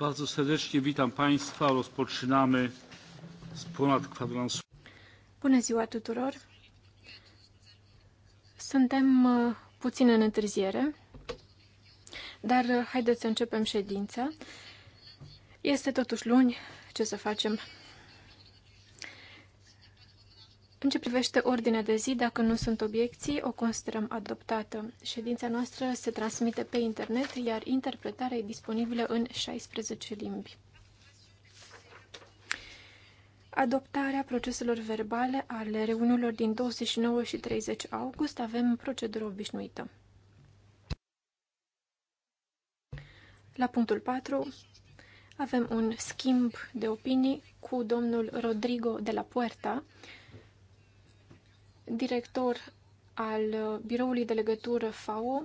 Bardzo serdecznie witam Państwa. Rozpoczynamy z ponad kwadransu. Bună ziua tuturor! Suntem uh, puțin în întârziere, dar uh, haideți să începem ședința. Este totuși luni, ce să facem? ce privește ordinea de zi, dacă nu sunt obiecții, o considerăm adoptată. Ședința noastră se transmite pe internet, iar interpretarea e disponibilă în 16 limbi. Adoptarea proceselor verbale ale reuniunilor din 29 și 30 august avem procedură obișnuită. La punctul 4 avem un schimb de opinii cu domnul Rodrigo de la Puerta, director al uh, Biroului de Legătură FAO,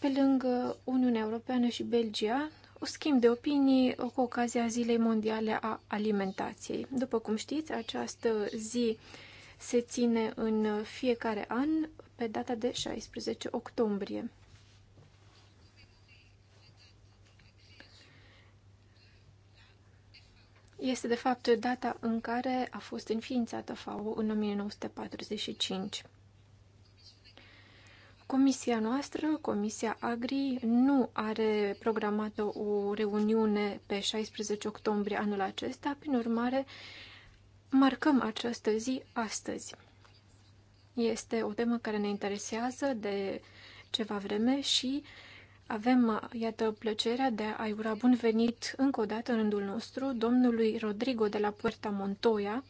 pe lângă Uniunea Europeană și Belgia, o schimb de opinii uh, cu ocazia Zilei Mondiale a Alimentației. După cum știți, această zi se ține în fiecare an pe data de 16 octombrie. este de fapt data în care a fost înființată FAO în 1945. Comisia noastră, Comisia Agri, nu are programată o reuniune pe 16 octombrie anul acesta, prin urmare marcăm această zi astăzi. Este o temă care ne interesează de ceva vreme și uh, avem, iată, plăcerea de a-i ura bun venit încă o dată în rândul nostru domnului Rodrigo de la Puerta Montoya,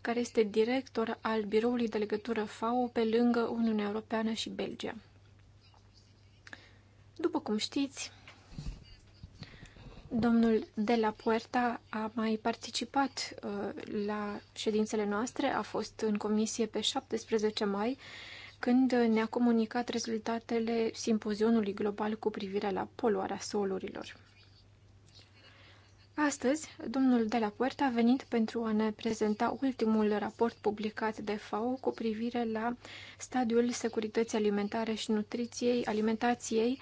care este director al Biroului de Legătură FAO pe lângă Uniunea Europeană și Belgia. După cum știți, domnul de la Puerta a mai participat uh, la ședințele noastre, a fost în comisie pe 17 mai când ne-a comunicat rezultatele simpozionului global cu privire la poluarea solurilor. Astăzi, domnul de la Puerta a venit pentru a ne prezenta ultimul raport publicat de FAO cu privire la stadiul securității alimentare și nutriției, alimentației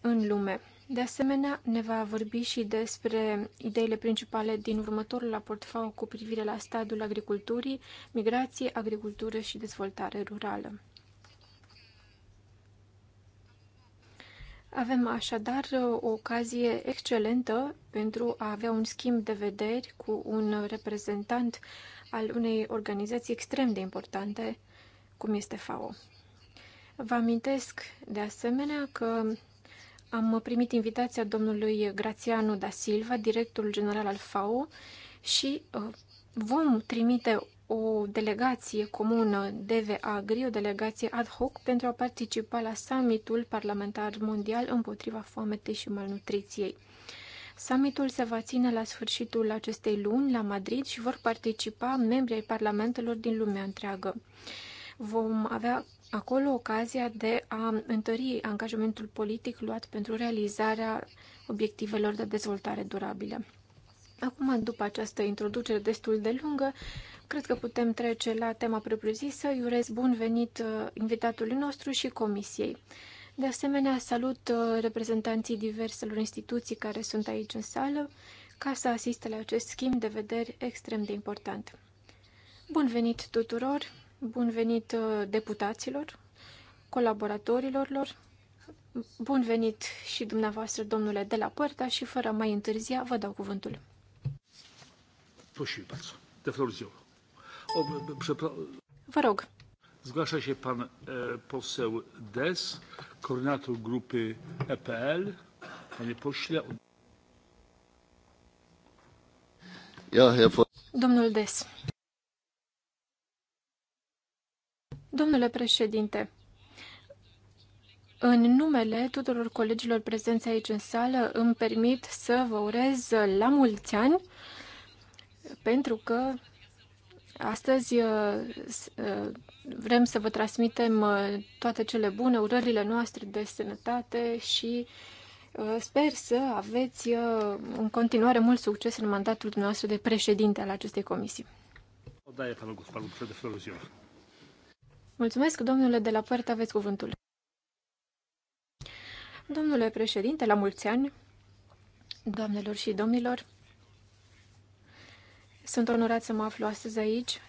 în lume. De asemenea, ne va vorbi și despre ideile principale din următorul raport FAO cu privire la stadiul agriculturii, migrație, agricultură și dezvoltare rurală. Avem așadar o ocazie excelentă pentru a avea un schimb de vederi cu un reprezentant al unei organizații extrem de importante, cum este FAO. Vă amintesc de asemenea că am primit invitația domnului Grațianu da Silva, directorul general al FAO, și uh, vom trimite o delegație comună GRI o delegație ad hoc, pentru a participa la summitul parlamentar mondial împotriva foametei și malnutriției. Summitul se va ține la sfârșitul acestei luni la Madrid și vor participa membrii parlamentelor din lumea întreagă. Vom avea acolo ocazia de a întări angajamentul politic luat pentru realizarea obiectivelor de dezvoltare durabilă. Acum, după această introducere destul de lungă, cred că putem trece la tema propriu-zisă. Iurez bun venit uh, invitatului nostru și comisiei. De asemenea, salut uh, reprezentanții diverselor instituții care sunt aici în sală ca să asiste la acest schimb de vederi extrem de important. Bun venit tuturor, bun venit uh, deputaților, colaboratorilor lor, bun venit și dumneavoastră, domnule de la Părta, și fără mai întârzia, vă dau cuvântul. Prosimy bardzo. The floor is yours. Vă rog. Zgłasza się pan e, poseł Des, koordynator grupy EPL. Panie pośle. Ja, ja... Domnul Des. Domnule președinte, în numele tuturor colegilor prezenți aici în sală, îmi permit să vă urez la mulți ani pentru că astăzi uh, uh, vrem să vă transmitem uh, toate cele bune, urările noastre de sănătate și sper să aveți în continuare mult succes în mandatul nostru de președinte al acestei comisii. Mulțumesc, domnule de la Puerta, aveți cuvântul. Domnule președinte, la mulți ani, doamnelor și domnilor, sunt onorat să mă aflu astăzi aici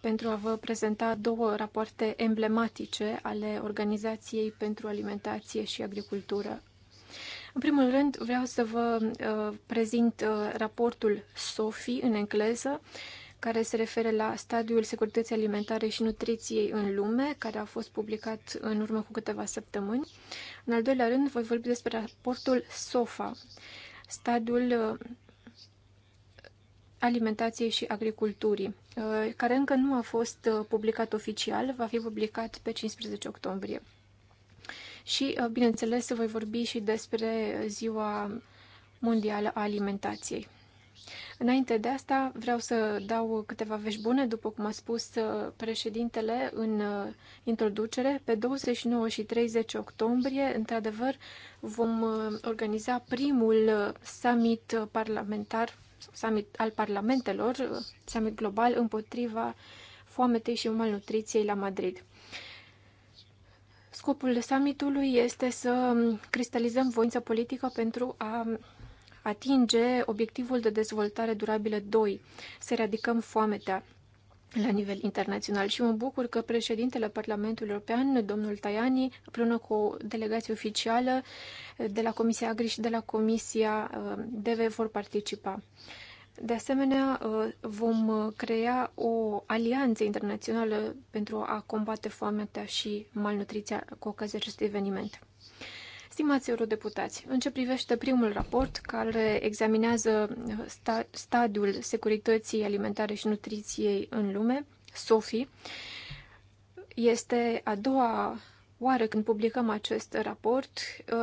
pentru a vă prezenta două rapoarte emblematice ale Organizației pentru Alimentație și Agricultură. În primul rând, vreau să vă uh, prezint uh, raportul SOFI în engleză, care se referă la stadiul securității alimentare și nutriției în lume, care a fost publicat în urmă cu câteva săptămâni. În al doilea rând, voi vorbi despre raportul SOFA, stadiul uh, alimentației și agriculturii, uh, care încă nu a fost uh, publicat oficial, va fi publicat pe 15 octombrie. Și, uh, bineînțeles, voi vorbi și despre Ziua Mondială a Alimentației. Înainte de asta, vreau să dau câteva vești bune, după cum a spus președintele în introducere. Pe 29 și 30 octombrie, într-adevăr, vom organiza primul summit parlamentar summit al parlamentelor, summit global împotriva foametei și malnutriției la Madrid. Scopul summitului este să cristalizăm voința politică pentru a atinge obiectivul de dezvoltare durabilă 2, să eradicăm foametea la nivel internațional și mă bucur că președintele Parlamentului European, domnul Tajani, împreună cu o delegație oficială de la Comisia Agri și de la Comisia uh, DV vor participa. De asemenea, uh, vom uh, crea o alianță internațională pentru a combate foamea și malnutriția cu ocazia acestui eveniment. Stimați eurodeputați, în ce privește primul raport care examinează sta stadiul securității alimentare și nutriției în lume, SOFI, este a doua oară când publicăm acest raport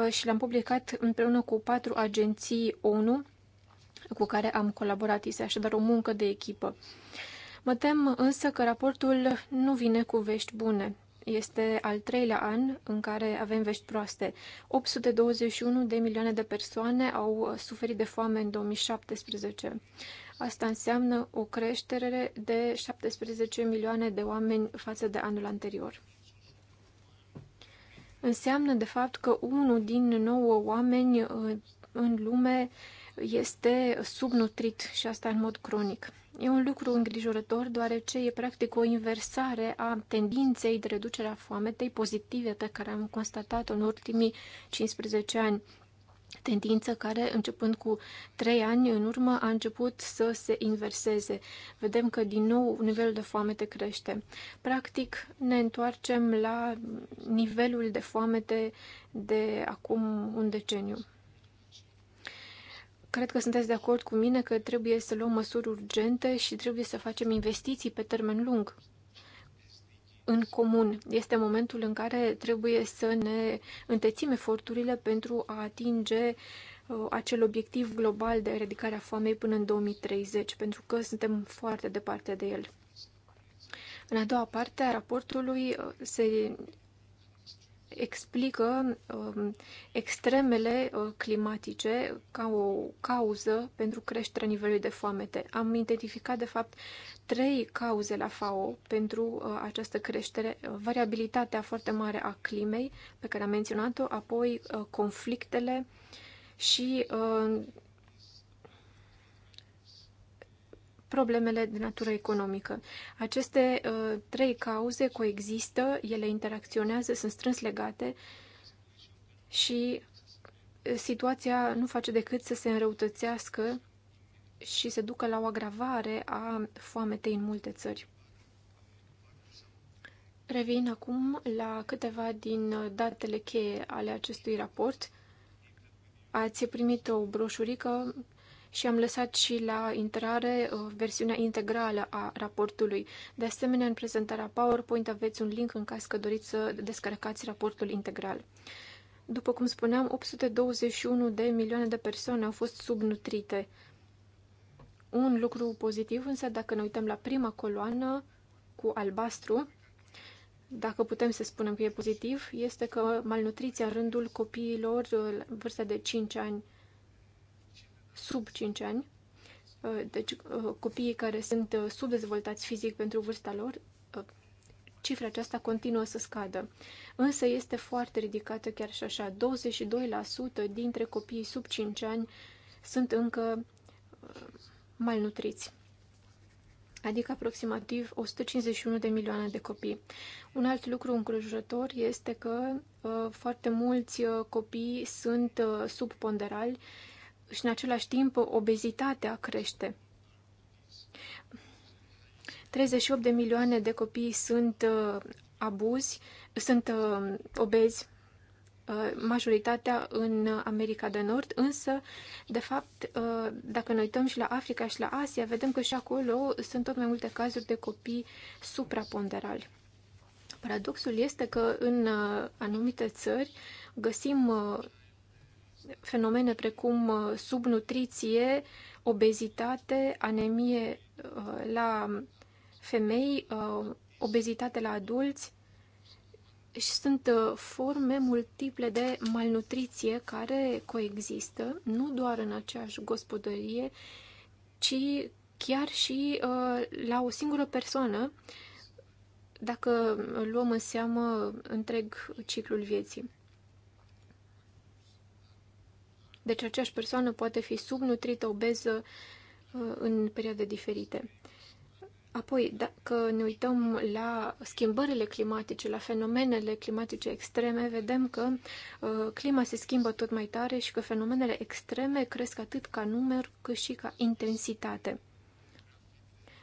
uh, și l-am publicat împreună cu patru agenții ONU cu care am colaborat. Este așadar o muncă de echipă. Mă tem însă că raportul nu vine cu vești bune. Este al treilea an în care avem vești proaste. 821 de milioane de persoane au uh, suferit de foame în 2017. Asta înseamnă o creștere de 17 milioane de oameni față de anul anterior. Înseamnă, de fapt, că unul din nouă oameni uh, în lume este subnutrit și asta în mod cronic. E un lucru îngrijorător, deoarece e practic o inversare a tendinței de reducere a foametei pozitive pe care am constatat-o în ultimii 15 ani. Tendință care, începând cu 3 ani în urmă, a început să se inverseze. Vedem că, din nou, nivelul de foamete crește. Practic, ne întoarcem la nivelul de foamete de acum un deceniu. Cred că sunteți de acord cu mine că trebuie să luăm măsuri urgente și trebuie să facem investiții pe termen lung în comun. Este momentul în care trebuie să ne întețim eforturile pentru a atinge uh, acel obiectiv global de eradicare a foamei până în 2030, pentru că suntem foarte departe de el. În a doua parte a raportului uh, se explică um, extremele uh, climatice ca o cauză pentru creșterea nivelului de foamete. Am identificat, de fapt, trei cauze la FAO pentru uh, această creștere. Variabilitatea foarte mare a climei, pe care am menționat-o, apoi uh, conflictele și uh, problemele de natură economică. Aceste uh, trei cauze coexistă, ele interacționează, sunt strâns legate și uh, situația nu face decât să se înrăutățească și se ducă la o agravare a foametei în multe țări. Revin acum la câteva din uh, datele cheie ale acestui raport. Ați primit o broșurică și am lăsat și la intrare uh, versiunea integrală a raportului. De asemenea, în prezentarea PowerPoint aveți un link în caz că doriți să descărcați raportul integral. După cum spuneam, 821 de milioane de persoane au fost subnutrite. Un lucru pozitiv, însă, dacă ne uităm la prima coloană cu albastru, dacă putem să spunem că e pozitiv, este că malnutriția în rândul copiilor uh, vârsta de 5 ani sub 5 ani, uh, deci uh, copiii care sunt uh, subdezvoltați fizic pentru vârsta lor, cifra aceasta continuă să scadă. Însă este foarte ridicată chiar și așa. 22% dintre copiii sub 5 ani sunt încă malnutriți adică aproximativ 151 de milioane de copii. Un alt lucru încrujurător este că uh, foarte mulți uh, copii sunt uh, subponderali și în același timp obezitatea crește. 38 de milioane de copii sunt uh, abuzi, sunt uh, obezi, uh, majoritatea în America de Nord, însă, de fapt, uh, dacă ne uităm și la Africa și la Asia, vedem că și acolo sunt tot mai multe cazuri de copii supraponderali. Paradoxul este că în uh, anumite țări găsim uh, fenomene precum uh, subnutriție, obezitate, anemie uh, la femei, uh, obezitate la adulți și sunt forme multiple de malnutriție care coexistă nu doar în aceeași gospodărie, ci chiar și la o singură persoană, dacă luăm în seamă întreg ciclul vieții. Deci aceeași persoană poate fi subnutrită, obeză uh, în perioade diferite. Apoi, dacă ne uităm la schimbările climatice, la fenomenele climatice extreme, vedem că uh, clima se schimbă tot mai tare și că fenomenele extreme cresc atât ca număr cât și ca intensitate.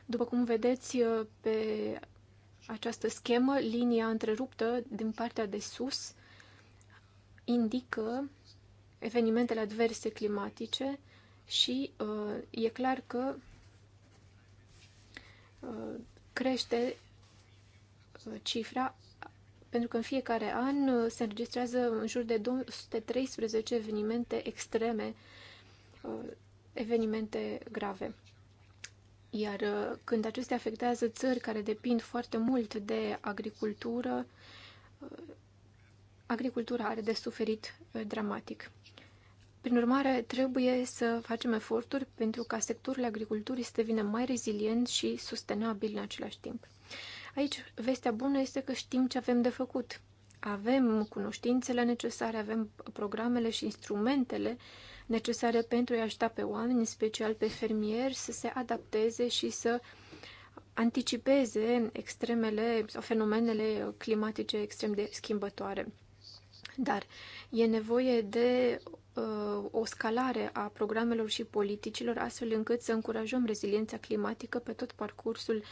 După cum vedeți uh, pe această schemă, linia întreruptă din partea de sus indică evenimentele adverse climatice și uh, e clar că uh, crește uh, cifra pentru că în fiecare an uh, se înregistrează în jur de 213 evenimente extreme, uh, evenimente grave. Iar uh, când acestea afectează țări care depind foarte mult de agricultură, agricultura are de suferit uh, dramatic. Prin urmare, trebuie să facem eforturi pentru ca sectorul agriculturii să devină mai rezilient și sustenabil în același timp. Aici, vestea bună este că știm ce avem de făcut. Avem cunoștințele necesare, avem programele și instrumentele necesare pentru a ajuta pe oameni, în special pe fermieri, să se adapteze și să anticipeze extremele sau fenomenele climatice extrem de schimbătoare. Dar e nevoie de uh, o scalare a programelor și politicilor astfel încât să încurajăm reziliența climatică pe tot parcursul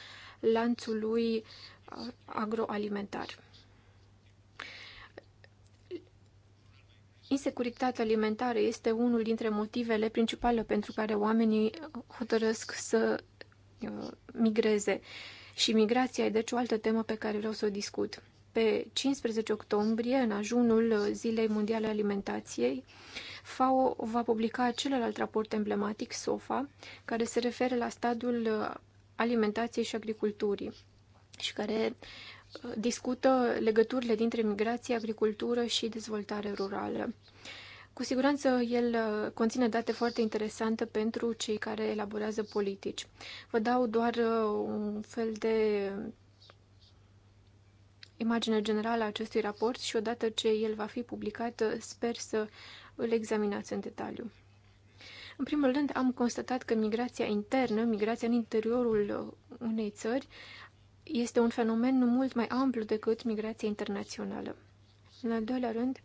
lanțului uh, agroalimentar. Insecuritatea alimentară este unul dintre motivele principale pentru care oamenii hotărăsc să uh, migreze. Și migrația e deci o altă temă pe care vreau să o discut pe 15 octombrie, în ajunul Zilei Mondiale Alimentației, FAO va publica celălalt raport emblematic, SOFA, care se referă la stadiul alimentației și agriculturii și care uh, discută legăturile dintre migrație, agricultură și dezvoltare rurală. Cu siguranță el uh, conține date foarte interesante pentru cei care elaborează politici. Vă dau doar uh, un fel de imaginea generală a acestui raport și odată ce el va fi publicat, sper să îl examinați în detaliu. În primul rând, am constatat că migrația internă, migrația în interiorul unei țări, este un fenomen mult mai amplu decât migrația internațională. În al doilea rând,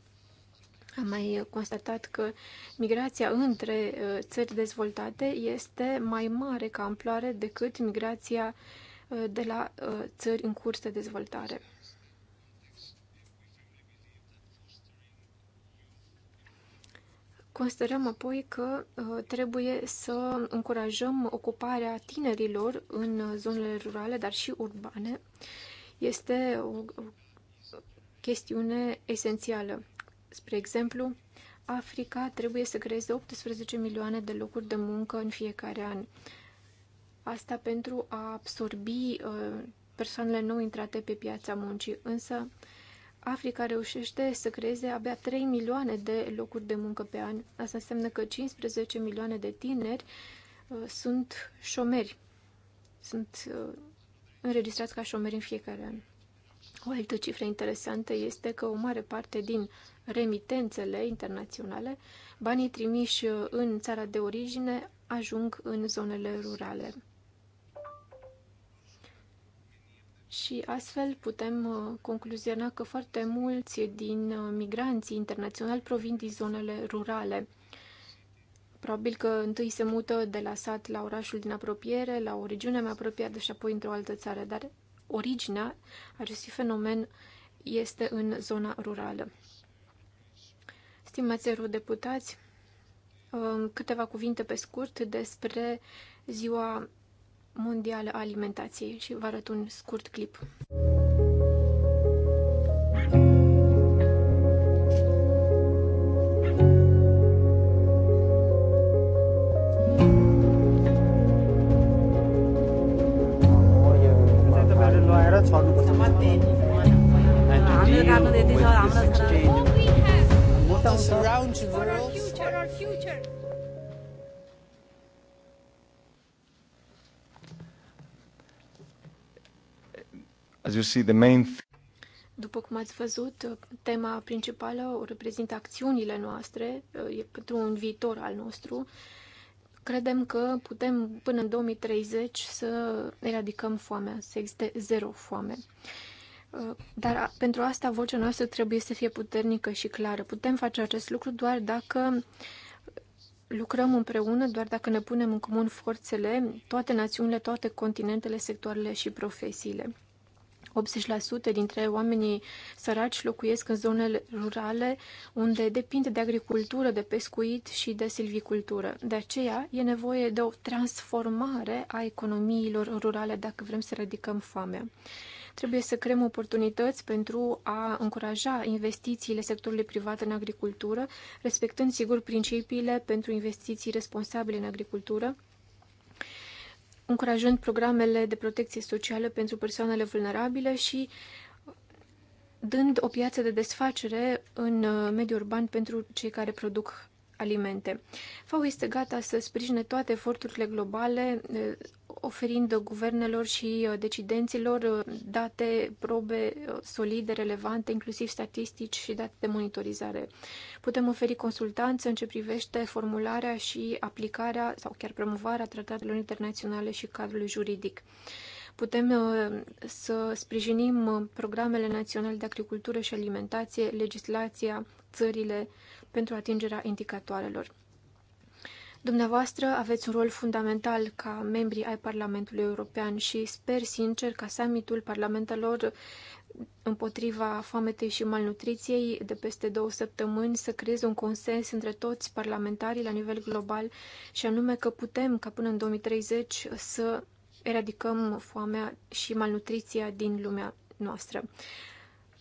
am mai constatat că migrația între uh, țări dezvoltate este mai mare ca amploare decât migrația uh, de la uh, țări în curs de dezvoltare. Considerăm apoi că uh, trebuie să încurajăm ocuparea tinerilor în uh, zonele rurale, dar și urbane. Este o chestiune esențială. Spre exemplu, Africa trebuie să creeze 18 milioane de locuri de muncă în fiecare an. Asta pentru a absorbi uh, persoanele nou intrate pe piața muncii. Însă, Africa reușește să creeze abia 3 milioane de locuri de muncă pe an. Asta înseamnă că 15 milioane de tineri uh, sunt șomeri. Sunt uh, înregistrați ca șomeri în fiecare an. O altă cifră interesantă este că o mare parte din remitențele internaționale, banii trimiși în țara de origine ajung în zonele rurale. Și astfel putem uh, concluziona că foarte mulți din uh, migranții internaționali provin din zonele rurale. Probabil că întâi se mută de la sat la orașul din apropiere, la o regiune mai apropiată și apoi într-o altă țară, dar originea acestui fenomen este în zona rurală. Stimați eurodeputați, uh, câteva cuvinte pe scurt despre ziua Mondială a Alimentației și vă arăt un scurt clip. surround rural. For our future, our future. As you see, the main după cum ați văzut, tema principală o reprezintă acțiunile noastre pentru un viitor al nostru. Credem că putem până în 2030 să eradicăm foamea, să existe zero foame. Dar pentru asta vocea noastră trebuie să fie puternică și clară. Putem face acest lucru doar dacă lucrăm împreună, doar dacă ne punem în comun forțele, toate națiunile, toate continentele, sectoarele și profesiile. 80% dintre oamenii săraci locuiesc în zonele rurale unde depinde de agricultură, de pescuit și de silvicultură. De aceea e nevoie de o transformare a economiilor rurale dacă vrem să ridicăm foamea. Trebuie să creăm oportunități pentru a încuraja investițiile sectorului privat în agricultură, respectând sigur principiile pentru investiții responsabile în agricultură, încurajând programele de protecție socială pentru persoanele vulnerabile și dând o piață de desfacere în uh, mediul urban pentru cei care produc alimente. FAO este gata să sprijine toate eforturile globale uh, oferind guvernelor și uh, decidenților uh, date, probe uh, solide, relevante, inclusiv statistici și date de monitorizare. Putem oferi consultanță în ce privește formularea și aplicarea sau chiar promovarea tratatelor internaționale și cadrului juridic. Putem să sprijinim programele naționale de agricultură și alimentație, legislația, țările pentru atingerea indicatoarelor. Dumneavoastră aveți un rol fundamental ca membri ai Parlamentului European și sper sincer ca summitul parlamentelor împotriva foametei și malnutriției de peste două săptămâni să creeze un consens între toți parlamentarii la nivel global și anume că putem ca până în 2030 să eradicăm foamea și malnutriția din lumea noastră.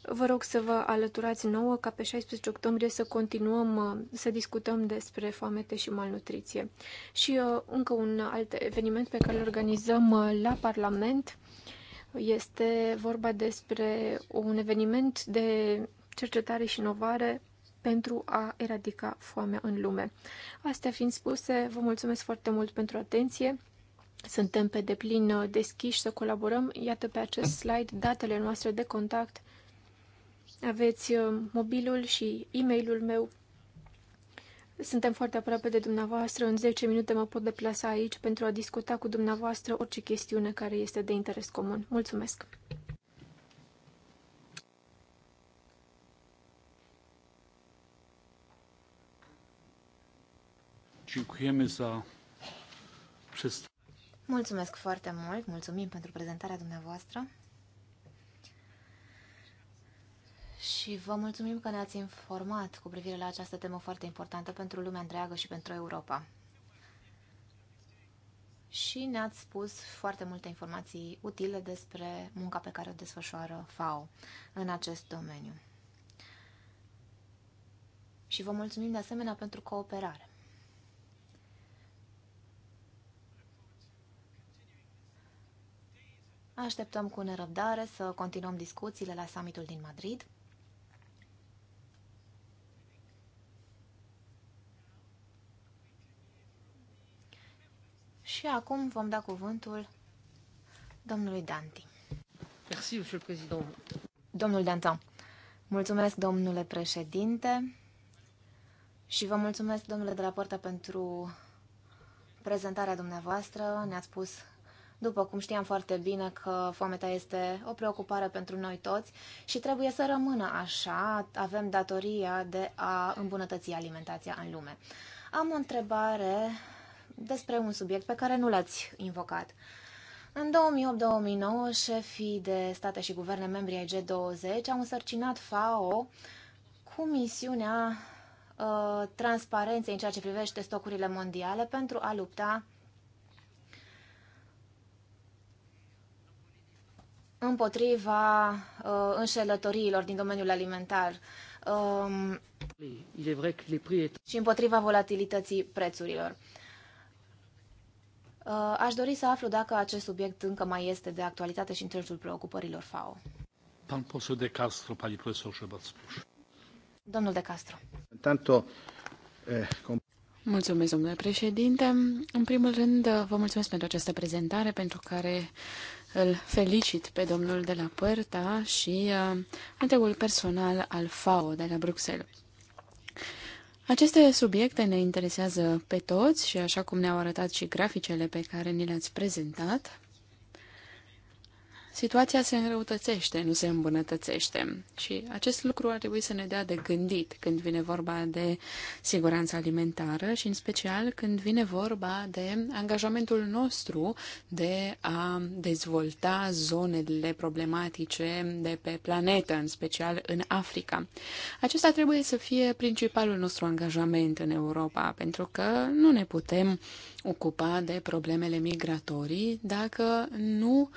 Vă rog să vă alăturați nouă ca pe 16 octombrie să continuăm uh, să discutăm despre foamete și malnutriție. Și uh, încă un alt eveniment pe care îl organizăm uh, la Parlament este vorba despre un eveniment de cercetare și inovare pentru a eradica foamea în lume. Astea fiind spuse, vă mulțumesc foarte mult pentru atenție. Suntem pe deplin deschiși să colaborăm. Iată pe acest slide datele noastre de contact aveți uh, mobilul și e mail meu. Suntem foarte aproape de dumneavoastră. În 10 minute mă pot deplasa aici pentru a discuta cu dumneavoastră orice chestiune care este de interes comun. Mulțumesc! Mulțumesc foarte mult, mulțumim pentru prezentarea dumneavoastră. și vă mulțumim că ne-ați informat cu privire la această temă foarte importantă pentru lumea întreagă și pentru Europa. Și ne-ați spus foarte multe informații utile despre munca pe care o desfășoară FAO în acest domeniu. Și vă mulțumim de asemenea pentru cooperare. Așteptăm cu nerăbdare să continuăm discuțiile la summitul din Madrid. Și acum vom da cuvântul domnului Danti. Merci, monsieur le président. Domnul Dantan. Mulțumesc, domnule președinte. Și vă mulțumesc, domnule de la Porta, pentru prezentarea dumneavoastră. Ne-ați spus, după cum știam foarte bine, că foamea este o preocupare pentru noi toți și trebuie să rămână așa. Avem datoria de a îmbunătăți alimentația în lume. Am o întrebare despre un subiect pe care nu l-ați invocat. În 2008-2009, șefii de state și guverne membri ai G20 au însărcinat FAO cu misiunea uh, transparenței în ceea ce privește stocurile mondiale pentru a lupta împotriva uh, înșelătoriilor din domeniul alimentar um, și împotriva volatilității prețurilor. Uh, aș dori să aflu dacă acest subiect încă mai este de actualitate și în termenul preocupărilor FAO. Pan de Castro, pani profesor spus? Domnul de Castro. Tanto, eh, Mulțumesc, domnule președinte. În primul rând, vă mulțumesc pentru această prezentare, pentru care îl felicit pe domnul de la Părta și uh, întregul personal al FAO de la Bruxelles. Aceste subiecte ne interesează pe toți și așa cum ne-au arătat și graficele pe care ni le-ați prezentat, situația se înrăutățește, nu se îmbunătățește. Și acest lucru ar trebui să ne dea de gândit când vine vorba de siguranța alimentară și în special când vine vorba de angajamentul nostru de a dezvolta zonele problematice de pe planetă, în special în Africa. Acesta trebuie să fie principalul nostru angajament în Europa, pentru că nu ne putem ocupa de problemele migratorii dacă nu uh,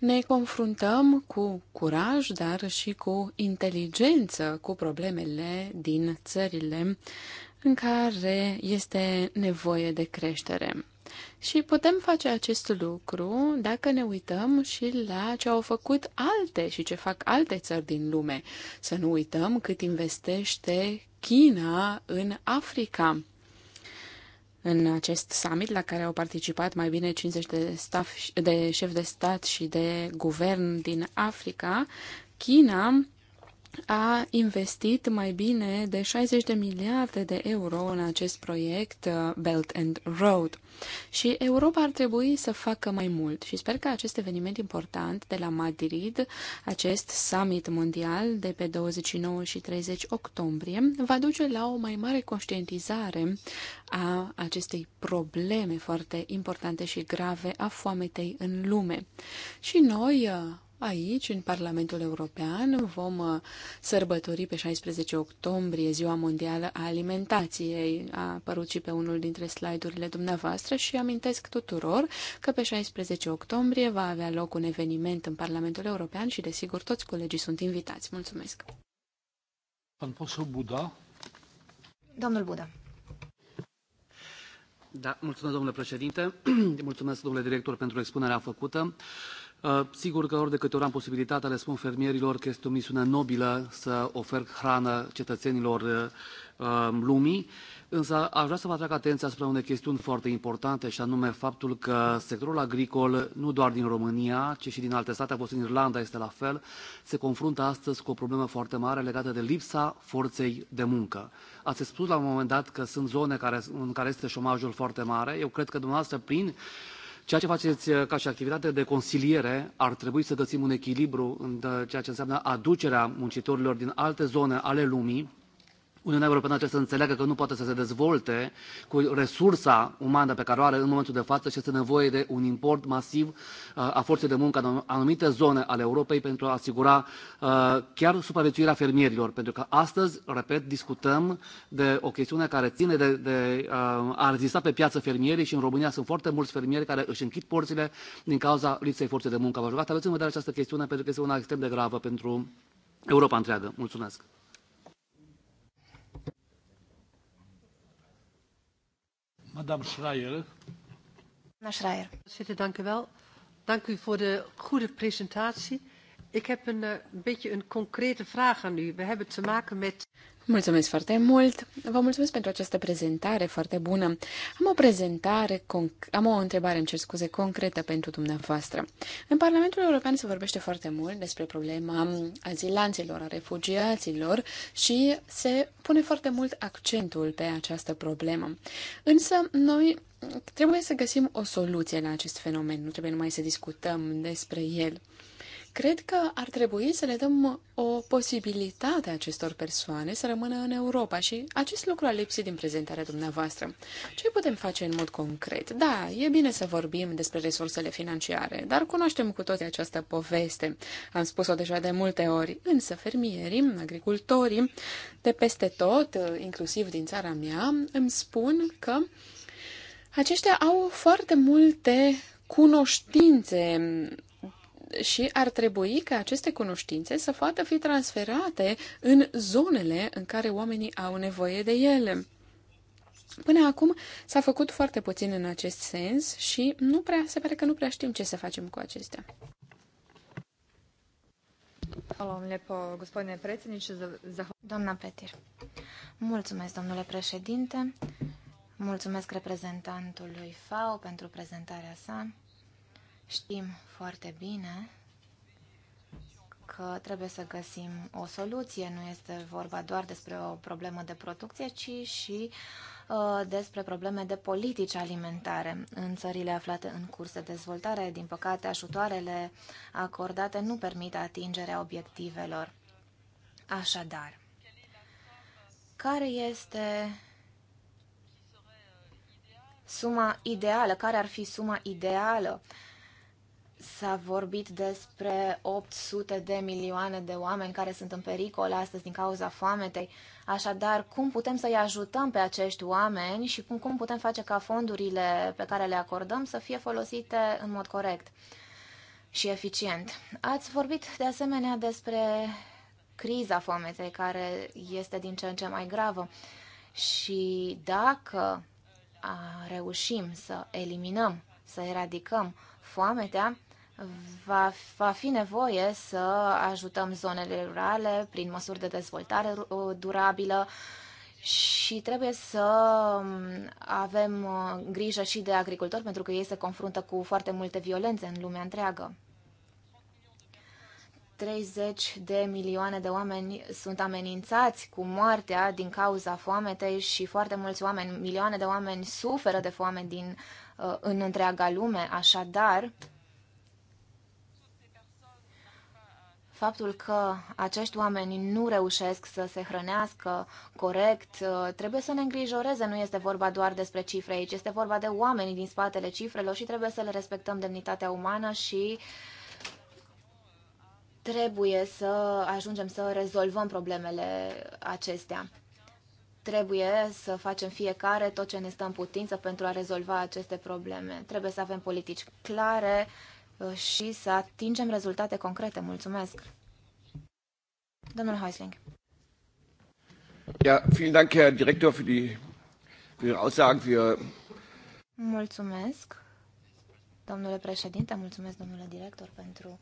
ne confruntăm cu curaj, dar și cu inteligență cu problemele din țările în care este nevoie de creștere. Și putem face acest lucru dacă ne uităm și la ce au făcut alte și ce fac alte țări din lume. Să nu uităm cât investește China în Africa în acest summit la care au participat mai bine 50 de, staff, de șef de stat și de guvern din Africa, China a investit mai bine de 60 de miliarde de euro în acest proiect uh, Belt and Road. Și Europa ar trebui să facă mai mult și sper că acest eveniment important de la Madrid, acest summit mondial de pe 29 și 30 octombrie, va duce la o mai mare conștientizare a acestei probleme foarte importante și grave a foametei în lume. Și noi, uh, Aici, în Parlamentul European, vom uh, sărbători pe 16 octombrie Ziua Mondială a Alimentației. A apărut și pe unul dintre slide-urile dumneavoastră și amintesc tuturor că pe 16 octombrie va avea loc un eveniment în Parlamentul European și, desigur, toți colegii sunt invitați. Mulțumesc! Buda. Domnul Buda. Da, mulțumesc, domnule președinte. mulțumesc, domnule director, pentru expunerea făcută. Uh, sigur că ori de câte ori am posibilitatea le spun fermierilor că este o misiune nobilă să ofer hrană cetățenilor uh, um, lumii, însă aș vrea să vă atrag atenția asupra unei chestiuni foarte importante și anume faptul că sectorul agricol, nu doar din România, ci și din alte state, a fost în Irlanda, este la fel, se confruntă astăzi cu o problemă foarte mare legată de lipsa forței de muncă. Ați spus la un moment dat că sunt zone care, în care este șomajul foarte mare. Eu cred că dumneavoastră, prin Ceea ce faceți uh, ca și activitate de consiliere ar trebui să găsim un echilibru în ceea ce înseamnă aducerea muncitorilor din alte zone ale lumii Uniunea Europeană trebuie să înțeleagă că nu poate să se dezvolte cu resursa umană pe care o are în momentul de față și este nevoie de un import masiv uh, a forței de muncă în anumite zone ale Europei pentru a asigura uh, chiar supraviețuirea fermierilor. Pentru că astăzi, repet, discutăm de o chestiune care ține de, de uh, a rezista pe piață fermierii și în România sunt foarte mulți fermieri care își închid porțile din cauza lipsei forței de muncă. Vă rog, aveți în vedere această chestiune pentru că este una extrem de gravă pentru Europa întreagă. Mulțumesc! Madame Schreier. Doamna Schreier. Voorzitter, dank u wel. Dank u voor de goede Mulțumesc foarte mult! Vă mulțumesc pentru această prezentare foarte bună. Am o prezentare, am o întrebare, îmi cer scuze, concretă pentru dumneavoastră. În Parlamentul European se vorbește foarte mult despre problema azilanților, a refugiaților și se pune foarte mult accentul pe această problemă. Însă, noi trebuie să găsim o soluție la acest fenomen, nu trebuie numai să discutăm despre el. Cred că ar trebui să le dăm o posibilitate acestor persoane să rămână în Europa și acest lucru a lipsit din prezentarea dumneavoastră. Ce putem face în mod concret? Da, e bine să vorbim despre resursele financiare, dar cunoaștem cu toții această poveste. Am spus-o deja de multe ori, însă fermierii, agricultorii, de peste tot, inclusiv din țara mea, îmi spun că aceștia au foarte multe cunoștințe și ar trebui ca aceste cunoștințe să poată fi transferate în zonele în care oamenii au nevoie de ele. Până acum s-a făcut foarte puțin în acest sens și nu prea, se pare că nu prea știm ce să facem cu acestea. Doamna Petir, mulțumesc, domnule președinte, mulțumesc reprezentantului FAO pentru prezentarea sa. Știm foarte bine că trebuie să găsim o soluție. Nu este vorba doar despre o problemă de producție, ci și uh, despre probleme de politici alimentare în țările aflate în curs de dezvoltare. Din păcate, ajutoarele acordate nu permit atingerea obiectivelor. Așadar, care este suma ideală? Care ar fi suma ideală uh, S-a vorbit despre 800 de milioane de oameni care sunt în pericol astăzi din cauza foametei. Așadar, cum putem să-i ajutăm pe acești oameni și cum, cum putem face ca fondurile pe care le acordăm să fie folosite în mod corect și eficient? Ați vorbit de asemenea despre criza foametei care este din ce în ce mai gravă și dacă reușim să eliminăm, să eradicăm foametea, va, va fi nevoie să ajutăm zonele rurale prin măsuri de dezvoltare uh, durabilă și trebuie să um, avem uh, grijă și de agricultori pentru că ei se confruntă cu foarte multe violențe în lumea întreagă. 30 de milioane de oameni sunt amenințați cu moartea din cauza foametei și foarte mulți oameni, milioane de oameni suferă de foame din, uh, în întreaga lume. Așadar, Faptul că acești oameni nu reușesc să se hrănească corect uh, trebuie să ne îngrijoreze. Nu este vorba doar despre cifre aici, este vorba de oamenii din spatele cifrelor și trebuie să le respectăm demnitatea umană și trebuie să ajungem să rezolvăm problemele acestea trebuie să facem fiecare tot ce ne stă în putință pentru a rezolva aceste probleme. Trebuie să avem politici clare, și să atingem rezultate concrete. Mulțumesc! Domnul Heusling. Ja, vielen Dank, Herr Direktor, für die, für Aussagen. Für... Mulțumesc, domnule președinte, mulțumesc, domnule director, pentru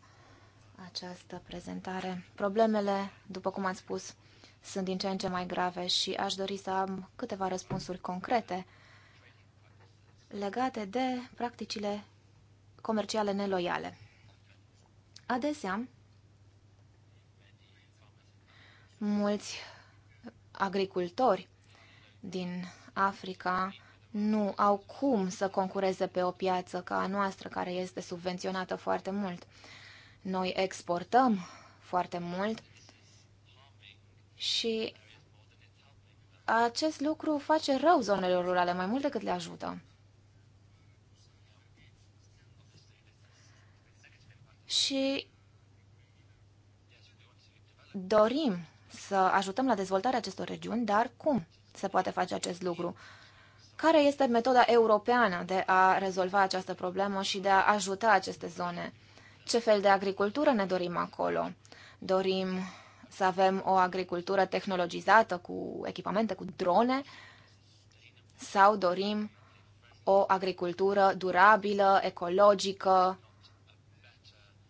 această prezentare. Problemele, după cum ați spus, sunt din ce în ce mai grave și aș dori să am câteva răspunsuri concrete legate de practicile comerciale neloiale. Adesea, mulți agricultori din Africa nu au cum să concureze pe o piață ca a noastră, care este subvenționată foarte mult. Noi exportăm foarte mult și acest lucru face rău zonelor rurale mai mult decât le ajută. și dorim să ajutăm la dezvoltarea acestor regiuni, dar cum se poate face acest lucru? Care este metoda europeană de a rezolva această problemă și de a ajuta aceste zone? Ce fel de agricultură ne dorim acolo? Dorim să avem o agricultură tehnologizată cu echipamente, cu drone? Sau dorim o agricultură durabilă, ecologică,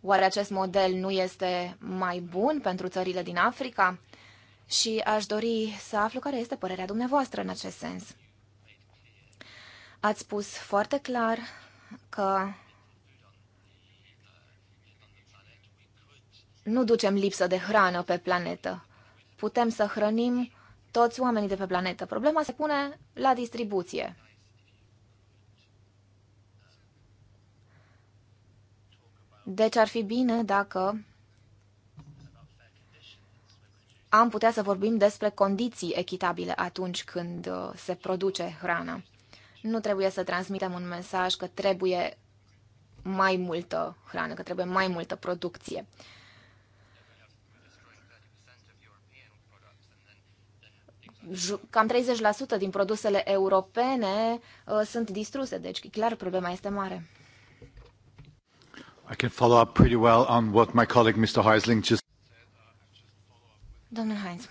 Oare acest model nu este mai bun pentru țările din Africa? Și aș dori să aflu care este părerea dumneavoastră în acest sens. Ați spus foarte clar că nu ducem lipsă de hrană pe planetă. Putem să hrănim toți oamenii de pe planetă. Problema se pune la distribuție. Deci ar fi bine dacă am putea să vorbim despre condiții echitabile atunci când uh, se produce hrana. Nu trebuie să transmitem un mesaj că trebuie mai multă hrană, că trebuie mai multă producție. Cam 30% din produsele europene uh, sunt distruse, deci clar problema este mare. I can follow up pretty well on what my colleague Mr. Heisling just Domnul Heinz,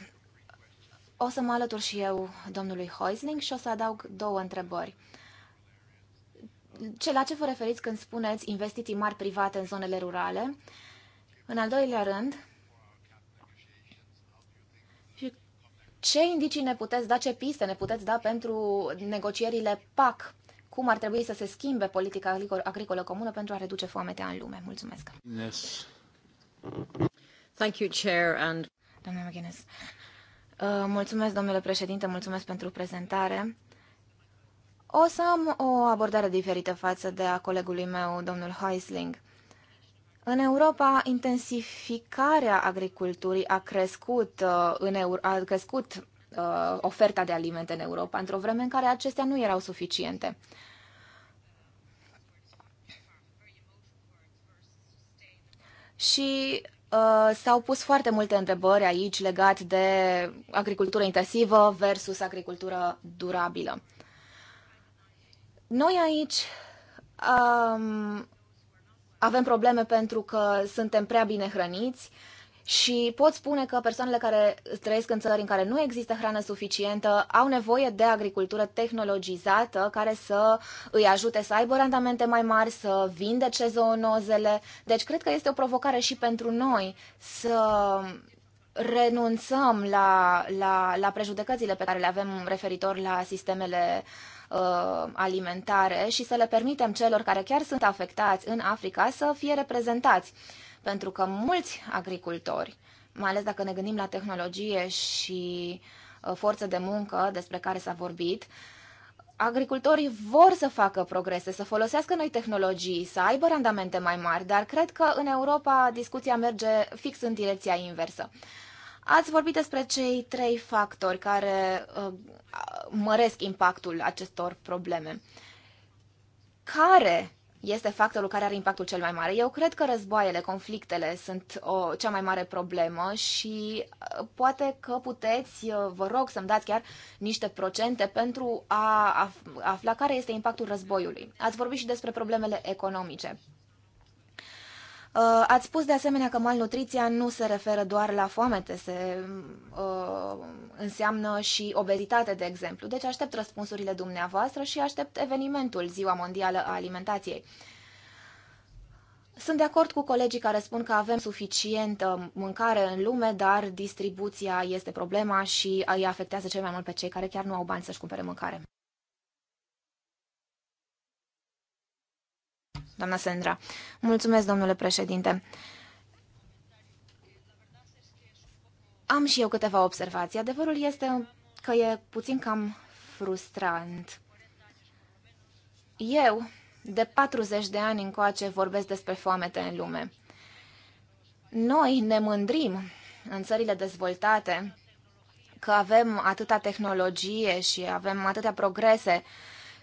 o să mă alătur și eu domnului Heusling și o să adaug două întrebări. Ce, la ce vă referiți când spuneți investiții mari private în zonele rurale? În al doilea rând, ce indicii ne puteți da, ce piste ne puteți da pentru negocierile PAC cum ar trebui să se schimbe politica agricolă comună pentru a reduce foametea în lume. Mulțumesc! Yes. Thank you, Chair, and... Doamne McGuinness, uh, mulțumesc, domnule președinte, mulțumesc pentru prezentare. O să am o abordare diferită față de a colegului meu, domnul Heisling. În Europa, intensificarea agriculturii a crescut, uh, în Euro- a crescut uh, oferta de alimente în Europa, într-o vreme în care acestea nu erau suficiente. și uh, s-au pus foarte multe întrebări aici legat de agricultură intensivă versus agricultură durabilă. Noi aici um, avem probleme pentru că suntem prea bine hrăniți, uh, și pot spune că persoanele care trăiesc în țări în care nu există hrană suficientă au nevoie de agricultură tehnologizată care să îi ajute să aibă randamente mai mari, să vindece zoonozele. Deci cred că este o provocare și pentru noi să renunțăm la, la, la prejudecățile pe care le avem referitor la sistemele uh, alimentare și să le permitem celor care chiar sunt afectați în Africa să fie reprezentați. Uh, pentru că mulți agricultori, mai ales dacă ne gândim la tehnologie și uh, forță de muncă despre care s-a vorbit, agricultorii vor să facă progrese, să folosească noi tehnologii, să aibă randamente mai mari, dar cred că în Europa discuția merge fix în direcția inversă. Ați vorbit despre cei trei factori care uh, măresc impactul acestor probleme. Care este factorul care are impactul cel mai mare. Eu cred că războaiele, conflictele sunt o, cea mai mare problemă și uh, poate că puteți, uh, vă rog să-mi dați chiar niște procente pentru a afla care este impactul războiului. Ați vorbit și despre problemele economice. Uh, ați spus de asemenea că malnutriția nu se referă doar la foamete, se uh, înseamnă și obezitate, de exemplu. Deci aștept răspunsurile dumneavoastră și aștept evenimentul Ziua Mondială a Alimentației. Sunt de acord cu colegii care spun că avem suficientă mâncare în lume, dar distribuția este problema și îi afectează cel mai mult pe cei care chiar nu au bani să-și cumpere mâncare. doamna Sandra. Mulțumesc, domnule președinte. Am și eu câteva observații. Adevărul este că e puțin cam frustrant. Eu, de 40 de ani încoace, vorbesc despre foamete în lume. Noi ne mândrim în țările dezvoltate că avem atâta tehnologie și avem atâtea progrese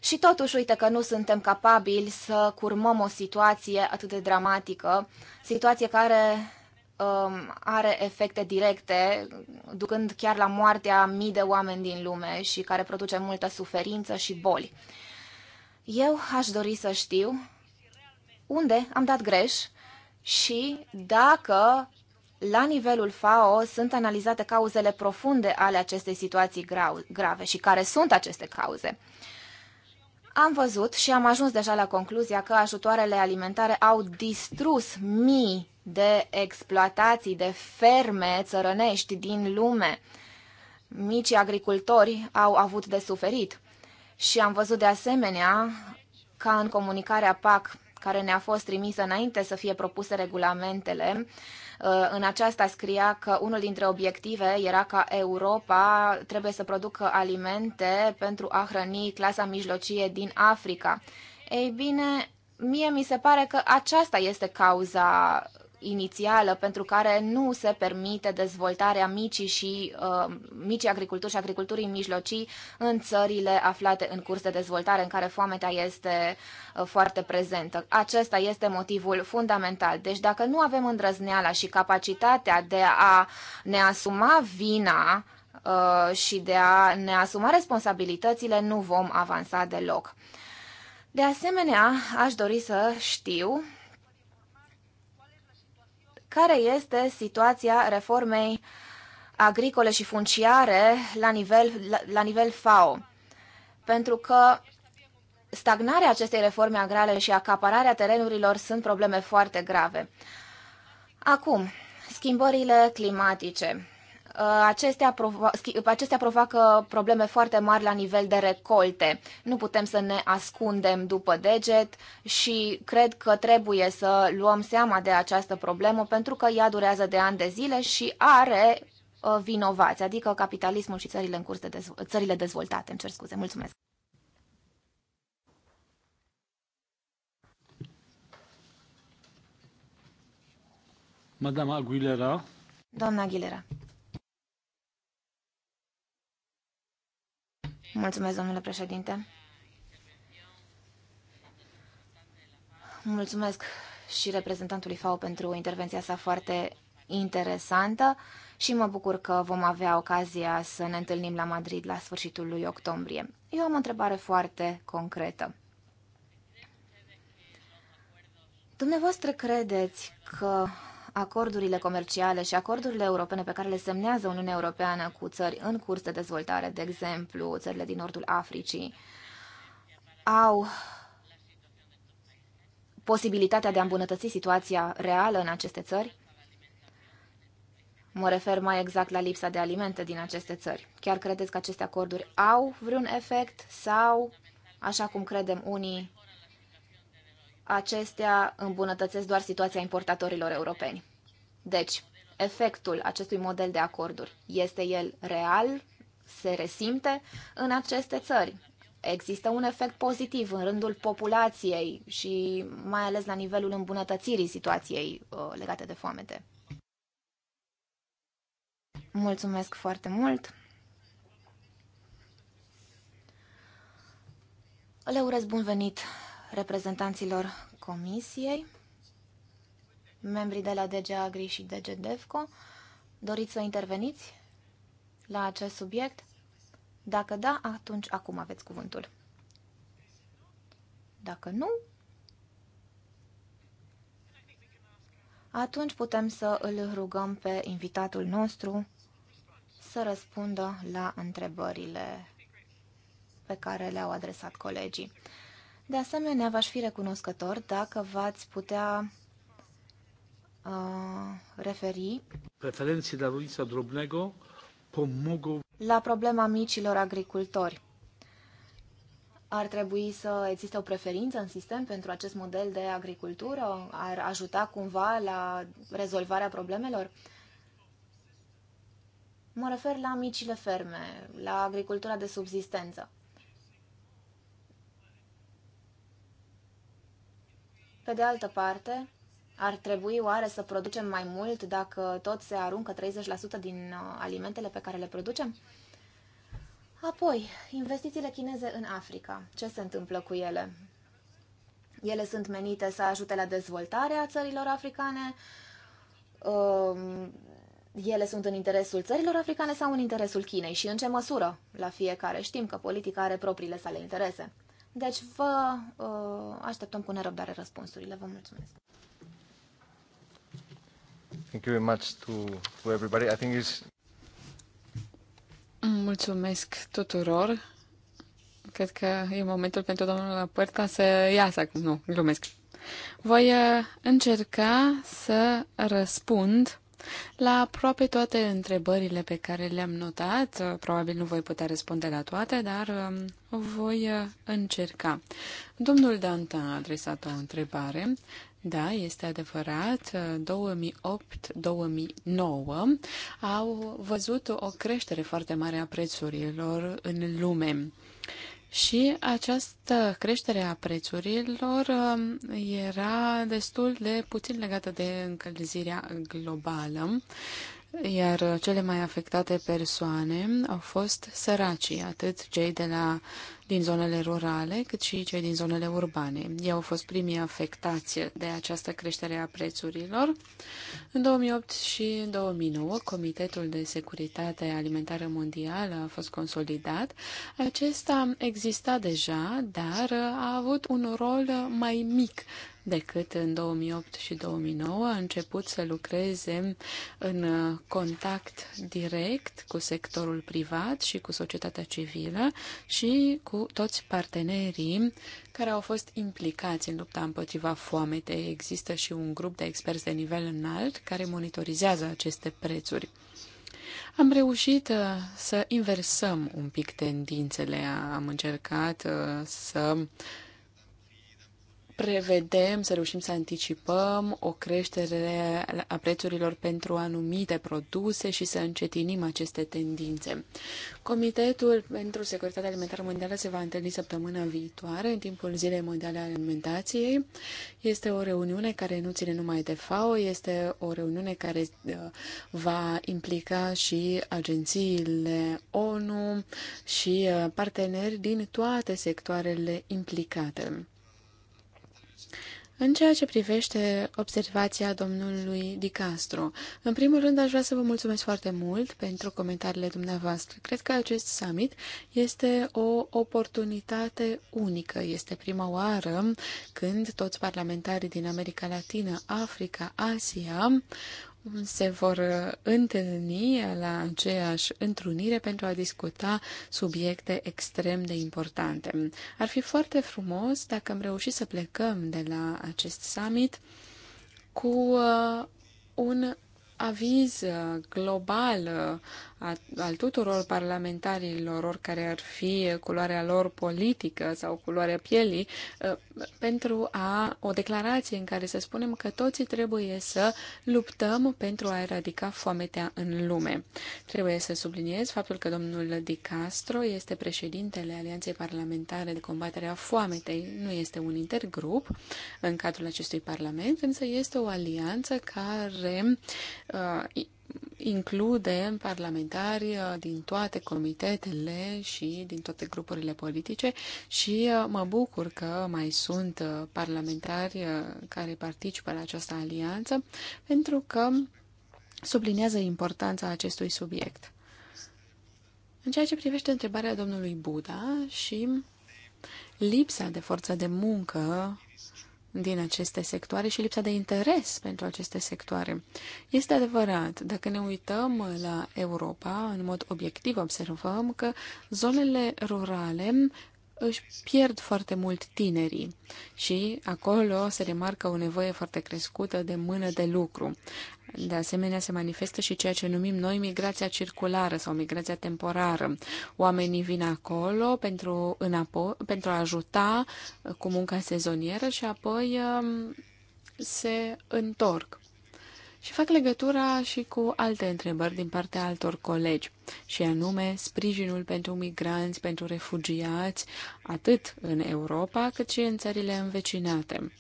și totuși, uite că nu suntem capabili să curmăm o situație atât de dramatică, situație care um, are efecte directe, ducând chiar la moartea mii de oameni din lume și care produce multă suferință și boli. Eu aș dori să știu unde am dat greș și dacă la nivelul FAO sunt analizate cauzele profunde ale acestei situații grave și care sunt aceste cauze. Uh, am văzut și am ajuns deja la concluzia că ajutoarele alimentare au distrus mii de exploatații, de ferme țărănești din lume. Micii agricultori au avut de suferit. Și am văzut de asemenea ca în comunicarea PAC, care ne-a fost trimisă înainte să fie propuse regulamentele, uh, în aceasta scria că unul dintre obiective era ca Europa trebuie să producă alimente pentru a hrăni clasa mijlocie din Africa. Ei bine, mie mi se pare că aceasta este cauza inițială pentru care nu se permite dezvoltarea micii și uh, micii agriculturi și agriculturii mijlocii în țările aflate în curs de dezvoltare, în care foamea este uh, foarte prezentă. Acesta este motivul fundamental. Deci dacă nu avem îndrăzneala și capacitatea de a ne asuma vina uh, și de a ne asuma responsabilitățile, nu vom avansa deloc. De asemenea, aș dori să știu care este situația reformei agricole și funciare la nivel, la, la nivel FAO. Pentru că stagnarea acestei reforme agrare și acapararea terenurilor sunt probleme foarte grave. Acum, schimbările climatice. Uh, acestea, provo- uh, acestea provoacă probleme foarte mari la nivel de recolte. Nu putem să ne ascundem după deget și cred că trebuie să luăm seama de această problemă pentru că ea durează de ani de zile și are uh, vinovați, adică capitalismul și țările în curs de dezvo- țările dezvoltate. Îmi cer scuze. Mulțumesc. Madame Aguilera. Doamna Aguilera. Mulțumesc, domnule președinte. Mulțumesc și reprezentantului FAO pentru intervenția sa foarte interesantă și mă bucur că vom avea ocazia să ne întâlnim la Madrid la sfârșitul lui octombrie. Eu am o întrebare foarte concretă. Dumneavoastră credeți că acordurile comerciale și acordurile europene pe care le semnează Uniunea Europeană cu țări în curs de dezvoltare, de exemplu, țările din nordul Africii, au posibilitatea de a îmbunătăți situația reală în aceste țări? Mă refer mai exact la lipsa de alimente din aceste țări. Chiar credeți că aceste acorduri au vreun efect sau, așa cum credem unii, acestea îmbunătățesc doar situația importatorilor europeni. Deci, efectul acestui model de acorduri este el real, se resimte în aceste țări. Există un efect pozitiv în rândul populației și mai ales la nivelul îmbunătățirii situației uh, legate de foamete. Mulțumesc foarte mult! Le urez bun venit reprezentanților comisiei, membrii de la DG Agri și DG DEFCO. Doriți să interveniți la acest subiect? Dacă da, atunci acum aveți cuvântul. Dacă nu, atunci putem să îl rugăm pe invitatul nostru să răspundă la întrebările pe care le-au adresat colegii. De asemenea, v-aș fi recunoscător dacă v-ați putea uh, referi preferenții la rolnița drobnego pomogă la problema micilor agricultori. Ar trebui să existe o preferință în sistem pentru acest model de agricultură? Ar ajuta cumva la rezolvarea problemelor? Mă refer la micile ferme, la agricultura de subsistență. Pe de altă parte, ar trebui oare să producem mai mult dacă tot se aruncă 30% din uh, alimentele pe care le producem? Apoi, investițiile chineze în Africa. Ce se întâmplă cu ele? Ele sunt menite să ajute la dezvoltarea țărilor africane? Um, ele sunt în interesul țărilor africane sau în interesul Chinei? Și în ce măsură? La fiecare știm că politica are propriile sale interese. Deci vă uh, așteptăm cu nerăbdare răspunsurile. Vă mulțumesc. Thank you very much to, to everybody. I think it's... Mulțumesc tuturor. Cred că e momentul pentru domnul Părta să iasă acum. Nu, glumesc. Voi uh, încerca să răspund la aproape toate întrebările pe care le-am notat, uh, probabil nu voi putea răspunde la toate, dar um, voi uh, încerca. Domnul Danta a adresat o întrebare. Da, este adevărat, 2008-2009 uh, au văzut o creștere foarte mare a prețurilor în lume. Și această creștere a prețurilor um, era destul de puțin legată de încălzirea globală iar uh, cele mai afectate persoane au fost săracii, atât cei de la, din zonele rurale, cât și cei din zonele urbane. Ei au fost primii afectați de această creștere a prețurilor. În 2008 și în 2009, Comitetul de Securitate Alimentară Mondială a fost consolidat. Acesta exista deja, dar uh, a avut un rol mai mic decât în 2008 și 2009. A început să lucreze în uh, contact direct cu sectorul privat și cu societatea civilă și cu toți partenerii care au fost implicați în lupta împotriva foamete. Există și un grup de experți de nivel înalt care monitorizează aceste prețuri. Am reușit uh, să inversăm un pic tendințele, am încercat uh, să prevedem să reușim să anticipăm o creștere a prețurilor pentru anumite produse și să încetinim aceste tendințe. Comitetul pentru Securitatea Alimentară Mondială se va întâlni săptămâna viitoare, în timpul Zilei Mondiale a Alimentației. Este o reuniune care nu ține numai de FAO, este o reuniune care uh, va implica și agențiile ONU și uh, parteneri din toate sectoarele implicate. În ceea ce privește observația domnului Di Castro, în primul rând aș vrea să vă mulțumesc foarte mult pentru comentariile dumneavoastră. Cred că acest summit este o oportunitate unică. Este prima oară când toți parlamentarii din America Latină, Africa, Asia se vor uh, întâlni la aceeași întrunire pentru a discuta subiecte extrem de importante. Ar fi foarte frumos dacă am reușit să plecăm de la acest summit cu uh, un aviz uh, global al tuturor parlamentarilor, oricare ar fi culoarea lor politică sau culoarea pielii, ă, pentru a o declarație în care să spunem că toții trebuie să luptăm pentru a eradica foametea în lume. Trebuie să subliniez faptul că domnul Di Castro este președintele Alianței Parlamentare de Combatere a Foametei. Nu este un intergrup în cadrul acestui parlament, însă este o alianță care uh, include parlamentari uh, din toate comitetele și din toate grupurile politice și uh, mă bucur că mai sunt uh, parlamentari care participă la această alianță pentru că sublinează importanța acestui subiect. În ceea ce privește întrebarea domnului Buda și lipsa de forță de muncă din aceste sectoare și lipsa de interes pentru aceste sectoare. Este adevărat, dacă ne uităm la Europa, în mod obiectiv observăm că zonele rurale își pierd foarte mult tinerii și acolo se remarcă o nevoie foarte crescută de mână de lucru. De asemenea, se manifestă și ceea ce numim noi migrația circulară sau migrația temporară. Oamenii vin acolo pentru, înapo- pentru a ajuta cu munca sezonieră și apoi um, se întorc. Și fac legătura și cu alte întrebări din partea altor colegi, și anume sprijinul pentru migranți, pentru refugiați, atât în Europa cât și în țările învecinate.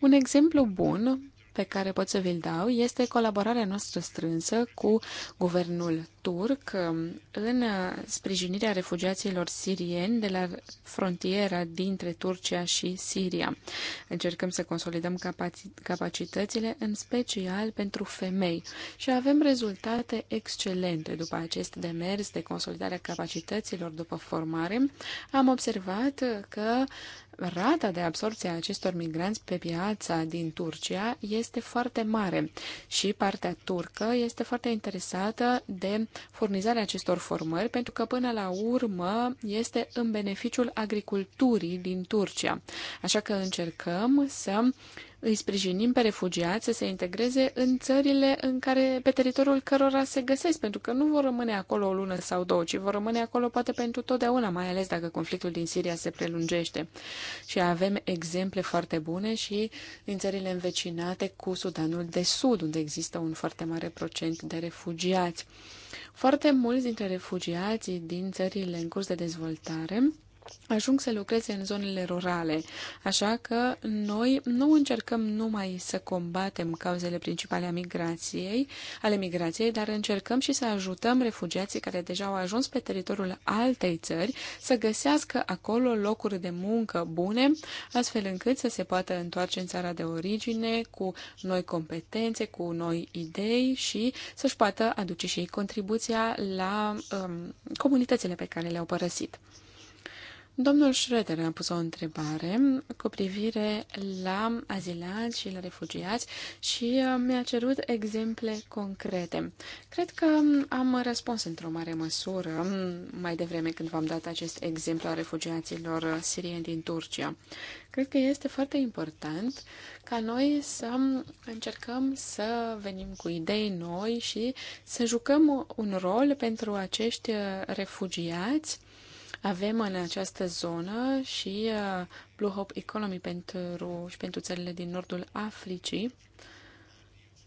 Un exemplu bun pe care pot să vi-l dau este colaborarea noastră strânsă cu guvernul turc um, în uh, sprijinirea refugiaților sirieni de la frontiera dintre Turcia și Siria. Încercăm să consolidăm capacitățile, în special pentru femei, și avem rezultate excelente după acest demers de consolidare a capacităților după formare. Am observat că rata de absorție a acestor migranți pe piața din Turcia este foarte mare și partea turcă este foarte interesată de furnizarea acestor formări pentru că până la urmă este în beneficiul agriculturii din Turcia. Așa că încercăm să îi sprijinim pe refugiați să se integreze în țările în care, pe teritoriul cărora se găsesc, pentru că nu vor rămâne acolo o lună sau două, ci vor rămâne acolo poate pentru totdeauna, mai ales dacă conflictul din Siria se prelungește. Și avem exemple foarte bune și din țările învecinate cu Sudanul de Sud, unde există un foarte mare procent de refugiați. Foarte mulți dintre refugiații din țările în curs de dezvoltare ajung să lucreze în zonele rurale, așa că noi nu încercăm numai să combatem cauzele principale a migrației, ale migrației, dar încercăm și să ajutăm refugiații care deja au ajuns pe teritoriul altei țări să găsească acolo locuri de muncă bune, astfel încât să se poată întoarce în țara de origine cu noi competențe, cu noi idei și să-și poată aduce și contribuția la um, comunitățile pe care le-au părăsit. Domnul Schroeder a pus o întrebare cu privire la azilanți și la refugiați și uh, mi-a cerut exemple concrete. Cred că am răspuns într-o mare măsură mai devreme când v-am dat acest exemplu a refugiaților sirieni din Turcia. Cred că este foarte important ca noi să încercăm să venim cu idei noi și să jucăm un rol pentru acești uh, refugiați avem în această zonă și uh, Blue Hope Economy pentru, și pentru țările din nordul Africii,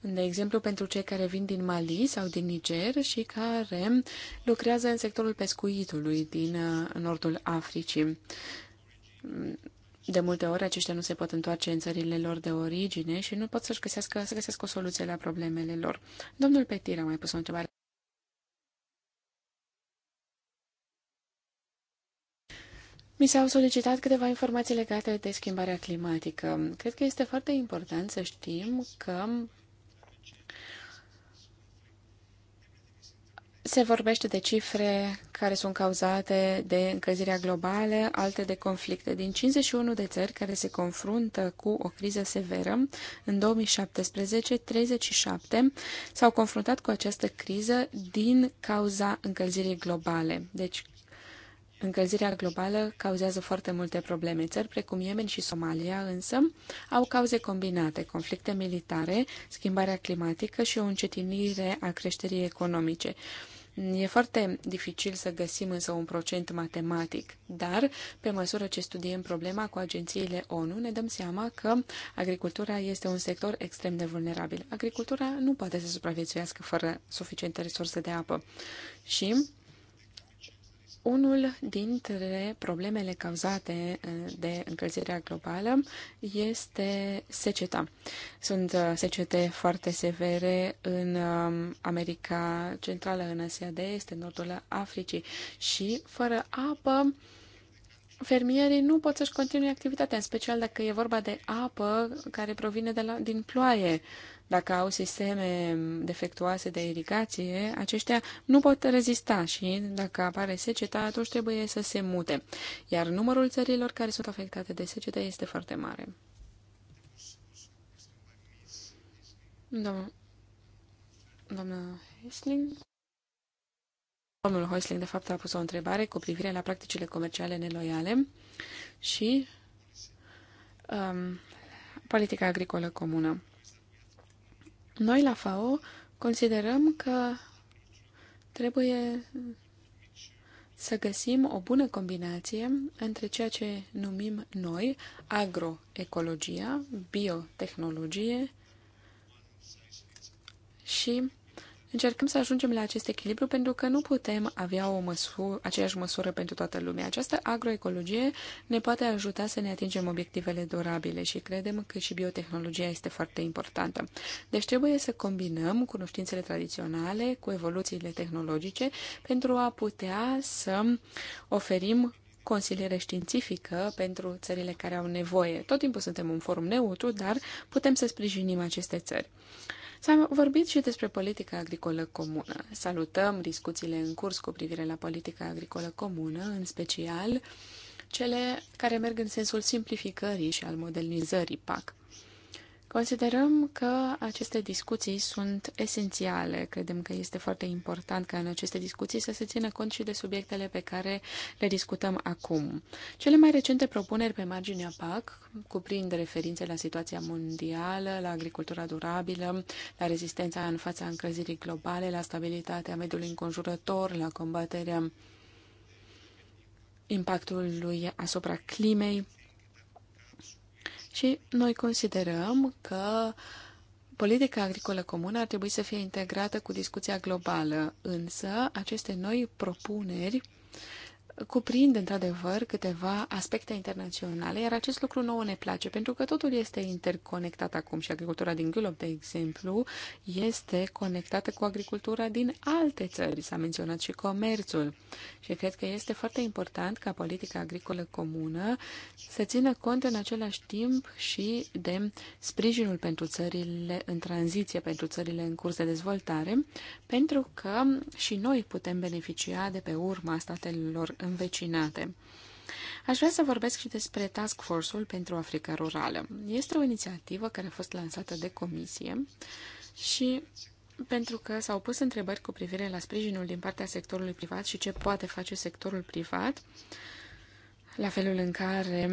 de exemplu pentru cei care vin din Mali sau din Niger și care lucrează în sectorul pescuitului din uh, nordul Africii. De multe ori aceștia nu se pot întoarce în țările lor de origine și nu pot să-și găsească, să găsească o soluție la problemele lor. Domnul Petir a mai pus o întrebare. Mi s-au solicitat câteva informații legate de schimbarea climatică. Cred că este foarte important să știm că Se vorbește de cifre care sunt cauzate de încălzirea globală, alte de conflicte. Din 51 de țări care se confruntă cu o criză severă, în 2017, 37 s-au confruntat cu această criză din cauza încălzirii globale. Deci Încălzirea globală cauzează foarte multe probleme. Țări precum Yemen și Somalia, însă, au cauze combinate, conflicte militare, schimbarea climatică și o încetinire a creșterii economice. E foarte dificil să găsim însă un procent matematic, dar pe măsură ce studiem problema cu agențiile ONU, ne dăm seama că agricultura este un sector extrem de vulnerabil. Agricultura nu poate să supraviețuiască fără suficiente resurse de apă și unul dintre problemele cauzate eh, de încălzirea globală este seceta. Sunt eh, secete foarte severe în eh, America Centrală, în Asia de Est, în nordul Africii și fără apă fermierii nu pot să-și continue activitatea, în special dacă e vorba de apă care provine de la, din ploaie dacă au sisteme defectuoase de irigație, aceștia nu pot rezista și dacă apare seceta, atunci trebuie să se mute. Iar numărul țărilor care sunt afectate de secetă este foarte mare. Domnul, doamna Hesling? Domnul Hoisling, de fapt, a pus o întrebare cu privire la practicile comerciale neloiale și um, politica agricolă comună. Noi la FAO considerăm că trebuie să găsim o bună combinație între ceea ce numim noi agroecologia, biotehnologie și Încercăm să ajungem la acest echilibru pentru că nu putem avea o măsur, aceeași măsură pentru toată lumea. Această agroecologie ne poate ajuta să ne atingem obiectivele durabile și credem că și biotehnologia este foarte importantă. Deci trebuie să combinăm cunoștințele tradiționale cu evoluțiile tehnologice pentru a putea să oferim consiliere științifică pentru țările care au nevoie. Tot timpul suntem un forum neutru, dar putem să sprijinim aceste țări. S-a vorbit și despre politica agricolă comună. Salutăm discuțiile în curs cu privire la politica agricolă comună, în special cele care merg în sensul simplificării și al modernizării PAC. Considerăm că aceste discuții sunt esențiale. Credem că este foarte important ca în aceste discuții să se țină cont și de subiectele pe care le discutăm acum. Cele mai recente propuneri pe marginea PAC cuprind referințe la situația mondială, la agricultura durabilă, la rezistența în fața încălzirii globale, la stabilitatea mediului înconjurător, la combaterea impactului asupra climei și noi considerăm că politica agricolă comună ar trebui să fie integrată cu discuția globală, însă aceste noi propuneri cuprinde într-adevăr câteva aspecte internaționale, iar acest lucru nouă ne place, pentru că totul este interconectat acum și agricultura din Gulop, de exemplu, este conectată cu agricultura din alte țări. S-a menționat și comerțul și cred că este foarte important ca politica agricolă comună să țină cont în același timp și de sprijinul pentru țările în tranziție, pentru țările în curs de dezvoltare, pentru că și noi putem beneficia de pe urma statelor în învecinate. Aș vrea să vorbesc și despre Task Force-ul pentru Africa Rurală. Este o inițiativă care a fost lansată de comisie și pentru că s-au pus întrebări cu privire la sprijinul din partea sectorului privat și ce poate face sectorul privat, la felul în care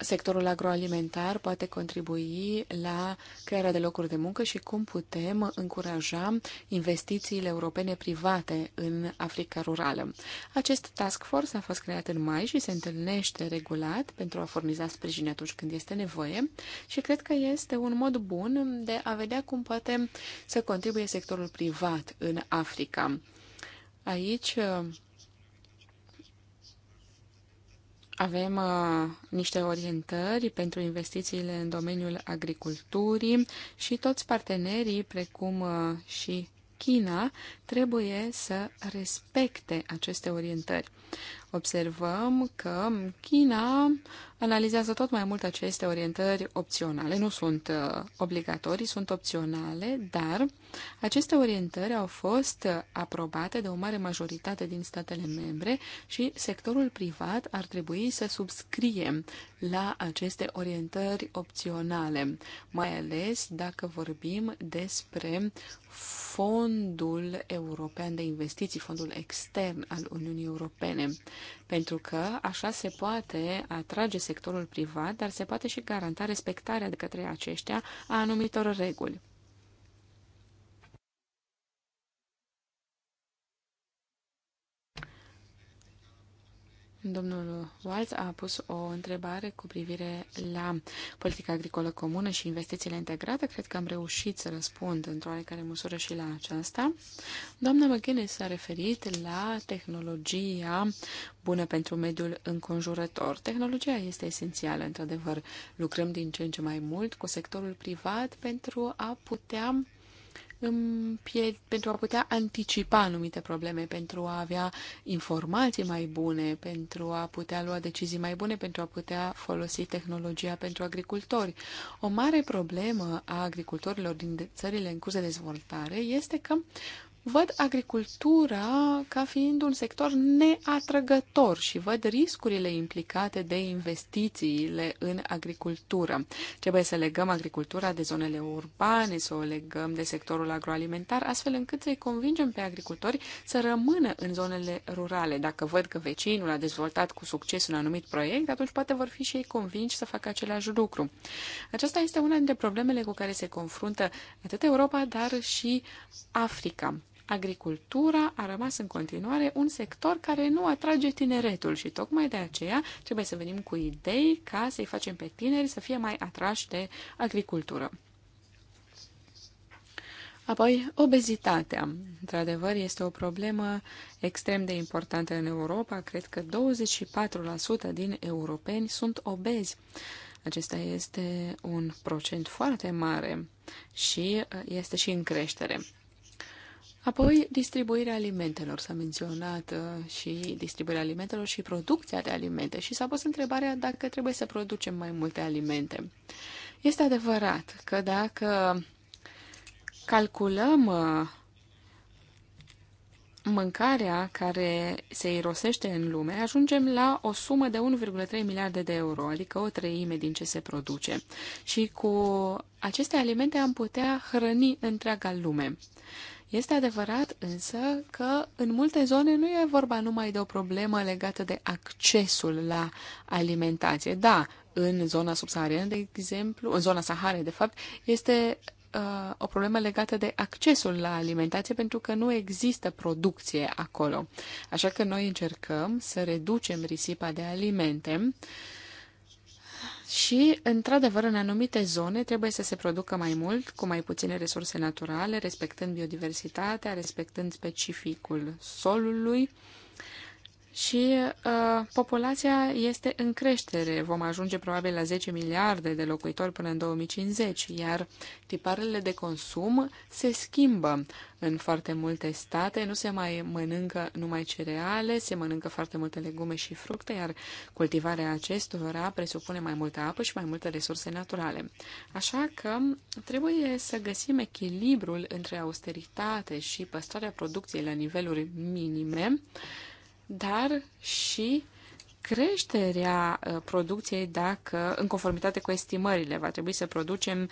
sectorul agroalimentar poate contribui la crearea de locuri de muncă și cum putem încuraja investițiile europene private în Africa rurală. Acest task force a fost creat în mai și se întâlnește regulat pentru a furniza sprijin atunci când este nevoie și cred că este un mod bun de a vedea cum poate să contribuie sectorul privat în Africa. Aici Avem uh, niște orientări pentru investițiile în domeniul agriculturii și toți partenerii, precum uh, și China trebuie să respecte aceste orientări observăm că China analizează tot mai mult aceste orientări opționale. Nu sunt uh, obligatorii, sunt opționale, dar aceste orientări au fost aprobate de o mare majoritate din statele membre și sectorul privat ar trebui să subscrie la aceste orientări opționale, mai ales dacă vorbim despre Fondul European de Investiții, fondul extern al Uniunii Europene pentru că așa se poate atrage sectorul privat, dar se poate și garanta respectarea de către aceștia a anumitor reguli. Domnul Walz a pus o întrebare cu privire la politica agricolă comună și investițiile integrate. Cred că am reușit să răspund într-o oarecare măsură și la aceasta. Doamna McGuinness s-a referit la tehnologia bună pentru mediul înconjurător. Tehnologia este esențială, într-adevăr. Lucrăm din ce în ce mai mult cu sectorul privat pentru a putea pentru a putea anticipa anumite probleme, pentru a avea informații mai bune, pentru a putea lua decizii mai bune, pentru a putea folosi tehnologia pentru agricultori. O mare problemă a agricultorilor din țările în curs de dezvoltare este că văd agricultura ca fiind un sector neatrăgător și văd riscurile implicate de investițiile în agricultură. Trebuie să legăm agricultura de zonele urbane, să o legăm de sectorul agroalimentar, astfel încât să-i convingem pe agricultori să rămână în zonele rurale. Dacă văd că vecinul a dezvoltat cu succes un anumit proiect, atunci poate vor fi și ei convinși să facă același lucru. Aceasta este una dintre problemele cu care se confruntă atât Europa, dar și Africa agricultura a rămas în continuare un sector care nu atrage tineretul și tocmai de aceea trebuie să venim cu idei ca să-i facem pe tineri să fie mai atrași de agricultură. Apoi, obezitatea. Într-adevăr, este o problemă extrem de importantă în Europa. Cred că 24% din europeni sunt obezi. Acesta este un procent foarte mare și uh, este și în creștere. Apoi, distribuirea alimentelor. S-a menționat uh, și distribuirea alimentelor și producția de alimente și s-a pus întrebarea dacă trebuie să producem mai multe alimente. Este adevărat că dacă calculăm uh, mâncarea care se irosește în lume, ajungem la o sumă de 1,3 miliarde de euro, adică o treime din ce se produce. Și cu aceste alimente am putea hrăni întreaga lume. Este adevărat însă că în multe zone nu e vorba numai de o problemă legată de accesul la alimentație. Da, în zona subsahariană, de exemplu, în zona Sahare, de fapt, este uh, o problemă legată de accesul la alimentație pentru că nu există producție acolo. Așa că noi încercăm să reducem risipa de alimente uh, și, într-adevăr, în anumite zone trebuie să se producă mai mult, cu mai puține resurse naturale, respectând biodiversitatea, respectând specificul solului, și uh, populația este în creștere. Vom ajunge probabil la 10 miliarde de locuitori până în 2050, iar tiparele de consum se schimbă. În foarte multe state nu se mai mănâncă numai cereale, se mănâncă foarte multe legume și fructe, iar cultivarea acestora presupune mai multă apă și mai multe resurse naturale. Așa că trebuie să găsim echilibrul între austeritate și păstrarea producției la niveluri minime, dar și creșterea uh, producției dacă, în conformitate cu estimările, va trebui să producem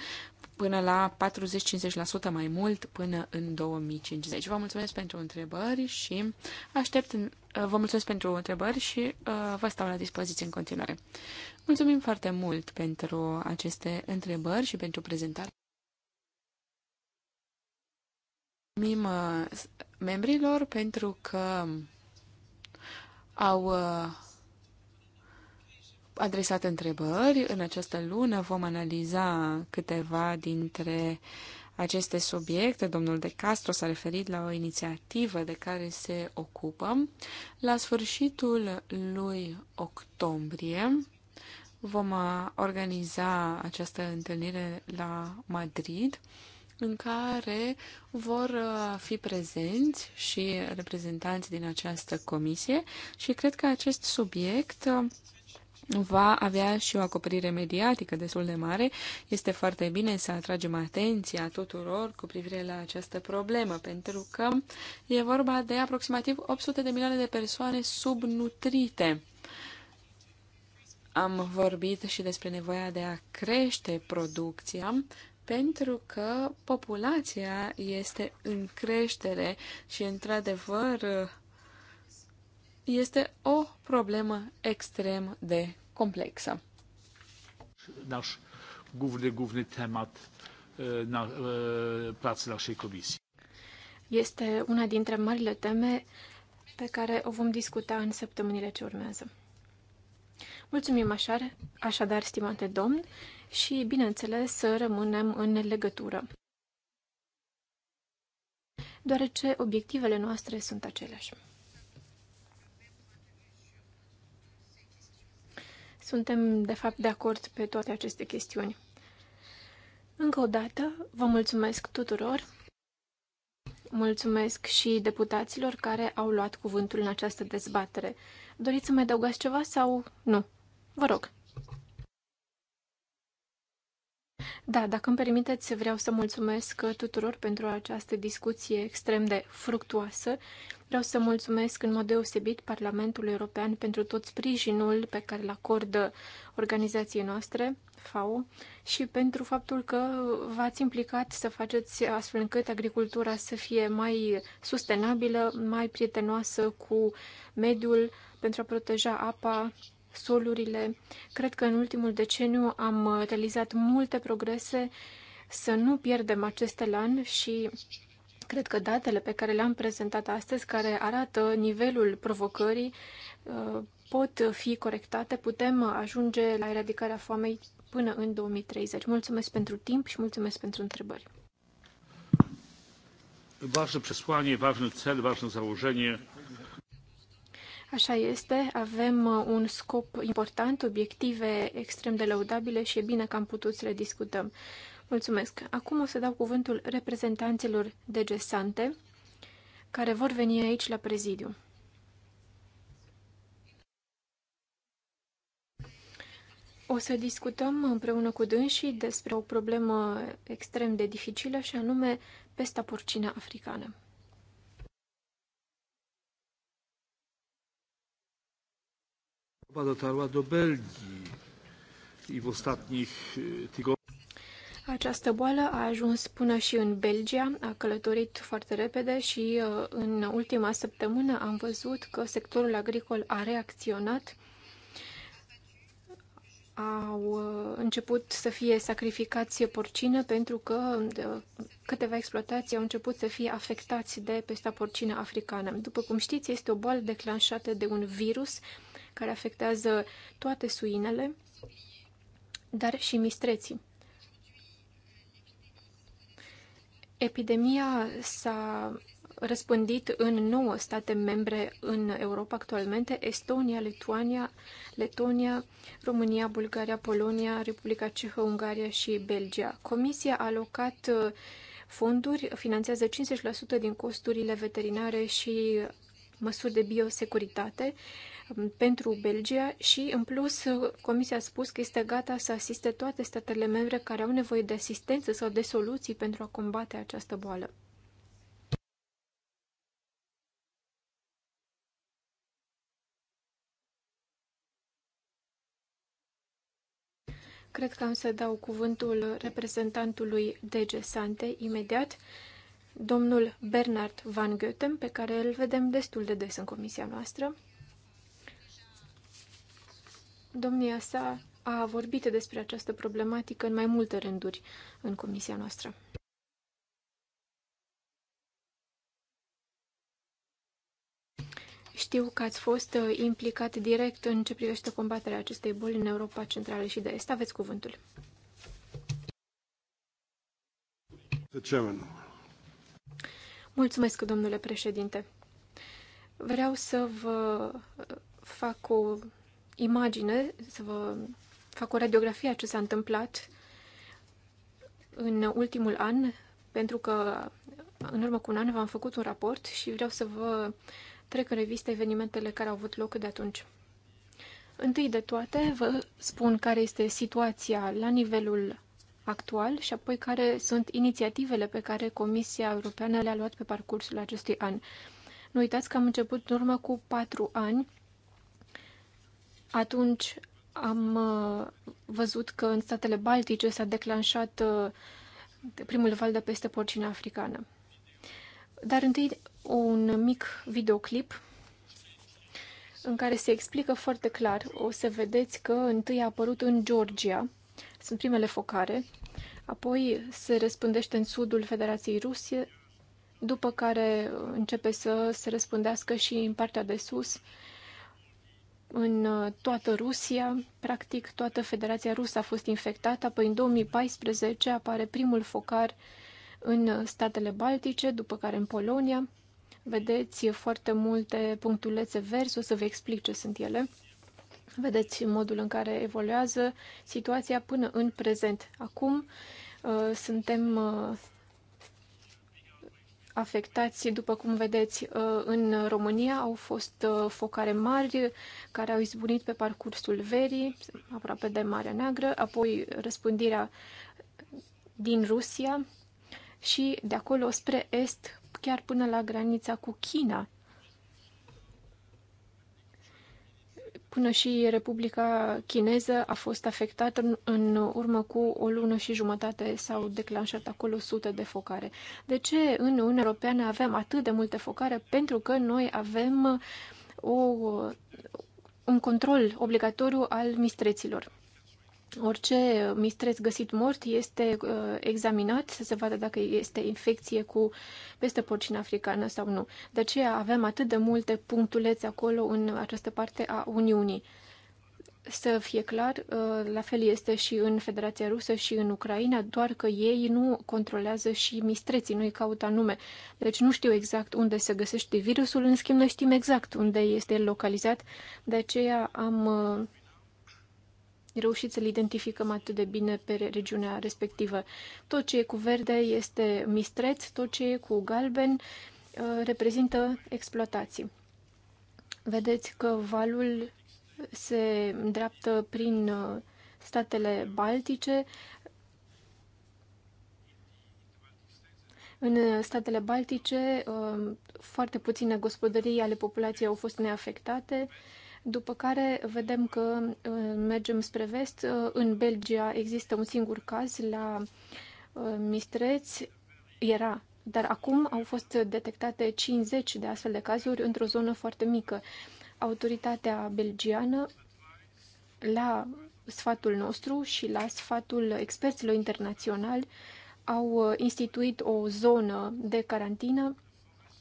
până la 40-50% mai mult până în 2050. Vă mulțumesc pentru întrebări și aștept uh, vă mulțumesc pentru întrebări și uh, vă stau la dispoziție în continuare. Mulțumim foarte mult pentru aceste întrebări și pentru prezentare. Mulțumim membrilor pentru că au uh, adresat întrebări. În această lună vom analiza câteva dintre aceste subiecte. Domnul De Castro s-a referit la o inițiativă de care se ocupă. La sfârșitul lui octombrie vom uh, organiza această întâlnire la Madrid în care vor uh, fi prezenți și reprezentanți din această comisie și cred că acest subiect uh, va avea și o acoperire mediatică destul de mare. Este foarte bine să atragem atenția tuturor cu privire la această problemă, pentru că e vorba de aproximativ 800 de milioane de persoane subnutrite. Am vorbit și despre nevoia de a crește producția pentru că populația este în creștere și, într-adevăr, este o problemă extrem de complexă. Nasz główny, główny temat na, pracy naszej komisji. Este una dintre marile teme pe care o vom discuta în săptămânile ce urmează. Mulțumim așa așadar stimate domn, și, bineînțeles, să rămânem în legătură, deoarece obiectivele noastre sunt aceleași. Suntem, de fapt, de acord pe toate aceste chestiuni. Încă o dată, vă mulțumesc tuturor. Mulțumesc și deputaților care au luat cuvântul în această dezbatere. Doriți să mai adăugați ceva sau nu? Vă rog. Da, dacă îmi permiteți, vreau să mulțumesc tuturor pentru această discuție extrem de fructuoasă. Vreau să mulțumesc în mod deosebit Parlamentului European pentru tot sprijinul pe care îl acordă organizației noastre, FAO, și pentru faptul că v-ați implicat să faceți astfel încât agricultura să fie mai sustenabilă, mai prietenoasă cu mediul, pentru a proteja apa, solurile. Cred că în ultimul deceniu am realizat multe progrese să nu pierdem acest elan și cred că datele pe care le-am prezentat astăzi, care arată nivelul provocării, uh, pot fi corectate. Putem ajunge la eradicarea foamei până în 2030. Mulțumesc pentru timp și mulțumesc pentru întrebări. Ważne przesłanie, ważny cel, ważne założenie. Așa este, avem uh, un scop important, obiective extrem de lăudabile și e bine că am putut să le discutăm. Mulțumesc. Acum o să dau cuvântul reprezentanților de gesante care vor veni aici la prezidiu. O să discutăm împreună cu dânsii despre o problemă extrem de dificilă și anume pesta porcină africană. dotarła do Belgii i w ostatnich tygodniach. Această boală a ajuns până și în Belgia, a călătorit foarte repede și în ultima săptămână am văzut că sectorul agricol a reacționat. Au început să fie sacrificați porcină pentru că câteva exploatații au început să fie afectați de pesta porcină africană. După cum știți, este o boală declanșată de un virus care afectează toate suinele, dar și mistreții. Epidemia s-a răspândit în nouă state membre în Europa actualmente, Estonia, Lituania, Letonia, România, Bulgaria, Polonia, Republica Cehă, Ungaria și Belgia. Comisia a alocat uh, fonduri, finanțează 50% din costurile veterinare și măsuri de biosecuritate pentru Belgia și, în plus, Comisia a spus că este gata să asiste toate statele membre care au nevoie de asistență sau de soluții pentru a combate această boală. Cred că am să dau cuvântul reprezentantului DG Sante imediat, domnul Bernard Van Goethem, pe care îl vedem destul de des în comisia noastră. Domnia sa a vorbit despre această problematică în mai multe rânduri în comisia noastră. Știu că ați fost uh, implicat direct în ce privește combaterea acestei boli în Europa Centrală și de Est. Aveți cuvântul. Mulțumesc, domnule președinte. Vreau să vă uh, fac o imagine, să vă fac o radiografie a ce s-a întâmplat în ultimul an, pentru că în urmă cu un an v-am făcut un raport și vreau să vă trec în revistă evenimentele care au avut loc de atunci. Întâi de toate, vă spun care este situația la nivelul actual și apoi care sunt inițiativele pe care Comisia Europeană le-a luat pe parcursul acestui an. Nu uitați că am început în urmă cu patru ani atunci am uh, văzut că în statele Baltice s-a declanșat uh, primul val de peste porcina africană. Dar întâi un mic videoclip în care se explică foarte clar, o să vedeți că întâi a apărut în Georgia, sunt primele focare, apoi se răspândește în sudul Federației Rusie, după care începe să se răspândească și în partea de sus, în uh, toată Rusia, practic toată Federația Rusă a fost infectată, apoi în 2014 apare primul focar în uh, statele Baltice, după care în Polonia. Vedeți foarte multe punctulețe verzi, o să vă explic ce sunt ele. Vedeți modul în care evoluează situația până în prezent. Acum uh, suntem afectați, după cum vedeți, uh, în România au fost uh, focare mari care au izbunit pe parcursul verii, aproape de Marea Neagră, apoi răspândirea din Rusia și de acolo spre est, chiar până la granița cu China. până și Republica Chineză a fost afectată în, urmă cu o lună și jumătate, s-au declanșat acolo sute de focare. De ce în Uniunea Europeană avem atât de multe focare? Pentru că noi avem o, uh, un control obligatoriu al mistreților. Orice mistreț găsit mort este uh, examinat să se vadă dacă este infecție cu peste porcina africană sau nu. De aceea avem atât de multe punctulețe acolo în această parte a Uniunii. Să fie clar, uh, la fel este și în Federația Rusă și în Ucraina, doar că ei nu controlează și mistreții, nu-i caută anume. Deci nu știu exact unde se găsește virusul, în schimb noi știm exact unde este localizat, de aceea am uh, reușit să-l identificăm atât de bine pe regiunea respectivă. Tot ce e cu verde este mistreț, tot ce e cu galben uh, reprezintă exploatații. Vedeți că valul se îndreaptă prin uh, statele baltice. În statele baltice, uh, foarte puține gospodării ale populației au fost neafectate. După care vedem că uh, mergem spre vest. Uh, în Belgia există un singur caz la uh, Mistreț. Era dar acum au fost detectate 50 de astfel de cazuri într-o zonă foarte mică. Autoritatea belgiană, la sfatul nostru și la sfatul experților internaționali, au instituit o zonă de carantină.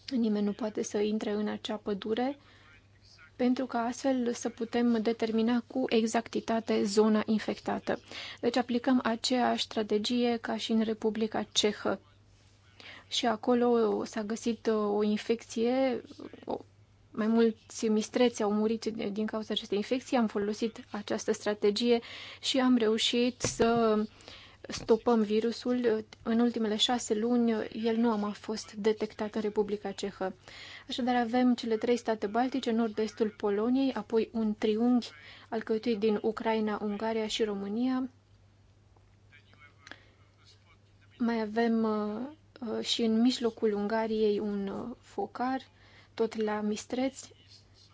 Nimeni nu poate să intre în acea pădure pentru ca astfel să putem determina cu exactitate zona infectată. Deci aplicăm aceeași strategie ca și în Republica Cehă. Și acolo s-a găsit uh, o infecție, mai mulți mistreți au murit din cauza acestei infecții, am folosit această strategie și am reușit să stopăm virusul. În ultimele șase luni, el nu a mai fost detectat în Republica Cehă. Așadar avem cele trei state baltice, nord-estul Poloniei, apoi un triunghi alcătuit din Ucraina, Ungaria și România. Mai avem uh, uh, și în mijlocul Ungariei un uh, focar, tot la Mistreț,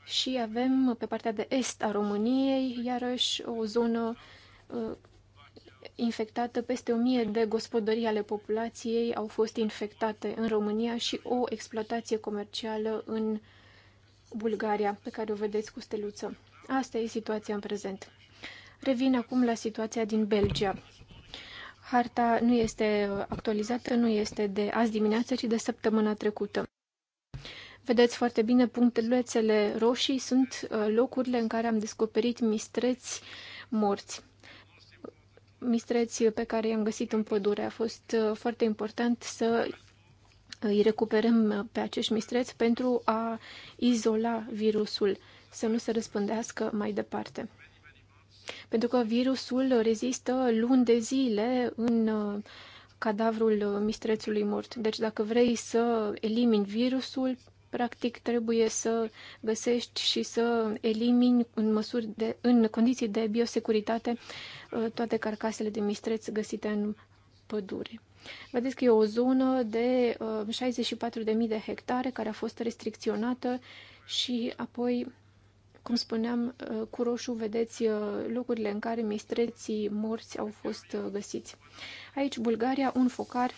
și avem pe partea de est a României, iarăși, o zonă infectată, peste 1000 de gospodării ale populației au fost infectate în România și o exploatație comercială în Bulgaria, pe care o vedeți cu steluță. Asta e situația în prezent. Revin acum la situația din Belgia. Harta nu este actualizată, nu este de azi dimineață, ci de săptămâna trecută. Vedeți foarte bine, punctele roșii sunt uh, locurile în care am descoperit mistreți morți mistreți pe care i-am găsit în pădure. A fost uh, foarte important să îi recuperăm pe acești mistreți pentru a izola virusul, să nu se răspândească mai departe. Pentru că virusul rezistă luni de zile în uh, cadavrul mistrețului mort. Deci dacă vrei să elimini virusul, Practic trebuie să găsești și să elimini în, măsuri de, în condiții de biosecuritate uh, toate carcasele de mistreți găsite în pădure. Vedeți că e o zonă de 64.000 uh, de hectare care a fost restricționată și apoi, cum spuneam, uh, cu roșu vedeți locurile în care mistreții morți au fost găsiți. Aici, Bulgaria, un focar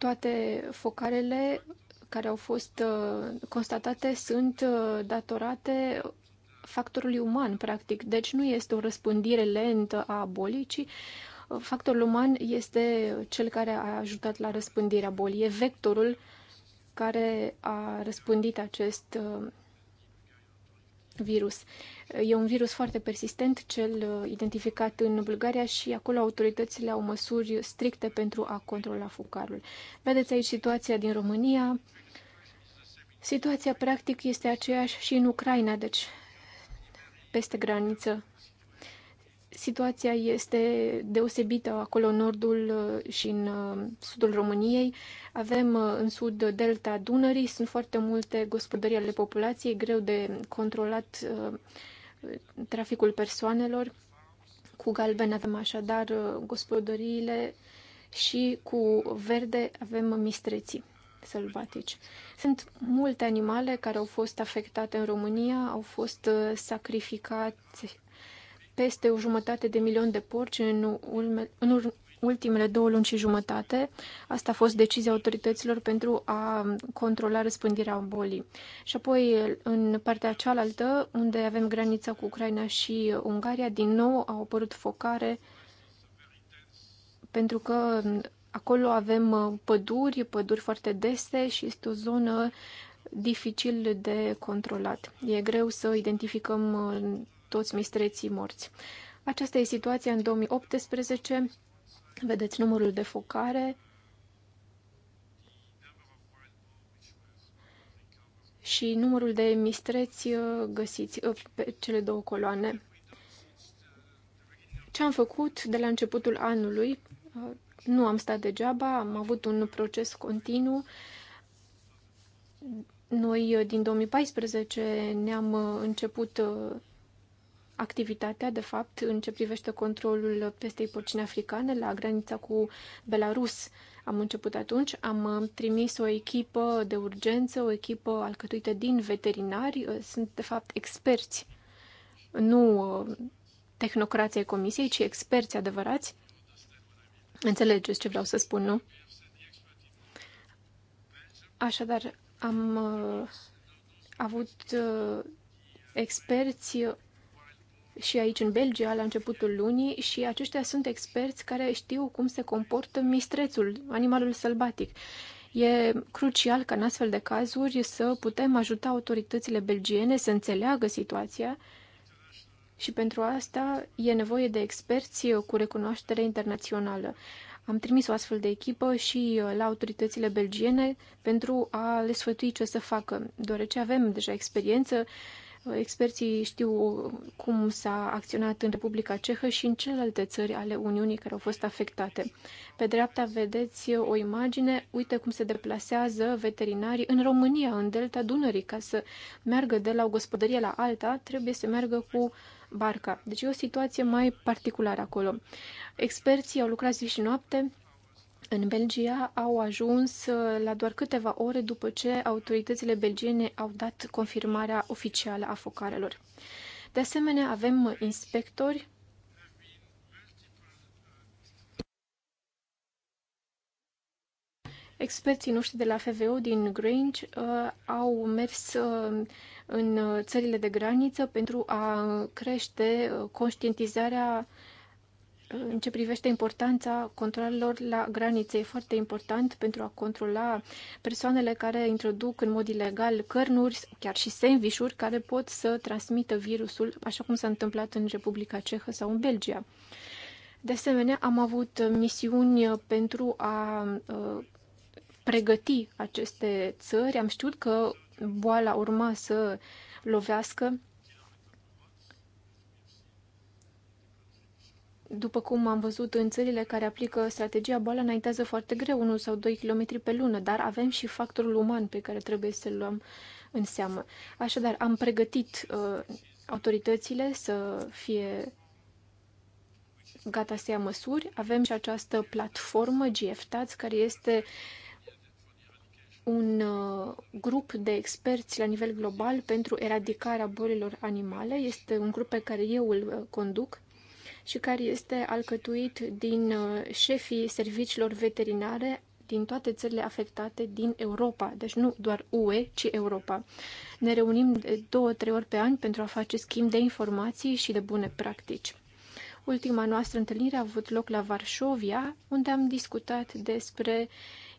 Toate focarele care au fost uh, constatate sunt uh, datorate factorului uman, practic. Deci nu este o răspândire lentă a bolii, ci factorul uman este cel care a ajutat la răspândirea bolii. E vectorul care a răspândit acest uh, virus. E un virus foarte persistent, cel uh, identificat în Bulgaria și acolo autoritățile au măsuri stricte pentru a controla focarul. Vedeți aici situația din România. Situația practic este aceeași și în Ucraina, deci peste graniță situația este deosebită acolo în nordul uh, și în uh, sudul României. Avem uh, în sud delta Dunării, sunt foarte multe gospodării ale populației, greu de controlat traficul persoanelor. Cu galben avem așadar gospodăriile și cu verde avem mistreții sălbatici. Sunt multe animale care au fost afectate în România, au fost sacrificate peste o jumătate de milion de porci în, ulme, în ultimele două luni și jumătate. Asta a fost decizia autorităților pentru a controla răspândirea bolii. Și apoi, în partea cealaltă, unde avem granița cu Ucraina și Ungaria, din nou au apărut focare pentru că acolo avem uh, păduri, păduri foarte dese și este o zonă dificil de controlat. E greu să identificăm uh, toți mistreții morți. Aceasta e situația în 2018. Vedeți numărul de focare și numărul de mistreți uh, găsiți uh, pe cele două coloane. Ce am făcut de la începutul anului? Uh, nu am stat degeaba, am avut un proces continuu. Noi din 2014 ne-am început activitatea, de fapt, în ce privește controlul pestei porcine africane la granița cu Belarus. Am început atunci, am uh, trimis o echipă de urgență, o echipă alcătuită din veterinari, uh, sunt, de fapt, experți, nu uh, tehnocrația comisiei, ci experți adevărați. Înțelegeți ce vreau să spun, nu? Așadar, am avut experți și aici în Belgia la începutul lunii și aceștia sunt experți care știu cum se comportă mistrețul, animalul sălbatic. E crucial ca în astfel de cazuri să putem ajuta autoritățile belgiene să înțeleagă situația și pentru asta e nevoie de experți cu recunoaștere internațională. Am trimis o astfel de echipă și uh, la autoritățile belgiene pentru a le sfătui ce să facă, deoarece avem deja experiență Experții știu cum s-a acționat în Republica Cehă și în celelalte țări ale Uniunii care au fost afectate. Pe dreapta vedeți o imagine, uite cum se deplasează veterinarii în România, în delta Dunării. Ca să meargă de la o gospodărie la alta, trebuie să meargă cu barca. Deci e o situație mai particulară acolo. Experții au lucrat zi și noapte, în Belgia au ajuns uh, la doar câteva ore după ce autoritățile belgiene au dat confirmarea oficială a focarelor. De asemenea, avem inspectori Experții noștri de la FVO din Grange uh, au mers uh, în uh, țările de graniță pentru a crește uh, conștientizarea uh, în ce privește importanța controlelor la granițe, e foarte important pentru a controla persoanele care introduc în mod ilegal cărnuri, chiar și sandvișuri, care pot să transmită virusul, așa cum s-a întâmplat în Republica Cehă sau în Belgia. De asemenea, am avut misiuni pentru a ă, pregăti aceste țări. Am știut că boala urma să lovească După cum am văzut în țările care aplică strategia, boala înaintează foarte greu, 1 sau 2 km pe lună, dar avem și factorul uman pe care trebuie să-l luăm în seamă. Așadar, am pregătit uh, autoritățile să fie gata să ia măsuri. Avem și această platformă GFTAZ, care este un uh, grup de experți la nivel global pentru eradicarea bolilor animale. Este un grup pe care eu îl uh, conduc și care este alcătuit din uh, șefii serviciilor veterinare din toate țările afectate din Europa, deci nu doar UE, ci Europa. Ne reunim de două, trei ori pe an pentru a face schimb de informații și de bune practici. Ultima noastră întâlnire a avut loc la Varșovia, unde am discutat despre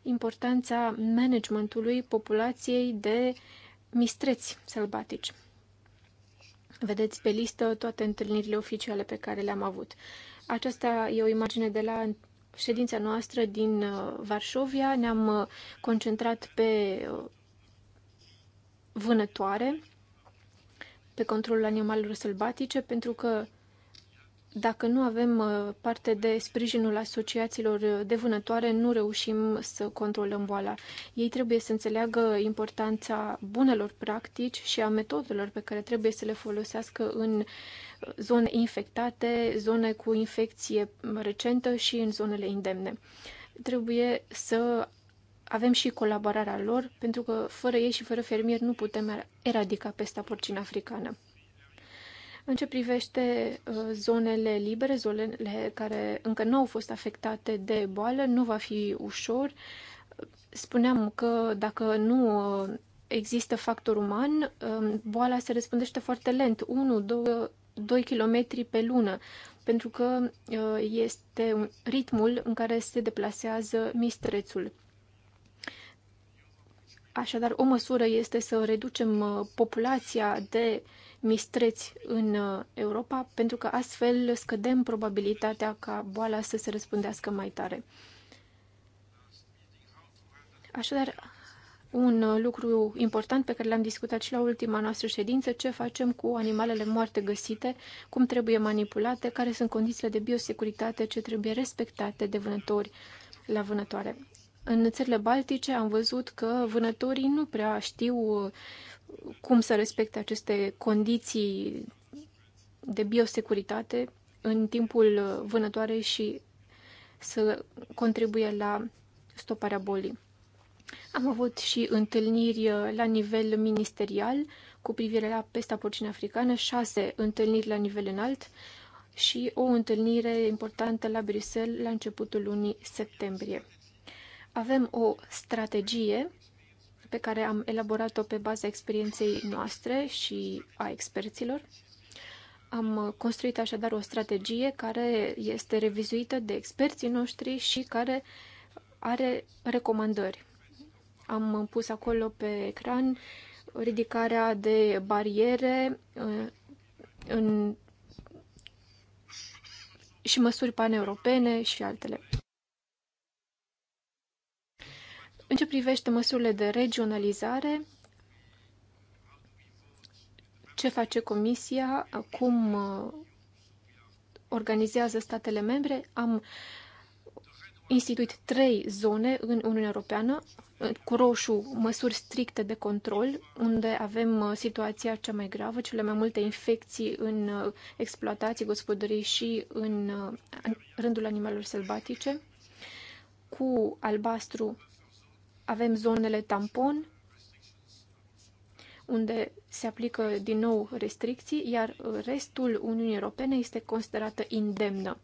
importanța managementului populației de mistreți sălbatici. Vedeți pe listă toate întâlnirile oficiale pe care le-am avut. Aceasta e o imagine de la ședința noastră din uh, Varșovia. Ne-am uh, concentrat pe uh, vânătoare, pe controlul animalelor sălbatice, pentru că dacă nu avem uh, parte de sprijinul asociațiilor uh, de vânătoare, nu reușim să controlăm boala. Ei trebuie să înțeleagă importanța bunelor practici și a metodelor pe care trebuie să le folosească în uh, zone infectate, zone cu infecție recentă și în zonele indemne. Trebuie să avem și colaborarea lor, pentru că fără ei și fără fermieri nu putem eradica pesta porcină africană. În ce privește uh, zonele libere, zonele care încă nu au fost afectate de boală, nu va fi ușor. Spuneam că dacă nu uh, există factor uman, um, boala se răspândește foarte lent, 1-2 km pe lună, pentru că uh, este ritmul în care se deplasează mistrețul. Așadar, o măsură este să reducem populația de uh, mistreți în uh, Europa, pentru că astfel scădem probabilitatea ca boala să se răspândească mai tare. Așadar, un uh, lucru important pe care l-am discutat și la ultima noastră ședință, ce facem cu animalele moarte găsite, cum trebuie manipulate, care sunt condițiile de biosecuritate ce trebuie respectate de vânători la vânătoare. În țările baltice am văzut că vânătorii nu prea știu cum să respecte aceste condiții de biosecuritate în timpul vânătoarei și să contribuie la stoparea bolii. Am avut și întâlniri la nivel ministerial cu privire la pesta porcină africană, șase întâlniri la nivel înalt și o întâlnire importantă la Bruxelles la începutul lunii septembrie. Avem o strategie pe care am elaborat-o pe baza experienței noastre și a experților. Am construit așadar o strategie care este revizuită de experții noștri și care are recomandări. Am pus acolo pe ecran ridicarea de bariere uh, în și măsuri paneuropene și altele. În ce privește măsurile de regionalizare, ce face Comisia, cum uh, organizează statele membre, am instituit trei zone în Uniunea Europeană, uh, cu roșu măsuri stricte de control, unde avem uh, situația cea mai gravă, cele mai multe infecții în exploatații, gospodării și în rândul animalelor sălbatice, cu albastru avem zonele tampon, unde se aplică din nou restricții, iar restul Uniunii Europene este considerată indemnă.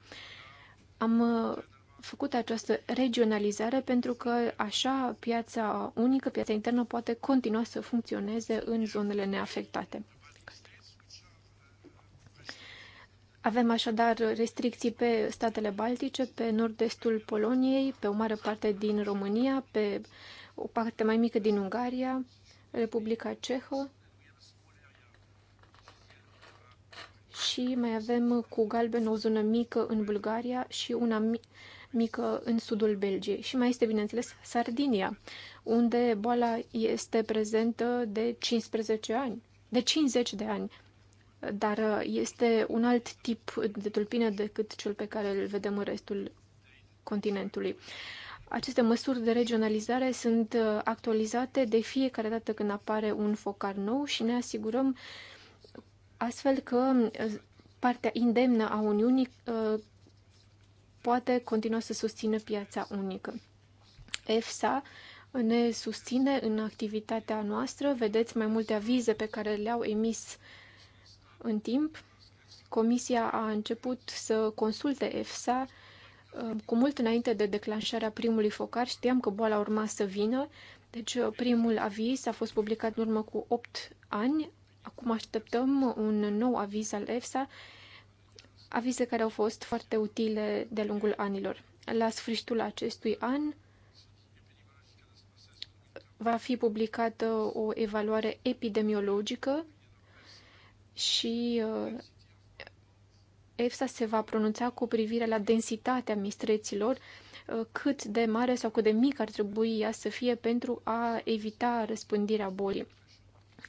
Am uh, făcut această regionalizare pentru că așa piața unică, piața internă poate continua să funcționeze în zonele neafectate. Avem așadar restricții pe statele baltice, pe nord-estul Poloniei, pe o mare parte din România, pe o parte mai mică din Ungaria, Republica Cehă și mai avem cu galben o zonă mică în Bulgaria și una mică în sudul Belgiei. Și mai este, bineînțeles, Sardinia, unde boala este prezentă de 15 ani, de 50 de ani dar uh, este un alt tip de tulpină decât cel pe care îl vedem în restul continentului. Aceste măsuri de regionalizare sunt uh, actualizate de fiecare dată când apare un focar nou și ne asigurăm astfel că uh, partea indemnă a Uniunii poate continua să susțină piața unică. EFSA ne susține în activitatea noastră. Vedeți mai multe avize pe care le-au emis uh, în timp, Comisia a început să consulte EFSA uh, cu mult înainte de declanșarea primului focar. Știam că boala urma să vină, deci uh, primul aviz a fost publicat în urmă cu 8 ani. Acum așteptăm un nou aviz al EFSA, avize care au fost foarte utile de-a lungul anilor. La sfârșitul acestui an, va fi publicată o evaluare epidemiologică și uh, EFSA se va pronunța cu privire la densitatea mistreților, uh, cât de mare sau cât de mică ar trebui ea să fie pentru a evita răspândirea bolii.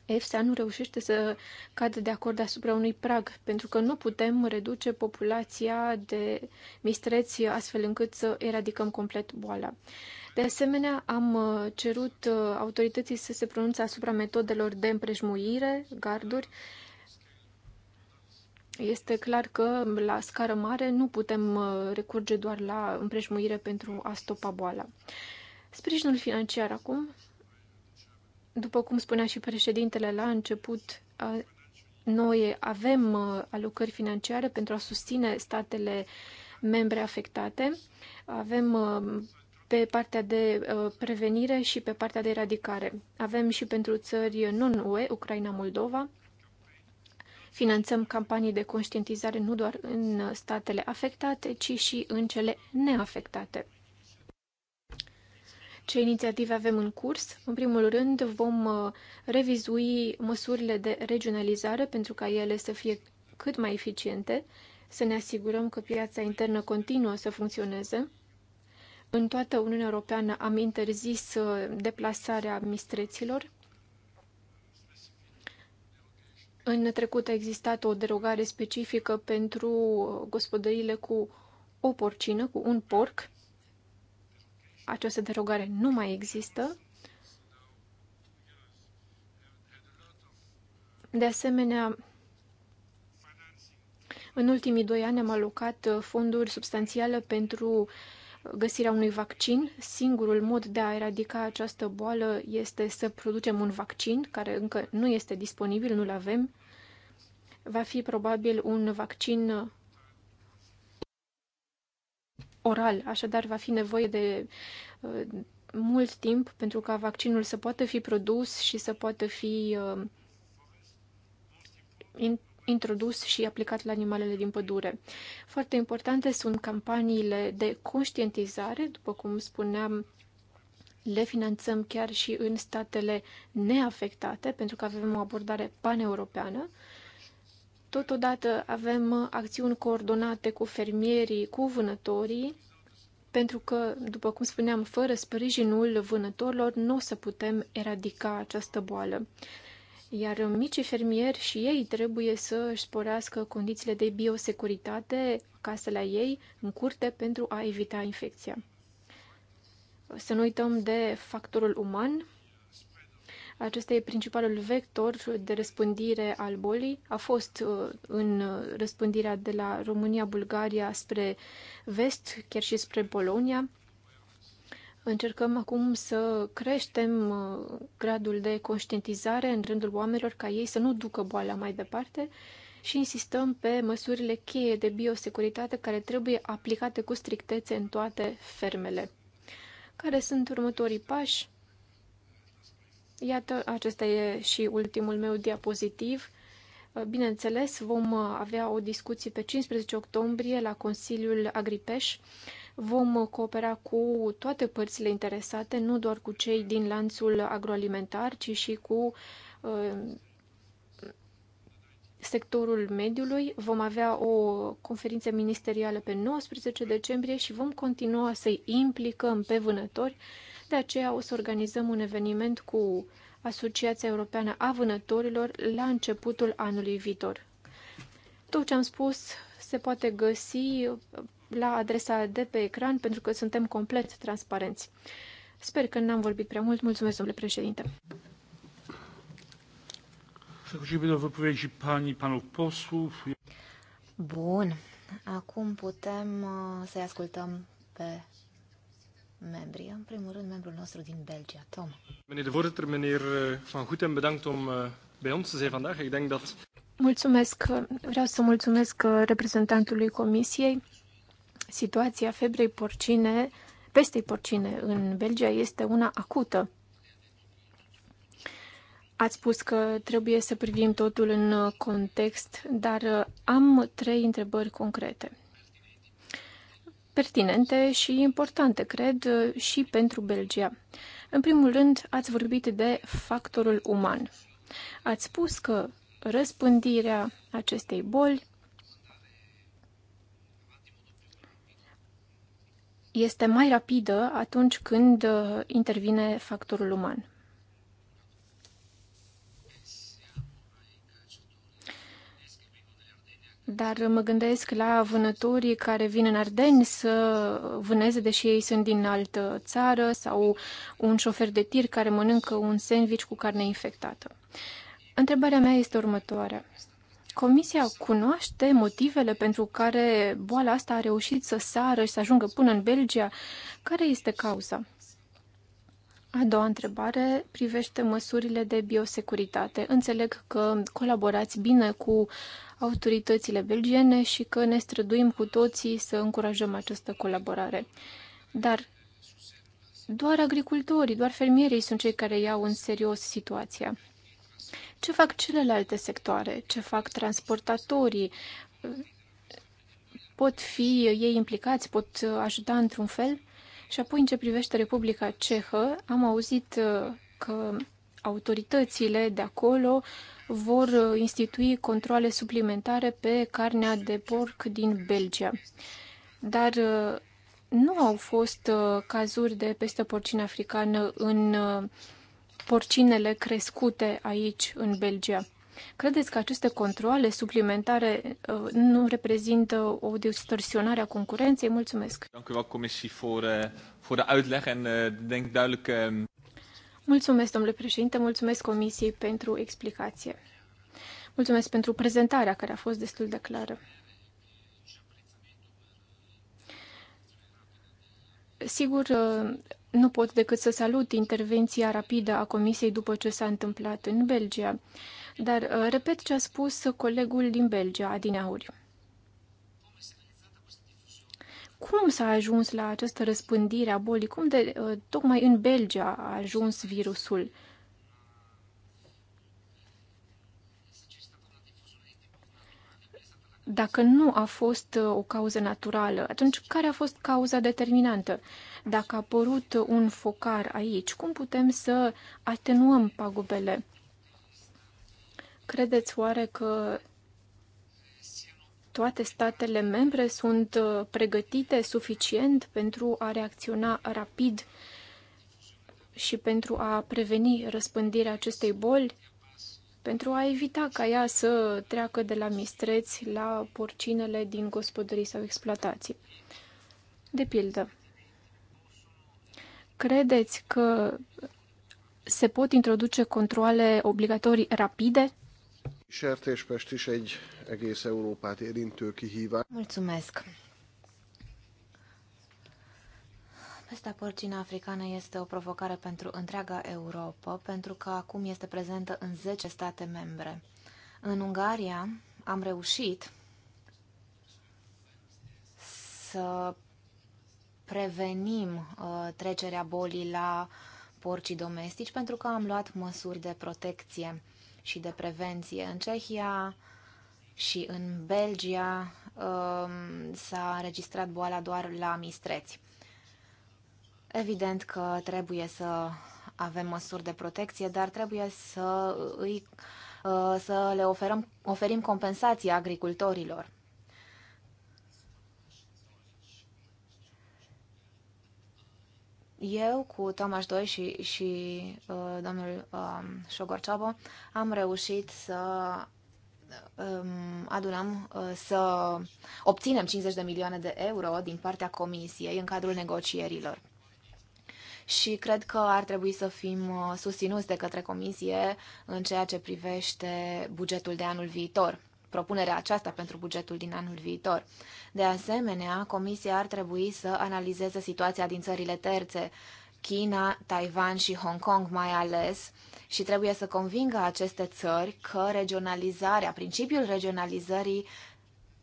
EFSA nu reușește să cadă de acord asupra unui prag, pentru că nu putem reduce populația de mistreți astfel încât să eradicăm complet boala. De asemenea, am uh, cerut autorității să se pronunțe asupra metodelor de împrejmuire, garduri, este clar că la scară mare nu putem uh, recurge doar la împrejmuire pentru a stopa boala. Sprijinul financiar acum, după cum spunea și președintele la început, uh, noi avem uh, alocări financiare pentru a susține statele membre afectate. Avem pe partea de prevenire și pe partea de eradicare. Avem și pentru țări non-UE, Ucraina, Moldova, Finanțăm campanii de conștientizare nu doar în statele afectate, ci și în cele neafectate. Ce inițiative avem în curs? În primul rând, vom uh, revizui măsurile de regionalizare pentru ca ele să fie cât mai eficiente, să ne asigurăm că piața internă continuă să funcționeze. În toată Uniunea Europeană am interzis uh, deplasarea mistreților, În trecut a existat o derogare specifică pentru gospodăriile cu o porcină, cu un porc. Această derogare nu mai există. De asemenea, în ultimii doi ani am alocat fonduri substanțiale pentru găsirea unui vaccin. Singurul mod de a eradica această boală este să producem un vaccin care încă nu este disponibil, nu-l avem va fi probabil un vaccin oral, așadar va fi nevoie de uh, mult timp pentru ca vaccinul să poată fi produs și să poată fi uh, introdus și aplicat la animalele din pădure. Foarte importante sunt campaniile de conștientizare, după cum spuneam, le finanțăm chiar și în statele neafectate, pentru că avem o abordare paneuropeană. europeană Totodată avem acțiuni coordonate cu fermierii, cu vânătorii, pentru că, după cum spuneam, fără sprijinul vânătorilor nu o să putem eradica această boală. Iar micii fermieri și ei trebuie să își sporească condițiile de biosecuritate acasă la ei, în curte, pentru a evita infecția. Să nu uităm de factorul uman, acesta e principalul vector de răspândire al bolii. A fost uh, în răspândirea de la România, Bulgaria spre vest, chiar și spre Polonia. Încercăm acum să creștem uh, gradul de conștientizare în rândul oamenilor ca ei să nu ducă boala mai departe și insistăm pe măsurile cheie de biosecuritate care trebuie aplicate cu strictețe în toate fermele. Care sunt următorii pași? Iată, acesta e și ultimul meu diapozitiv. Uh, bineînțeles, vom uh, avea o discuție pe 15 octombrie la Consiliul Agripeș. Vom uh, coopera cu toate părțile interesate, nu doar cu cei din lanțul agroalimentar, ci și cu sectorul mediului. Vom avea o conferință ministerială pe 19 decembrie și vom continua să-i implicăm pe vânători de aceea o să organizăm un eveniment cu Asociația Europeană a Vânătorilor la începutul anului viitor. Tot ce am spus se poate găsi la adresa de pe ecran pentru că suntem complet transparenți. Sper că n-am vorbit prea mult. Mulțumesc, domnule președinte. Bun. Acum putem uh, să-i ascultăm pe membri. În primul rând, membrul nostru din Belgia, Tom. Meneer de voorzitter, meneer eh, Van Goeten, bedankt om eh, bij ons te zijn vandaag. Ik denk dat... Mulțumesc. Eh, vreau să mulțumesc reprezentantului Comisiei. Situația febrei porcine, pestei porcine în Belgia este una acută. Ați spus că trebuie să privim totul în context, dar am trei întrebări concrete pertinente și importante, cred, și pentru Belgia. În primul rând, ați vorbit de factorul uman. Ați spus că răspândirea acestei boli este mai rapidă atunci când uh, intervine factorul uman. Dar mă gândesc la vânătorii care vin în Ardeni să vâneze, deși ei sunt din altă țară, sau un șofer de tir care mănâncă un sandwich cu carne infectată. Întrebarea mea este următoarea. Comisia cunoaște motivele pentru care boala asta a reușit să sară și să ajungă până în Belgia? Care este cauza? A doua întrebare privește măsurile de biosecuritate. Înțeleg că colaborați bine cu autoritățile belgiene și că ne străduim cu toții să încurajăm această colaborare. Dar doar agricultorii, doar fermierii sunt cei care iau în serios situația. Ce fac celelalte sectoare? Ce fac transportatorii? Pot fi ei implicați? Pot ajuta într-un fel? Și apoi, în ce privește Republica Cehă, am auzit uh, că autoritățile de acolo vor uh, institui controle suplimentare pe carnea de porc din Belgia. Dar uh, nu au fost cazuri de peste porcină africană în porcinele crescute aici, în Belgia. Credeți că aceste controle suplimentare uh, nu reprezintă o distorsionare a concurenței? Mulțumesc! Eh, eh, ehm, mulțumesc, domnule președinte, mulțumesc Comisiei pentru explicație. Mulțumesc pentru prezentarea care a fost destul de clară. Sigur, eh, nu pot decât să salut intervenția rapidă a Comisiei după ce s-a întâmplat în Belgia. Dar uh, repet ce a spus colegul din Belgia, Adineauri. Cum s-a ajuns la această răspândire a bolii? Cum de uh, tocmai în Belgia a ajuns virusul? Dacă nu a fost uh, o cauză naturală, atunci care a fost cauza determinantă? Dacă a apărut un focar aici, cum putem să atenuăm pagubele? Credeți oare că toate statele membre sunt uh, pregătite suficient pentru a reacționa rapid și pentru a preveni răspândirea acestei boli, pentru a evita ca ea să treacă de la mistreți la porcinele din gospodării sau exploatații. De pildă, credeți că se pot introduce controle obligatorii rapide Sertéspest is egy egész Európát érintő kihívás. Mulțumesc! Pesta porcină africană este o provocare pentru întreaga Europa, pentru că acum este prezentă în 10 state membre. În Ungaria am reușit să prevenim uh, trecerea bolii la porcii domestici pentru că am luat măsuri de protecție și de prevenție. În Cehia și în Belgia um, s-a înregistrat boala doar la mistreți. Evident că trebuie să avem măsuri de protecție, dar trebuie să, îi, uh, să le oferăm, oferim compensații agricultorilor. Eu cu Tomaș Doi și, și uh, domnul um, Șogor Ciobo am reușit să um, adunăm, uh, să obținem 50 de milioane de euro din partea Comisiei în cadrul negocierilor. Și cred că ar trebui să fim uh, susținuți de către Comisie în ceea ce privește bugetul de anul viitor propunerea aceasta pentru bugetul din anul viitor. De asemenea, Comisia ar trebui să analizeze situația din țările terțe, China, Taiwan și Hong Kong mai ales, și trebuie să convingă aceste țări că regionalizarea, principiul regionalizării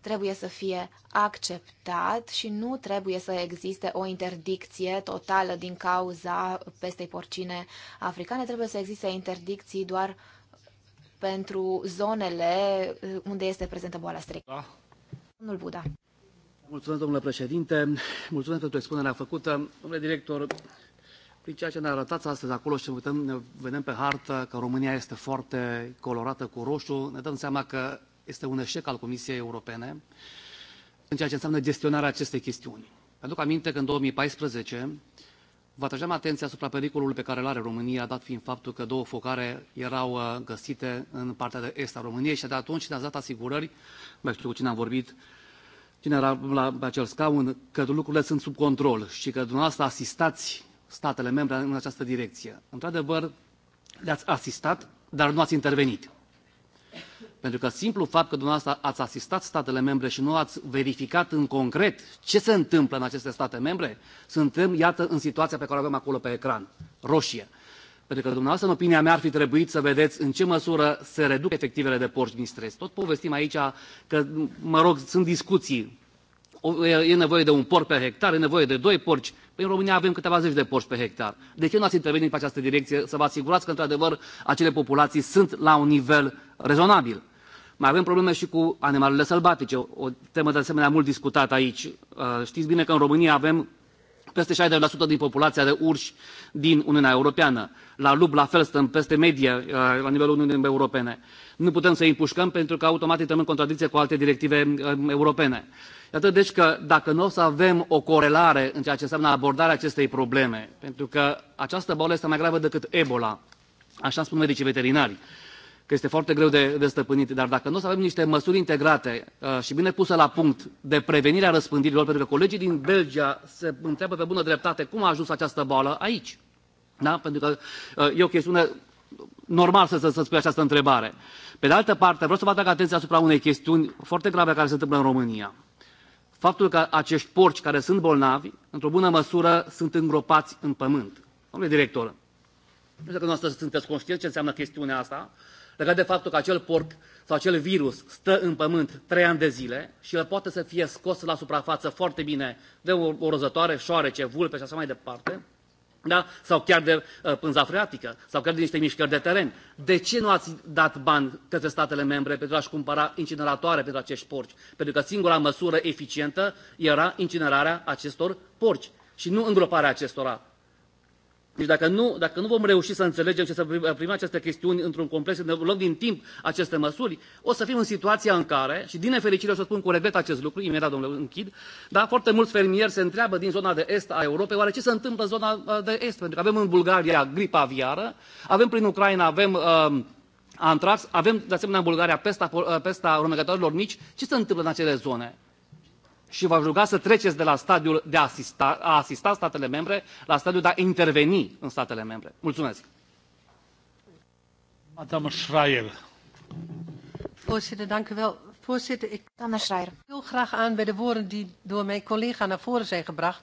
trebuie să fie acceptat și nu trebuie să existe o interdicție totală din cauza pestei porcine africane. Trebuie să existe interdicții doar uh, pentru zonele uh, unde este prezentă boala strict. Da. Domnul Buda. Mulțumesc, domnule președinte. Mulțumesc pentru expunerea făcută. Domnule director, prin ceea ce ne arătați astăzi acolo și ne vedem pe hartă că România este foarte colorată cu roșu, ne dăm seama că este un eșec al Comisiei Europene în ceea ce înseamnă gestionarea acestei chestiuni. Aduc aminte că în 2014 Vă atragem atenția asupra pericolului pe care îl are România, dat fiind faptul că două focare erau uh, găsite în partea de est a României și de atunci ne-ați dat asigurări, mai știu cu cine am vorbit, cine era la acel scaun, că lucrurile sunt sub control și că dumneavoastră asistați statele membre în această direcție. Într-adevăr, le-ați asistat, dar nu ați intervenit. Pentru că simplul fapt că dumneavoastră ați asistat statele membre și nu ați verificat în concret ce se întâmplă în aceste state membre, suntem, iată, în situația pe care o avem acolo pe ecran, roșie. Pentru că dumneavoastră, în opinia mea, ar fi trebuit să vedeți în ce măsură se reduc efectivele de porci din stres. Tot povestim aici că, mă rog, sunt discuții. E nevoie de un porc pe hectar, e nevoie de doi porci. Păi în România avem câteva zeci de porci pe hectar. De ce nu ați intervenit pe această direcție să vă asigurați că, într-adevăr, acele populații sunt la un nivel rezonabil? Mai avem probleme și cu animalele sălbatice, o temă de asemenea mult discutată aici. Uh, știți bine că în România avem peste 60% din populația de urși din Uniunea Europeană. La lup, la fel, stăm peste medie uh, la nivelul Uniunii Europene. Nu putem să îi împușcăm pentru că automat intrăm în contradicție cu alte directive uh, europene. Iată deci că dacă nu o să avem o corelare în ceea ce înseamnă abordarea acestei probleme, pentru că această boală este mai gravă decât Ebola, așa spun medicii veterinari că este foarte greu de, de stăpânit. Dar dacă nu o să avem niște măsuri integrate uh, și bine puse la punct de prevenirea răspândirilor, pentru că colegii din Belgia se întreabă pe bună dreptate cum a ajuns această boală aici. Da? Pentru că uh, e o chestiune normal să, să, să spui această întrebare. Pe de altă parte, vreau să vă atrag atenția asupra unei chestiuni foarte grave care se întâmplă în România. Faptul că acești porci care sunt bolnavi, într-o bună măsură, sunt îngropați în pământ. Domnule director, nu știu dacă noastră sunteți conștienți ce înseamnă chestiunea asta, legat de faptul că acel porc sau acel virus stă în pământ trei ani de zile și el poate să fie scos la suprafață foarte bine de o rozătoare, șoarece, vulpe și așa mai departe, da? sau chiar de uh, pânza freatică, sau chiar de niște mișcări de teren. De ce nu ați dat bani către statele membre pentru a-și cumpăra incineratoare pentru acești porci? Pentru că singura măsură eficientă era incinerarea acestor porci și nu îngroparea acestora deci dacă nu, dacă nu vom reuși să înțelegem și să primim aceste chestiuni într-un complex, să ne luăm din timp aceste măsuri, o să fim în situația în care, și din nefericire o să spun cu regret acest lucru, imediat domnule închid, dar foarte mulți fermieri se întreabă din zona de est a Europei, oare ce se întâmplă în zona uh, de est? Pentru că avem în Bulgaria gripa aviară, avem prin Ucraina, avem uh, antrax, avem de asemenea în Bulgaria pesta, uh, pesta urmăcătorilor mici. Ce se întâmplă în acele zone? și v-aș ruga să treceți de la stadiul de a asista, a asista statele membre la stadiul de a interveni în statele membre. Mulțumesc! Madame Schreier. Voorzitter, dank u wel. Voorzitter, ik wil graag aan bij de woorden die door mijn collega naar voren zijn gebracht.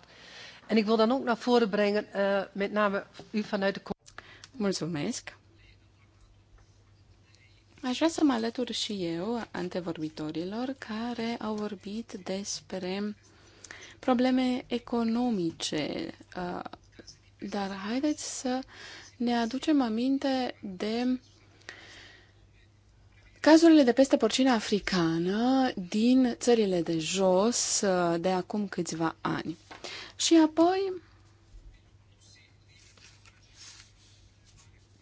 En ik wil dan ook naar voren brengen, uh, met name u vanuit de... Mulțumesc. Aș vrea să mă alătur și eu antevorbitorilor care au vorbit despre probleme economice, uh, dar haideți să ne aducem aminte de Cazurile de peste porcina africană din țările de jos uh, de acum câțiva ani. Și apoi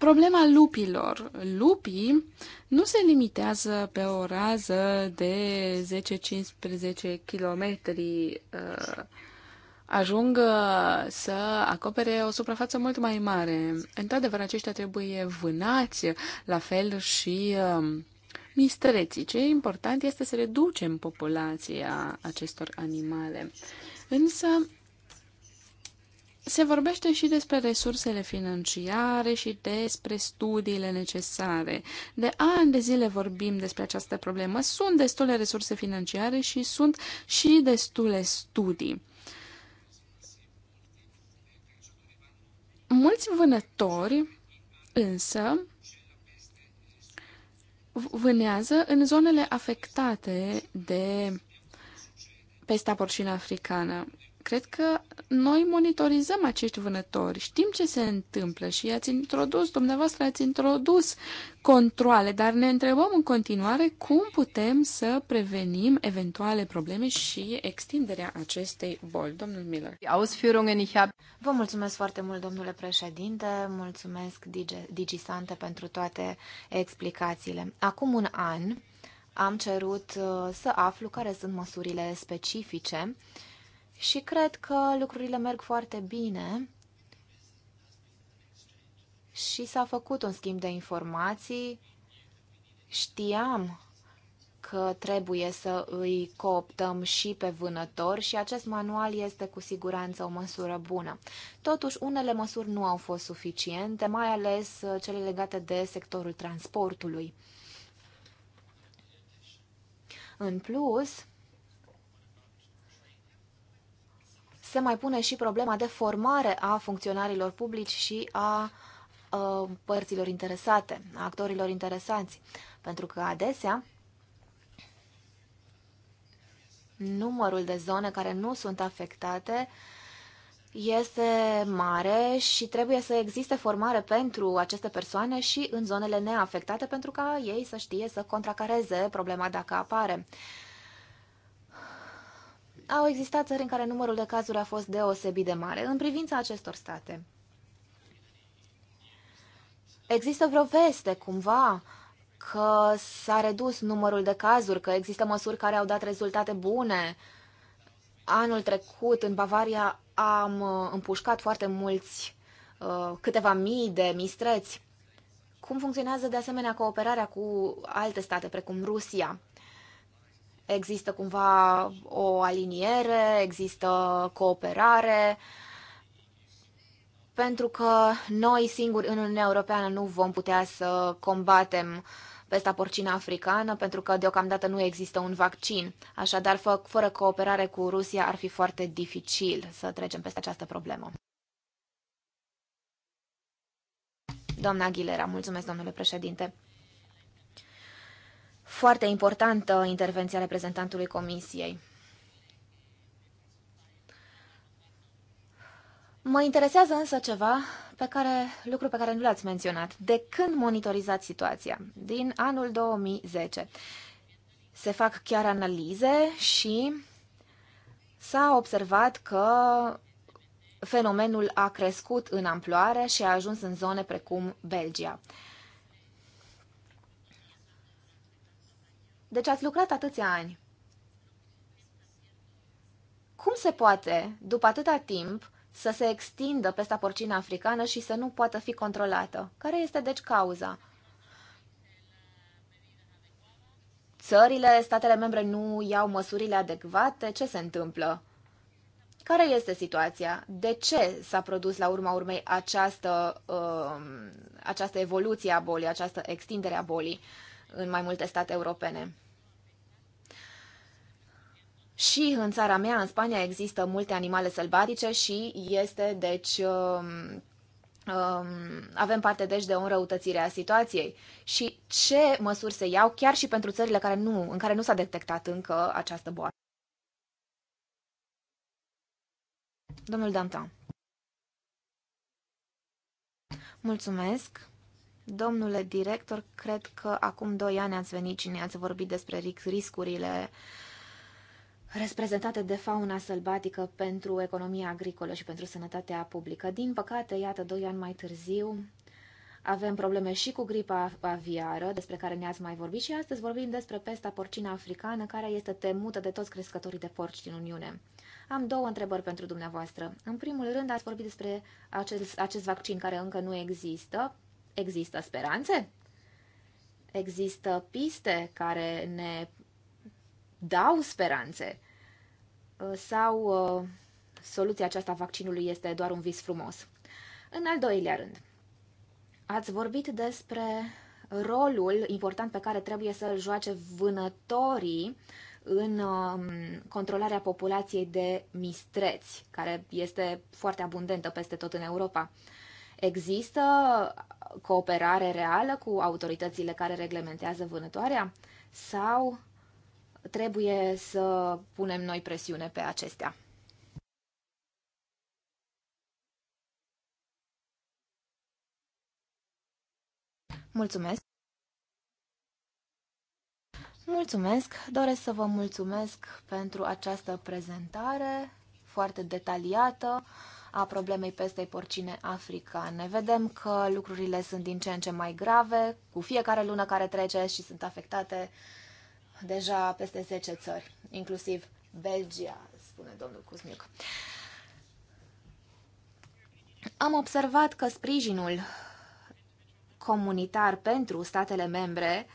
Problema lupilor. Lupii nu se limitează pe o rază de 10-15 km. Uh, ajung uh, să acopere o suprafață mult mai mare. Într-adevăr, aceștia trebuie vânați, la fel și um, mistereții. Ce e important este să reducem populația acestor animale. Însă, se vorbește și despre resursele financiare și despre studiile necesare. De ani de zile vorbim despre această problemă. Sunt destule resurse financiare și sunt și destule studii. Mulți vânători, însă, vânează în zonele afectate de pesta porcină africană cred că noi monitorizăm acești vânători, știm ce se întâmplă și ați introdus, dumneavoastră ați introdus controle, dar ne întrebăm în continuare cum putem să prevenim eventuale probleme și extinderea acestei boli. Domnul Miller. Vă mulțumesc foarte mult, domnule președinte, mulțumesc DigiSante pentru toate explicațiile. Acum un an am cerut uh, să aflu care sunt măsurile specifice uh, și cred că lucrurile merg foarte bine și s-a făcut un schimb de informații. Știam că trebuie să îi cooptăm și pe vânător și acest manual este cu siguranță o măsură bună. Totuși, unele măsuri nu au fost suficiente, mai ales uh, cele legate de sectorul transportului. În plus, se mai pune și problema de formare a funcționarilor publici și a părților interesate, a actorilor interesanți, pentru că adesea numărul de zone care nu sunt afectate este mare și trebuie să existe formare pentru aceste persoane și în zonele neafectate pentru ca ei să știe să contracareze problema dacă apare. Uh, au existat țări în care numărul de cazuri a fost deosebit de mare. În privința acestor state, există vreo veste cumva că s-a redus numărul de cazuri, că există măsuri care au dat rezultate bune. Anul trecut, în Bavaria, am uh, împușcat foarte mulți, uh, câteva mii de mistreți. Cum funcționează de asemenea cooperarea cu alte state, precum Rusia? Există cumva o aliniere, există cooperare, pentru că noi singuri în Uniunea Europeană nu vom putea să combatem pesta porcină africană, pentru că deocamdată nu există un vaccin. Așadar, fă, fără cooperare cu Rusia ar fi foarte dificil să trecem peste această problemă. Doamna Aguilera, mulțumesc, domnule președinte. Foarte importantă intervenția reprezentantului Comisiei. Mă interesează însă ceva pe care, lucru pe care nu l-ați menționat. De când monitorizați situația? Din anul 2010. Se fac chiar analize și s-a observat că fenomenul a crescut în amploare și a ajuns în zone precum Belgia. Deci ați lucrat atâția ani. Cum se poate, după atâta timp, să se extindă pesta porcină africană și să nu poată fi controlată? Care este, deci, cauza? Țările, statele membre nu iau măsurile adecvate? Ce se întâmplă? Care este situația? De ce s-a produs la urma urmei această, uh, această evoluție a bolii, această extindere a bolii? Uh, în mai multe state europene. Și în țara mea, în Spania, există multe animale sălbatice și este, deci, um, um, avem parte, deci, de o înrăutățire a situației. Și ce măsuri se iau chiar și pentru țările care nu, în care nu s-a detectat încă această boală? Domnul Danta. Mulțumesc. Domnule director, cred că acum doi ani ați venit și ne-ați vorbit despre riscurile reprezentate de fauna sălbatică pentru economia agricolă și pentru sănătatea publică. Din păcate, iată, doi ani mai târziu, avem probleme și cu gripa aviară, despre care ne-ați mai vorbit, și astăzi vorbim despre pesta porcină africană, care este temută de toți crescătorii de porci din Uniune. Am două întrebări pentru dumneavoastră. În primul rând, ați vorbit despre acest, acest vaccin care încă nu există, Există speranțe? Există piste care ne dau speranțe? Uh, sau uh, soluția aceasta vaccinului este doar un vis frumos? În al doilea rând, ați vorbit despre rolul important pe care trebuie să-l joace vânătorii în um, controlarea populației de mistreți, care este foarte abundentă peste tot în Europa. Există cooperare reală cu autoritățile care reglementează vânătoarea sau trebuie să punem noi presiune pe acestea? Mulțumesc! Mulțumesc! Doresc să vă mulțumesc pentru această prezentare foarte detaliată a problemei pestei porcine africane. Vedem că lucrurile sunt din ce în ce mai grave cu fiecare lună care trece și sunt afectate deja peste 10 țări, inclusiv Belgia, spune domnul Cuzmiuc. Am observat că sprijinul comunitar pentru statele membre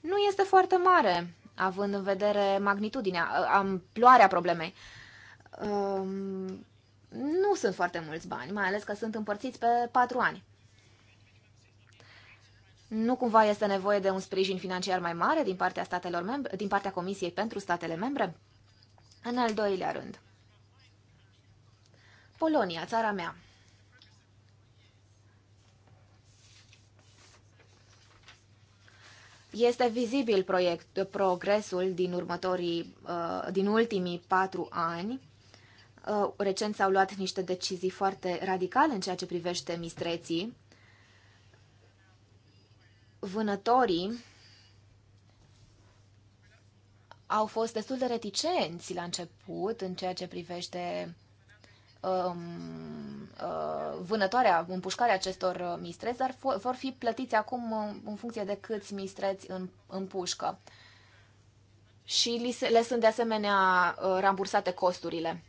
nu este foarte mare, având în vedere magnitudinea, amploarea problemei nu sunt foarte mulți bani, mai ales că sunt împărțiți pe patru ani. Nu cumva este nevoie de un sprijin financiar mai mare din partea, statelor membre, din partea Comisiei pentru statele membre? În al doilea rând, Polonia, țara mea. Este vizibil proiect, progresul din, următorii, uh, din ultimii patru ani Uh, recent s-au luat niște decizii foarte radicale în ceea ce privește mistreții. Vânătorii au fost destul de reticenți la început în ceea ce privește um, uh, vânătoarea, împușcarea acestor uh, mistreți, dar vor fi plătiți acum uh, în funcție de câți mistreți în, pușcă. Și li, le sunt de asemenea rambursate costurile.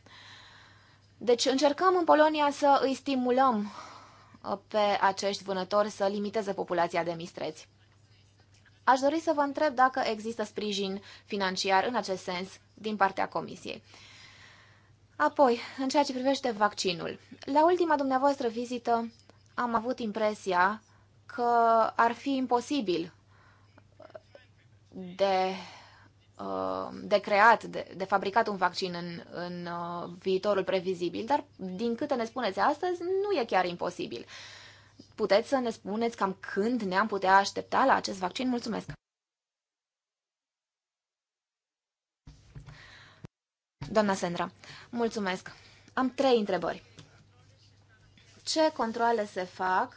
Deci încercăm în Polonia să îi stimulăm uh, pe acești vânători să limiteze populația de mistreți. Aș dori să vă întreb dacă există sprijin financiar în acest sens din partea Comisiei. Apoi, în ceea ce privește vaccinul, la ultima dumneavoastră vizită am avut impresia că ar fi imposibil de Uh, de creat, de, de fabricat un vaccin în, în uh, viitorul previzibil, dar din câte ne spuneți astăzi, nu e chiar imposibil. Puteți să ne spuneți cam când ne-am putea aștepta la acest vaccin? Mulțumesc! Doamna Sandra, mulțumesc! Am trei întrebări. Ce controle se fac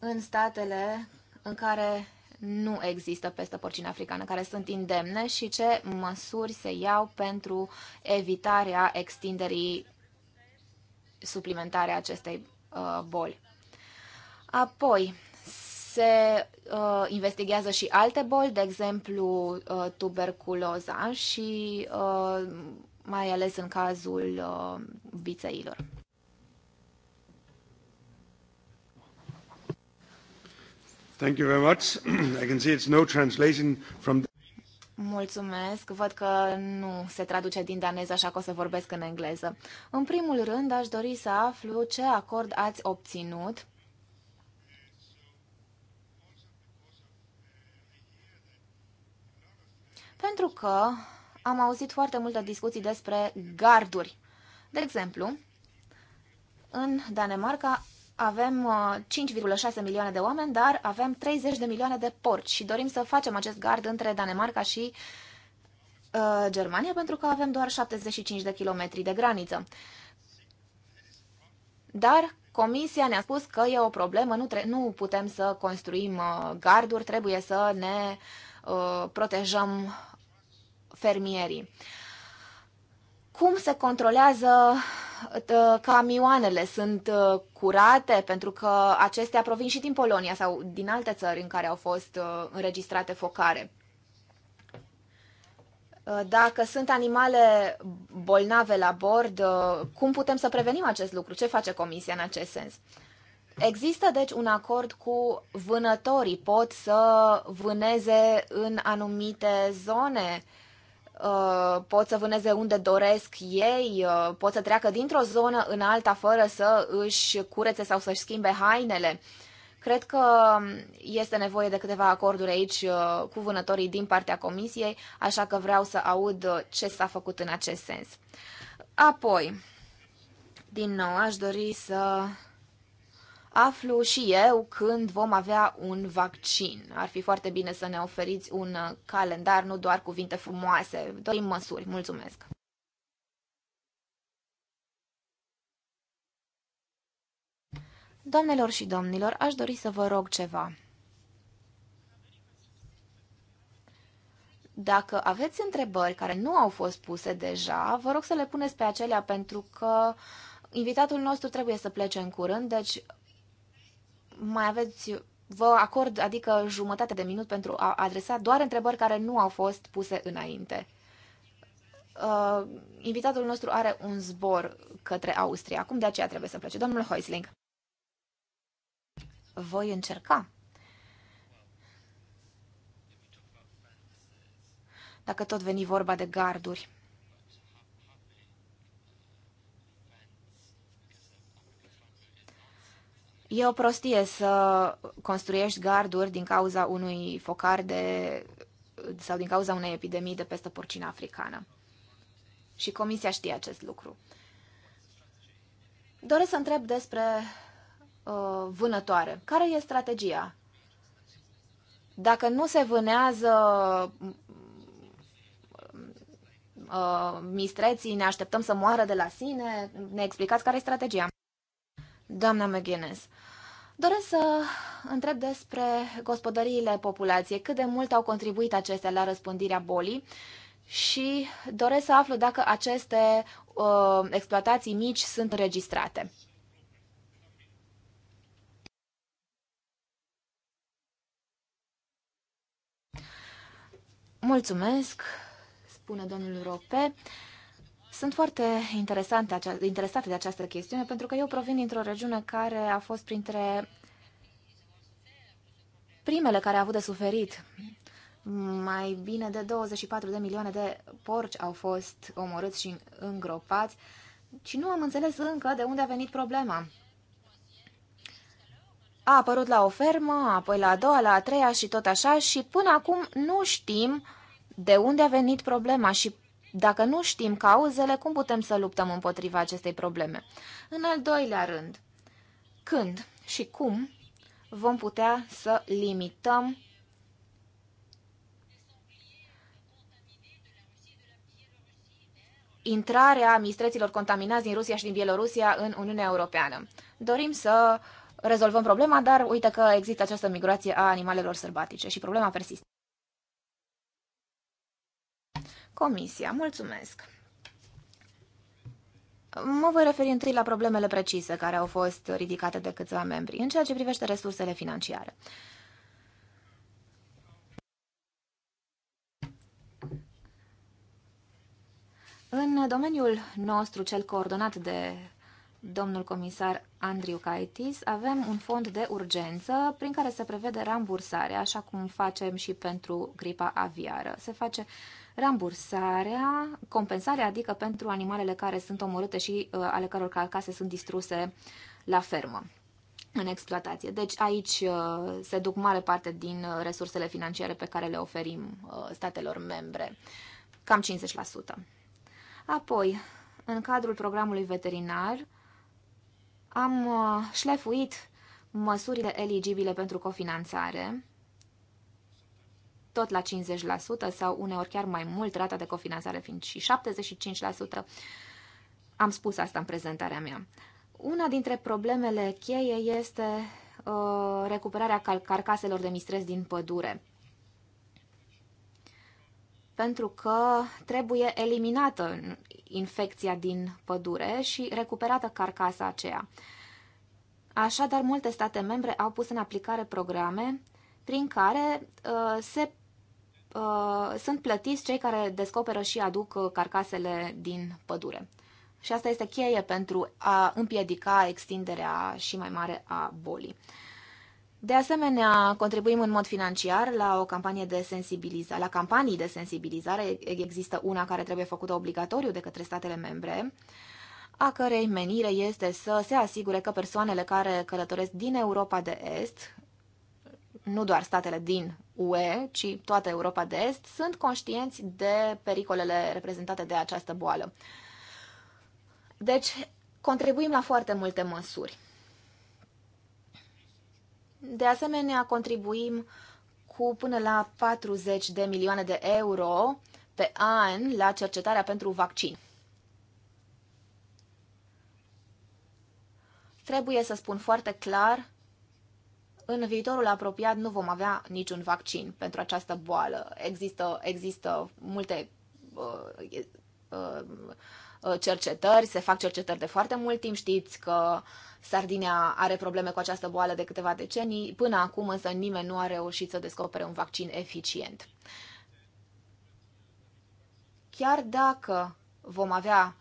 în statele în care nu există peste porcine africană, care sunt indemne și ce măsuri se iau pentru evitarea extinderii suplimentare a acestei uh, boli. Apoi, se uh, investigează și alte boli, de exemplu uh, tuberculoza și uh, mai ales în cazul uh, bițeilor. Thank you very much. I can see it's no translation from Mulțumesc. Văd că nu se traduce din daneză, așa că o să vorbesc în engleză. În primul rând, aș dori să aflu ce acord ați obținut Pentru că am auzit foarte multe discuții despre garduri. De exemplu, în Danemarca avem 5,6 uh, milioane de oameni, dar avem 30 de milioane de porci și dorim să facem acest gard între Danemarca și uh, Germania pentru că avem doar 75 de kilometri de graniță. Dar Comisia ne-a spus că e o problemă, nu, nu putem să construim uh, garduri, trebuie să ne uh, protejăm fermierii. Uh, cum se controlează ă, camioanele? Sunt ă, curate? Pentru că acestea provin și din Polonia sau din alte țări în care au fost ă, înregistrate focare. Dacă sunt animale bolnave la bord, cum putem să prevenim acest lucru? Ce face Comisia în acest sens? Există, deci, un acord cu vânătorii. Pot să vâneze în anumite zone Uh, pot să vâneze unde doresc ei, uh, pot să treacă dintr-o zonă în alta fără să își curețe sau să-și schimbe hainele. Cred că um, este nevoie de câteva acorduri aici uh, cu vânătorii din partea comisiei, așa că vreau să aud ce s-a făcut în acest sens. Apoi, din nou, aș dori să aflu și eu când vom avea un vaccin. Ar fi foarte bine să ne oferiți un uh, calendar, nu doar cuvinte frumoase. Dorim măsuri. Mulțumesc! Doamnelor și domnilor, aș dori să vă rog ceva. Dacă aveți întrebări care nu au fost puse deja, vă rog să le puneți pe acelea pentru că invitatul nostru trebuie să plece în curând, deci mai aveți, vă acord, adică jumătate de minut pentru a adresa doar întrebări care nu au fost puse înainte. Uh, invitatul nostru are un zbor către Austria. Acum de aceea trebuie să plece. Domnul Heusling. Voi încerca. Dacă tot veni vorba de garduri. E o prostie să construiești garduri din cauza unui focar de, sau din cauza unei epidemii de peste porcină africană. Și comisia știe acest lucru. Doresc să întreb despre uh, vânătoare. Care e strategia? Dacă nu se vânează uh, mistreții, ne așteptăm să moară de la sine? Ne explicați care e strategia? Doamna McGuinness, Doresc să întreb despre gospodăriile populației, cât de mult au contribuit acestea la răspândirea bolii și doresc să aflu dacă aceste uh, exploatații mici sunt registrate. Mulțumesc, spune domnul Rope. Uh, sunt foarte interesante, interesate de această chestiune pentru că eu provin dintr-o regiune care a fost printre primele care a avut de suferit. Mai bine de 24 de milioane de porci au fost omorâți și îngropați și nu am înțeles încă de unde a venit problema. A apărut la o fermă, apoi la a doua, la a treia și tot așa și până acum nu știm de unde a venit problema și dacă nu știm cauzele, cum putem să luptăm împotriva acestei probleme? În al doilea rând, când și cum vom putea să limităm intrarea mistreților contaminați din Rusia și din Bielorusia în Uniunea Europeană. Dorim să rezolvăm problema, dar uite că există această migrație a animalelor sălbatice și problema persistă. Comisia, mulțumesc! Mă voi referi întâi la problemele precise care au fost ridicate de câțiva membri în ceea ce privește resursele financiare. În domeniul nostru, cel coordonat de domnul comisar Andriu Caitis, avem un fond de urgență prin care se prevede rambursarea, așa cum facem și pentru gripa aviară. Se face uh, Rambursarea, compensarea, adică pentru animalele care sunt omorâte și uh, ale căror carcase sunt distruse la fermă în exploatație. Deci aici uh, se duc mare parte din uh, resursele financiare pe care le oferim uh, statelor membre, cam 50%. Apoi, în cadrul programului veterinar, am șlefuit măsurile eligibile pentru cofinanțare tot la 50% sau uneori chiar mai mult, rata de cofinanțare fiind și 75%. Am spus asta în prezentarea mea. Una dintre problemele cheie este uh, recuperarea car carcaselor de mistres din pădure. Pentru că trebuie eliminată infecția din pădure și recuperată carcasa aceea. Așadar, multe state membre au pus în aplicare programe prin care uh, se Uh, sunt plătiți cei care descoperă și aduc uh, carcasele din pădure. Și asta este cheie pentru a împiedica extinderea și mai mare a bolii. De asemenea, contribuim în mod financiar la o campanie de sensibilizare, la campanii de sensibilizare. Există una care trebuie făcută obligatoriu de către statele membre, a cărei menire este să se asigure că persoanele care călătoresc din Europa de Est nu doar statele din UE, ci toată Europa de Est, sunt conștienți de pericolele reprezentate de această boală. Deci, contribuim la foarte multe măsuri. De asemenea, contribuim cu până la 40 de milioane de euro pe an la cercetarea pentru vaccin. Trebuie să spun foarte clar în viitorul apropiat nu vom avea niciun vaccin pentru această boală. Există, există multe uh, uh, cercetări, se fac cercetări de foarte mult timp. Știți că Sardinia are probleme cu această boală de câteva decenii. Până acum însă nimeni nu a reușit să descopere un vaccin eficient. Chiar dacă vom avea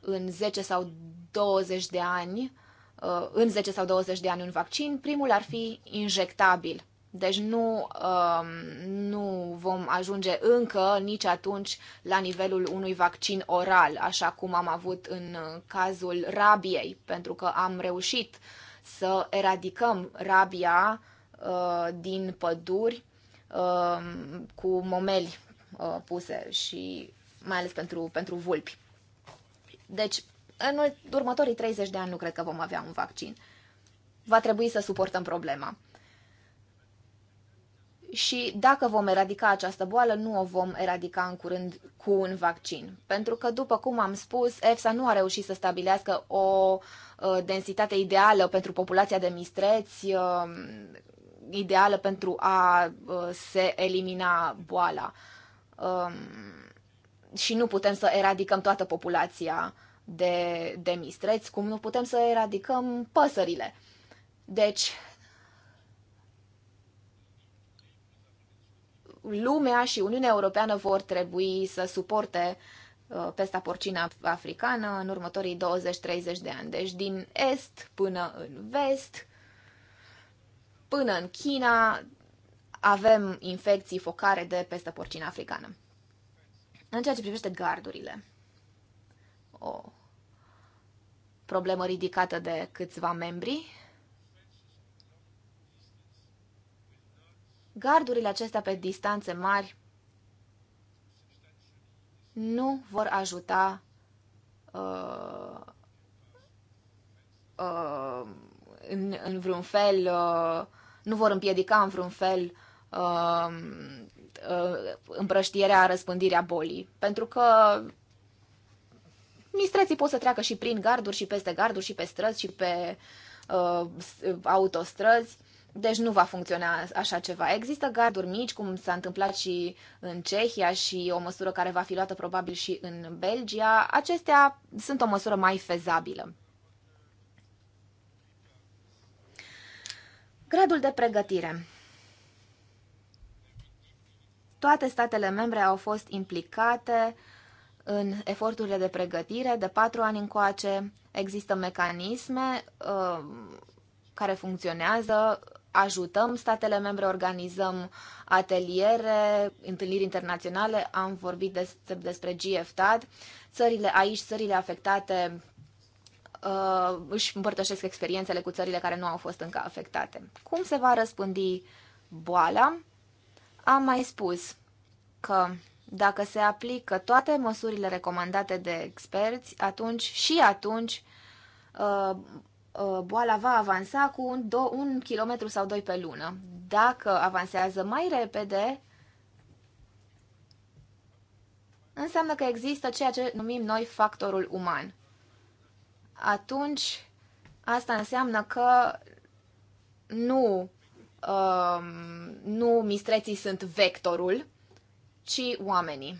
în 10 sau 20 de ani Uh, în 10 sau 20 de ani un vaccin, primul ar fi injectabil. Deci nu, um, nu vom ajunge încă nici atunci la nivelul unui vaccin oral, așa cum am avut în uh, cazul rabiei, pentru că am reușit să eradicăm rabia uh, din păduri um, cu momeli puse și mai ales pentru, pentru vulpi. Deci în următorii 30 de ani nu cred că vom avea un vaccin. Va trebui să suportăm problema. Și dacă vom eradica această boală, nu o vom eradica în curând cu un vaccin. Pentru că, după cum am spus, EFSA nu a reușit să stabilească o uh, densitate ideală pentru populația de mistreți, um, ideală pentru a uh, se elimina boala. Um, și nu putem să eradicăm toată populația de, de mistreți, cum nu putem să eradicăm păsările. Deci, lumea și Uniunea Europeană vor trebui să suporte uh, pesta porcină africană în următorii 20-30 de ani. Deci din est până în vest, până în China, avem infecții focare de pesta porcină africană. În ceea ce privește gardurile, o problemă ridicată de câțiva membri. Gardurile acestea pe distanțe mari nu vor ajuta uh, uh, în, în vreun fel, uh, nu vor împiedica în vreun fel uh, uh, împrăștierea, răspândirea bolii, pentru că mistreții pot să treacă și prin garduri și peste garduri și pe străzi și pe uh, autostrăzi. Deci nu va funcționa așa ceva. Există garduri mici, cum s-a întâmplat și în Cehia și o măsură care va fi luată probabil și în Belgia. Acestea sunt o măsură mai fezabilă. Gradul de pregătire. Toate statele membre au fost implicate, în eforturile de pregătire. De patru ani încoace există mecanisme uh, care funcționează, ajutăm statele membre, organizăm ateliere, întâlniri internaționale, am vorbit des, despre GFTAD. Țările aici, țările afectate uh, își împărtășesc experiențele cu țările care nu au fost încă afectate. Cum se va răspândi boala? Am mai spus că dacă se aplică toate măsurile recomandate de experți, atunci și atunci uh, uh, boala va avansa cu un, do, un kilometru sau doi pe lună. Dacă avansează mai repede, înseamnă că există ceea ce numim noi factorul uman. Atunci, asta înseamnă că nu, uh, nu mistreții sunt vectorul, ci oamenii.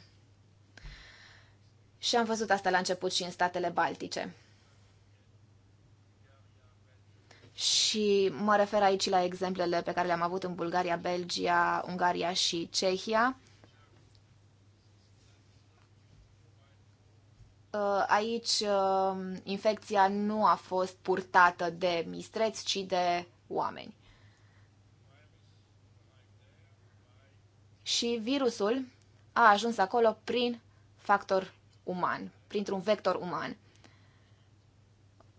Și am văzut asta la început și în statele baltice. Și mă refer aici la exemplele pe care le-am avut în Bulgaria, Belgia, Ungaria și Cehia. Uh, aici uh, infecția nu a fost purtată de mistreți, ci de oameni. Și virusul a ajuns acolo prin factor uman, printr-un vector uman.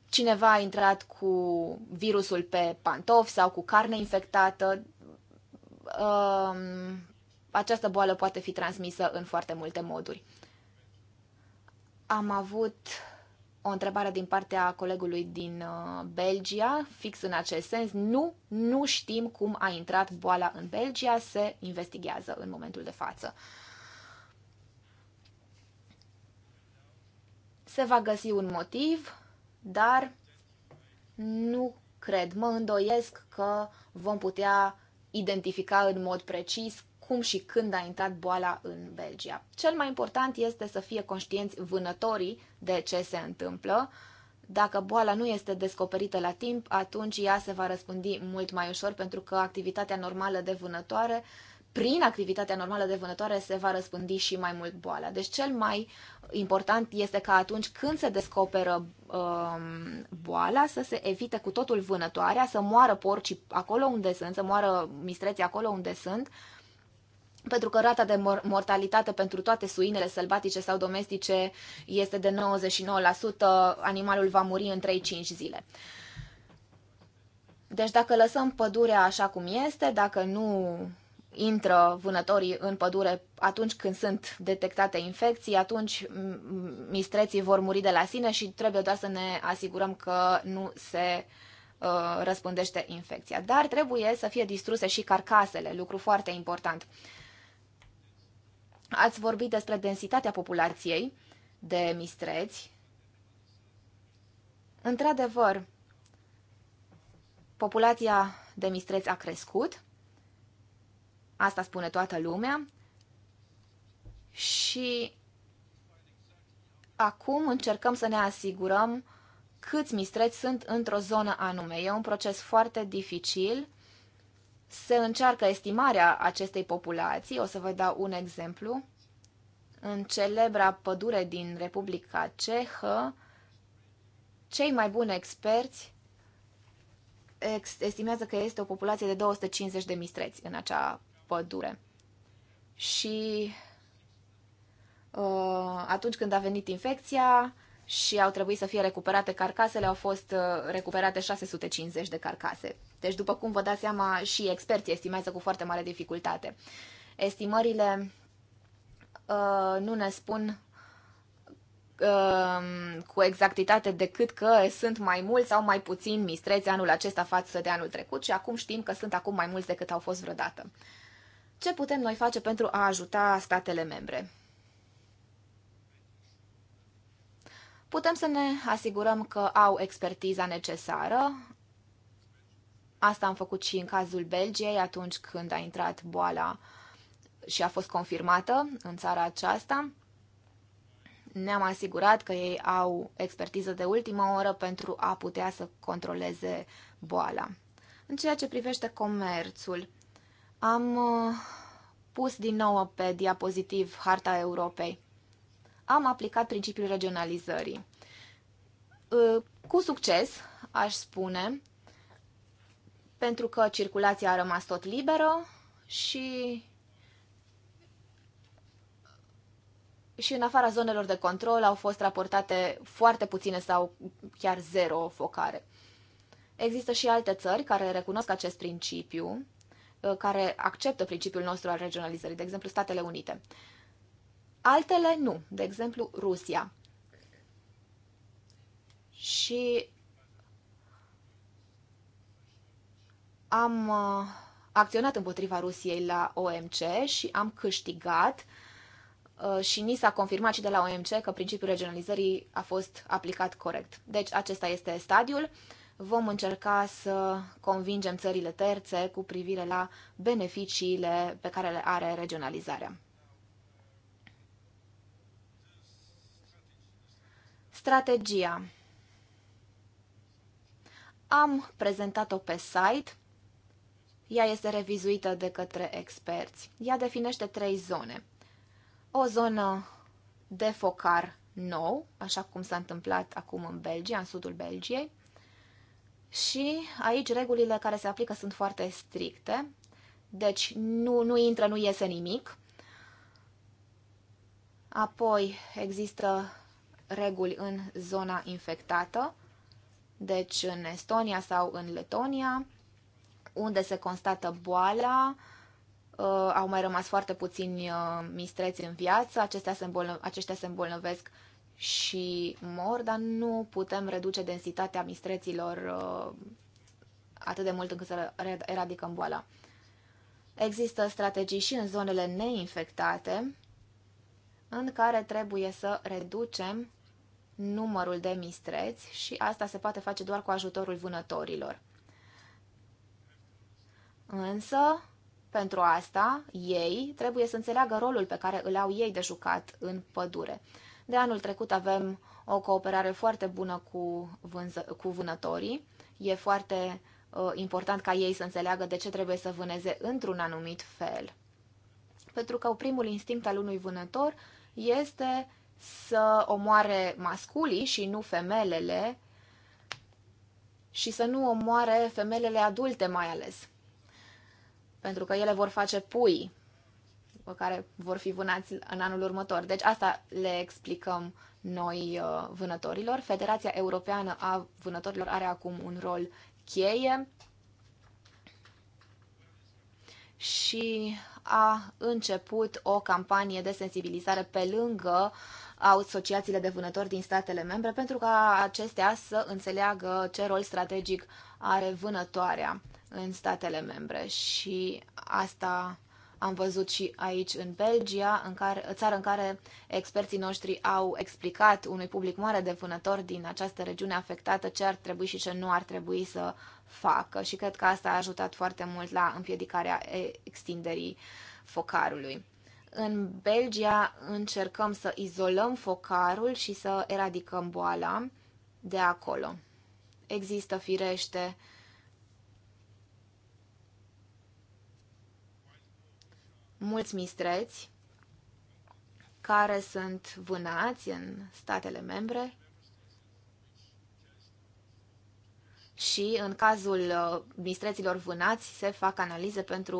Cineva a intrat cu virusul pe pantofi sau cu carne infectată. Um, această boală poate fi transmisă în foarte multe moduri. Am avut o întrebare din partea colegului din uh, Belgia, fix în acest sens. Nu, nu știm cum a intrat boala în Belgia, se investigează în momentul de față. Se va găsi un motiv, dar nu cred, mă îndoiesc că vom putea identifica în mod precis cum și când a intrat boala în Belgia. Cel mai important este să fie conștienți vânătorii de ce se întâmplă. Dacă boala nu este descoperită la timp, atunci ea se va răspândi mult mai ușor pentru că activitatea normală de vânătoare prin activitatea normală de vânătoare se va răspândi și mai mult boala. Deci cel mai important este ca atunci când se descoperă um, boala să se evite cu totul vânătoarea, să moară porcii acolo unde sunt, să moară mistreții acolo unde sunt, pentru că rata de mor- mortalitate pentru toate suinele sălbatice sau domestice este de 99%, animalul va muri în 3-5 zile. Deci dacă lăsăm pădurea așa cum este, dacă nu intră vânătorii în pădure atunci când sunt detectate infecții, atunci mistreții vor muri de la sine și trebuie doar să ne asigurăm că nu se uh, răspândește infecția. Dar trebuie să fie distruse și carcasele, lucru foarte important. Ați vorbit despre densitatea populației de mistreți. Într-adevăr, populația de mistreți a crescut, Asta spune toată lumea. Și acum încercăm să ne asigurăm câți mistreți sunt într-o zonă anume. E un proces foarte dificil. Se încearcă estimarea acestei populații. O să vă dau un exemplu. În celebra pădure din Republica Cehă, cei mai buni experți estimează că este o populație de 250 de mistreți în acea pădure. Și uh, atunci când a venit infecția și au trebuit să fie recuperate carcasele, au fost uh, recuperate 650 de carcase. Deci, după cum vă dați seama, și experții estimează cu foarte mare dificultate. Estimările uh, nu ne spun uh, cu exactitate decât că sunt mai mulți sau mai puțini mistreți anul acesta față de anul trecut și acum știm că sunt acum mai mulți decât au fost vreodată. Uh, ce putem noi face pentru a ajuta statele membre? Putem să ne asigurăm că au expertiza necesară. Asta am făcut și în cazul Belgiei atunci când a intrat boala și a fost confirmată în țara aceasta. Ne-am asigurat că ei au expertiză de ultimă oră pentru a putea să controleze boala. În ceea ce privește comerțul, am uh, pus din nou pe diapozitiv harta Europei. Am aplicat principiul regionalizării. Uh, cu succes, aș spune, pentru că circulația a rămas tot liberă și și în afara zonelor de control au fost raportate foarte puține sau chiar zero focare. Există și alte țări care recunosc acest principiu Uh, care acceptă principiul nostru al regionalizării, de exemplu Statele Unite. Altele nu, de exemplu Rusia. Și am uh, acționat împotriva Rusiei la OMC și am câștigat uh, și ni s-a confirmat și de la OMC că principiul regionalizării a fost aplicat corect. Deci acesta este stadiul vom încerca să convingem țările terțe cu privire la beneficiile pe care le are regionalizarea. Strategia. Am prezentat-o pe site. Ea este revizuită de către experți. Ea definește trei zone. O zonă de focar nou, așa cum s-a întâmplat acum în Belgia, în sudul Belgiei. Și aici regulile care se aplică sunt foarte stricte, deci nu, nu intră, nu iese nimic. Apoi există reguli în zona infectată, deci în Estonia sau în Letonia, unde se constată boala, uh, au mai rămas foarte puțini uh, mistreți în viață, Aceștia se, îmbolnă, aceștia se îmbolnăvesc și mor, dar nu putem reduce densitatea mistreților uh, atât de mult încât să eradicăm boala. Există strategii și în zonele neinfectate în care trebuie să reducem numărul de mistreți și asta se poate face doar cu ajutorul vânătorilor. Însă, pentru asta, ei trebuie să înțeleagă rolul pe care îl au ei de jucat în pădure. De anul trecut avem o cooperare foarte bună cu, vânză, cu vânătorii. E foarte uh, important ca ei să înțeleagă de ce trebuie să vâneze într-un anumit fel. Pentru că primul instinct al unui vânător este să omoare masculii și nu femelele și să nu omoare femelele adulte mai ales. Pentru că ele vor face pui care vor fi vânați în anul următor. Deci asta le explicăm noi uh, vânătorilor. Federația Europeană a Vânătorilor are acum un rol cheie și a început o campanie de sensibilizare pe lângă asociațiile de vânători din statele membre pentru ca acestea să înțeleagă ce rol strategic are vânătoarea în statele membre și asta am văzut și aici în Belgia, în care, țară în care experții noștri au explicat unui public mare de vânători din această regiune afectată ce ar trebui și ce nu ar trebui să facă și cred că asta a ajutat foarte mult la împiedicarea extinderii focarului. În Belgia încercăm să izolăm focarul și să eradicăm boala de acolo. Există firește mulți mistreți care sunt vânați în statele membre și în cazul uh, mistreților vânați se fac analize pentru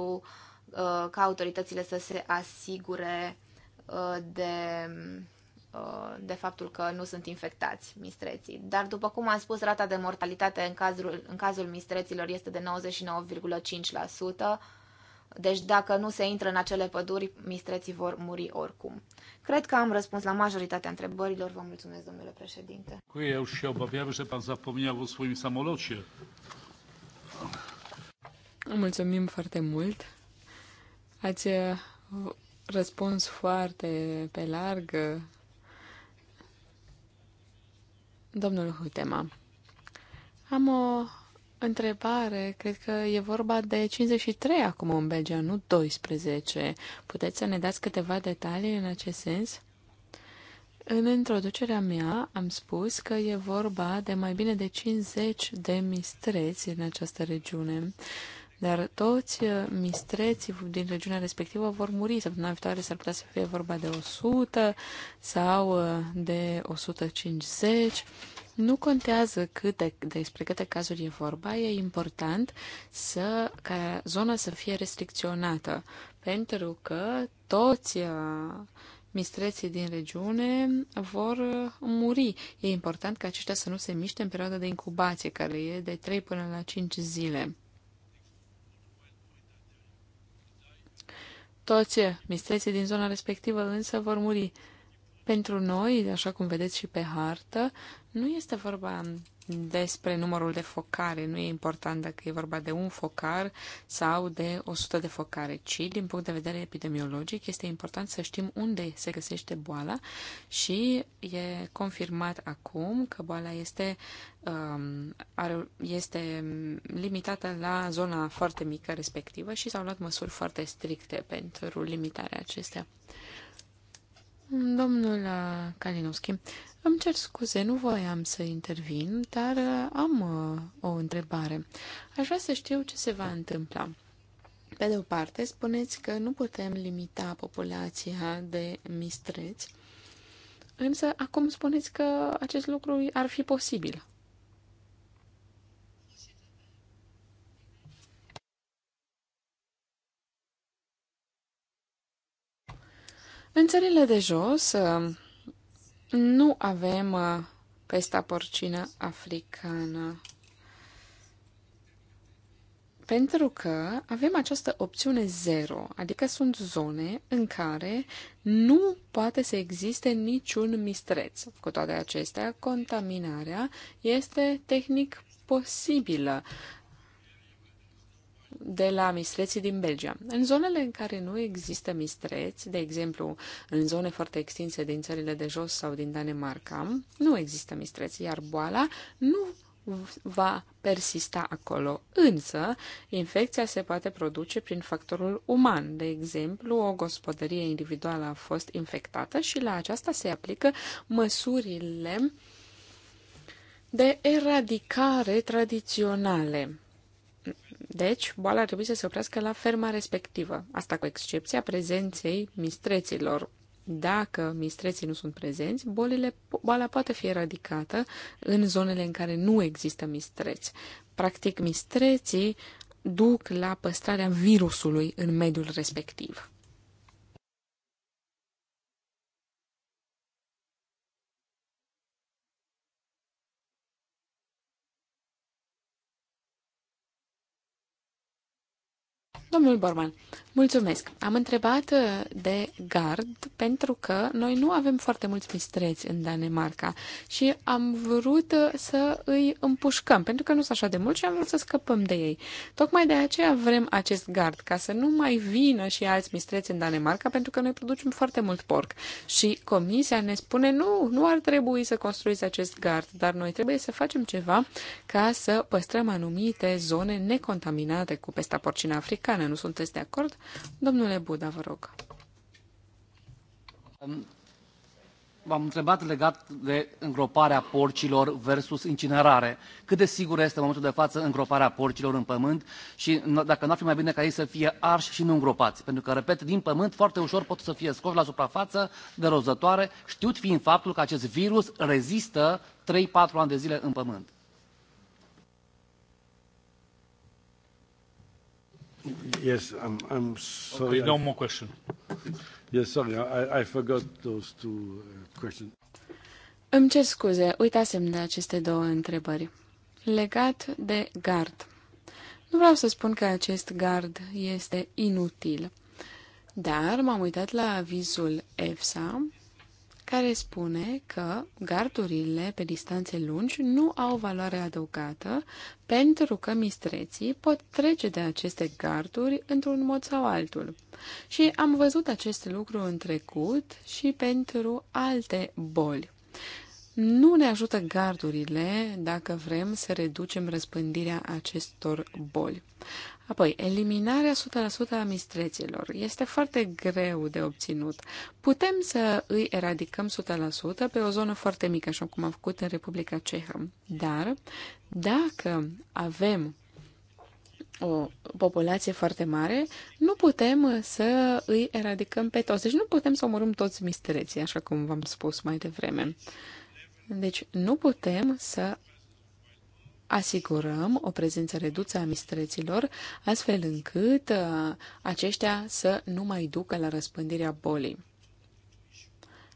uh, ca autoritățile să se asigure uh, de, de faptul că nu sunt infectați mistreții. Dar după cum am spus, rata de mortalitate în cazul, în cazul mistreților este de 99,5%, deci dacă nu se intră în acele păduri, mistreții vor muri oricum. Cred că am răspuns la majoritatea întrebărilor. Vă mulțumesc, domnule președinte. Cu eu și obawiam, że pan zapomniał o swoim samolocie. Mulțumim foarte mult. Ați uh, răspuns foarte pe larg. Uh, domnul Hutema, am o întrebare. Cred că e vorba de 53 acum în Belgia, nu 12. Puteți să ne dați câteva detalii în acest sens? În introducerea mea am spus că e vorba de mai bine de 50 de mistreți în această regiune, dar toți uh, mistreții din regiunea respectivă vor muri. Săptămâna viitoare s-ar putea să fie vorba de 100 sau uh, de 150. Nu contează cât de despre câte cazuri e vorba, e important să, ca zona să fie restricționată, pentru că toți uh, mistreții din regiune vor uh, muri. E important ca aceștia să nu se miște în perioada de incubație, care e de 3 până la 5 zile. Toți uh, mistreții din zona respectivă însă vor muri. Pentru noi, așa cum vedeți și pe hartă, nu este vorba despre numărul de focare, nu e important dacă e vorba de un focar sau de 100 de focare, ci din punct de vedere epidemiologic este important să știm unde se găsește boala și e confirmat acum că boala este, um, este limitată la zona foarte mică respectivă și s-au luat măsuri foarte stricte pentru limitarea acestea. Domnul uh, Kalinowski, îmi cer scuze, nu voiam să intervin, dar uh, am uh, o întrebare. Aș vrea să știu ce se va întâmpla. Pe de o parte, spuneți că nu putem limita populația de mistreți, însă acum spuneți că acest lucru ar fi posibil. În țările de jos uh, nu avem uh, pesta porcină africană. Pentru că avem această opțiune zero, adică sunt zone în care nu poate să existe niciun mistreț. Cu toate acestea, contaminarea este tehnic posibilă de la mistreții din Belgia. În zonele în care nu există mistreți, de exemplu în zone foarte extinse din țările de jos sau din Danemarca, nu există mistreți, iar boala nu va persista acolo. Însă, infecția se poate produce prin factorul uman. De exemplu, o gospodărie individuală a fost infectată și la aceasta se aplică măsurile de eradicare tradiționale. Deci, boala ar trebui să se oprească la ferma respectivă, asta cu excepția prezenței mistreților. Dacă mistreții nu sunt prezenți, bolile, boala poate fi eradicată în zonele în care nu există mistreți. Practic, mistreții duc la păstrarea virusului în mediul respectiv. Domnul Borman, mulțumesc. Am întrebat uh, de gard pentru că noi nu avem foarte mulți mistreți în Danemarca și am vrut uh, să îi împușcăm, pentru că nu sunt așa de mulți și am vrut să scăpăm de ei. Tocmai de aceea vrem acest gard, ca să nu mai vină și alți mistreți în Danemarca, pentru că noi producem foarte mult porc. Și comisia ne spune, nu, nu ar trebui să construiți acest gard, dar noi trebuie să facem ceva ca să păstrăm anumite zone necontaminate cu pesta porcină africană Europeană. Nu sunteți de acord? Domnule Buda, vă rog. V-am întrebat legat de îngroparea porcilor versus incinerare. Cât de sigur este în momentul de față îngroparea porcilor în pământ și dacă nu ar fi mai bine ca ei să fie arși și nu îngropați? Pentru că, repet, din pământ foarte ușor pot să fie scoși la suprafață de rozătoare, știut fiind faptul că acest virus rezistă 3-4 ani de zile în pământ. Yes, I'm, I'm sorry. Okay, no more question. Yes, sorry, I, I forgot those two uh, questions. Îmi cer scuze, uitasem de aceste două întrebări. Legat de gard. Nu vreau să spun că acest gard este inutil, dar m-am uitat la avizul EFSA care spune că gardurile pe distanțe lungi nu au valoare adăugată pentru că mistreții pot trece de aceste garduri într-un mod sau altul. Și am văzut acest lucru în trecut și pentru alte boli. Nu ne ajută gardurile dacă vrem să reducem răspândirea acestor boli. Apoi, eliminarea 100% a mistreților este foarte greu de obținut. Putem să îi eradicăm 100% pe o zonă foarte mică, așa cum am făcut în Republica Cehă. Dar, dacă avem o populație foarte mare, nu putem să îi eradicăm pe toți. Deci nu putem să omorâm toți mistreții, așa cum v-am spus mai devreme. Deci nu putem să asigurăm o prezență redusă a mistreților, astfel încât uh, aceștia să nu mai ducă la răspândirea bolii.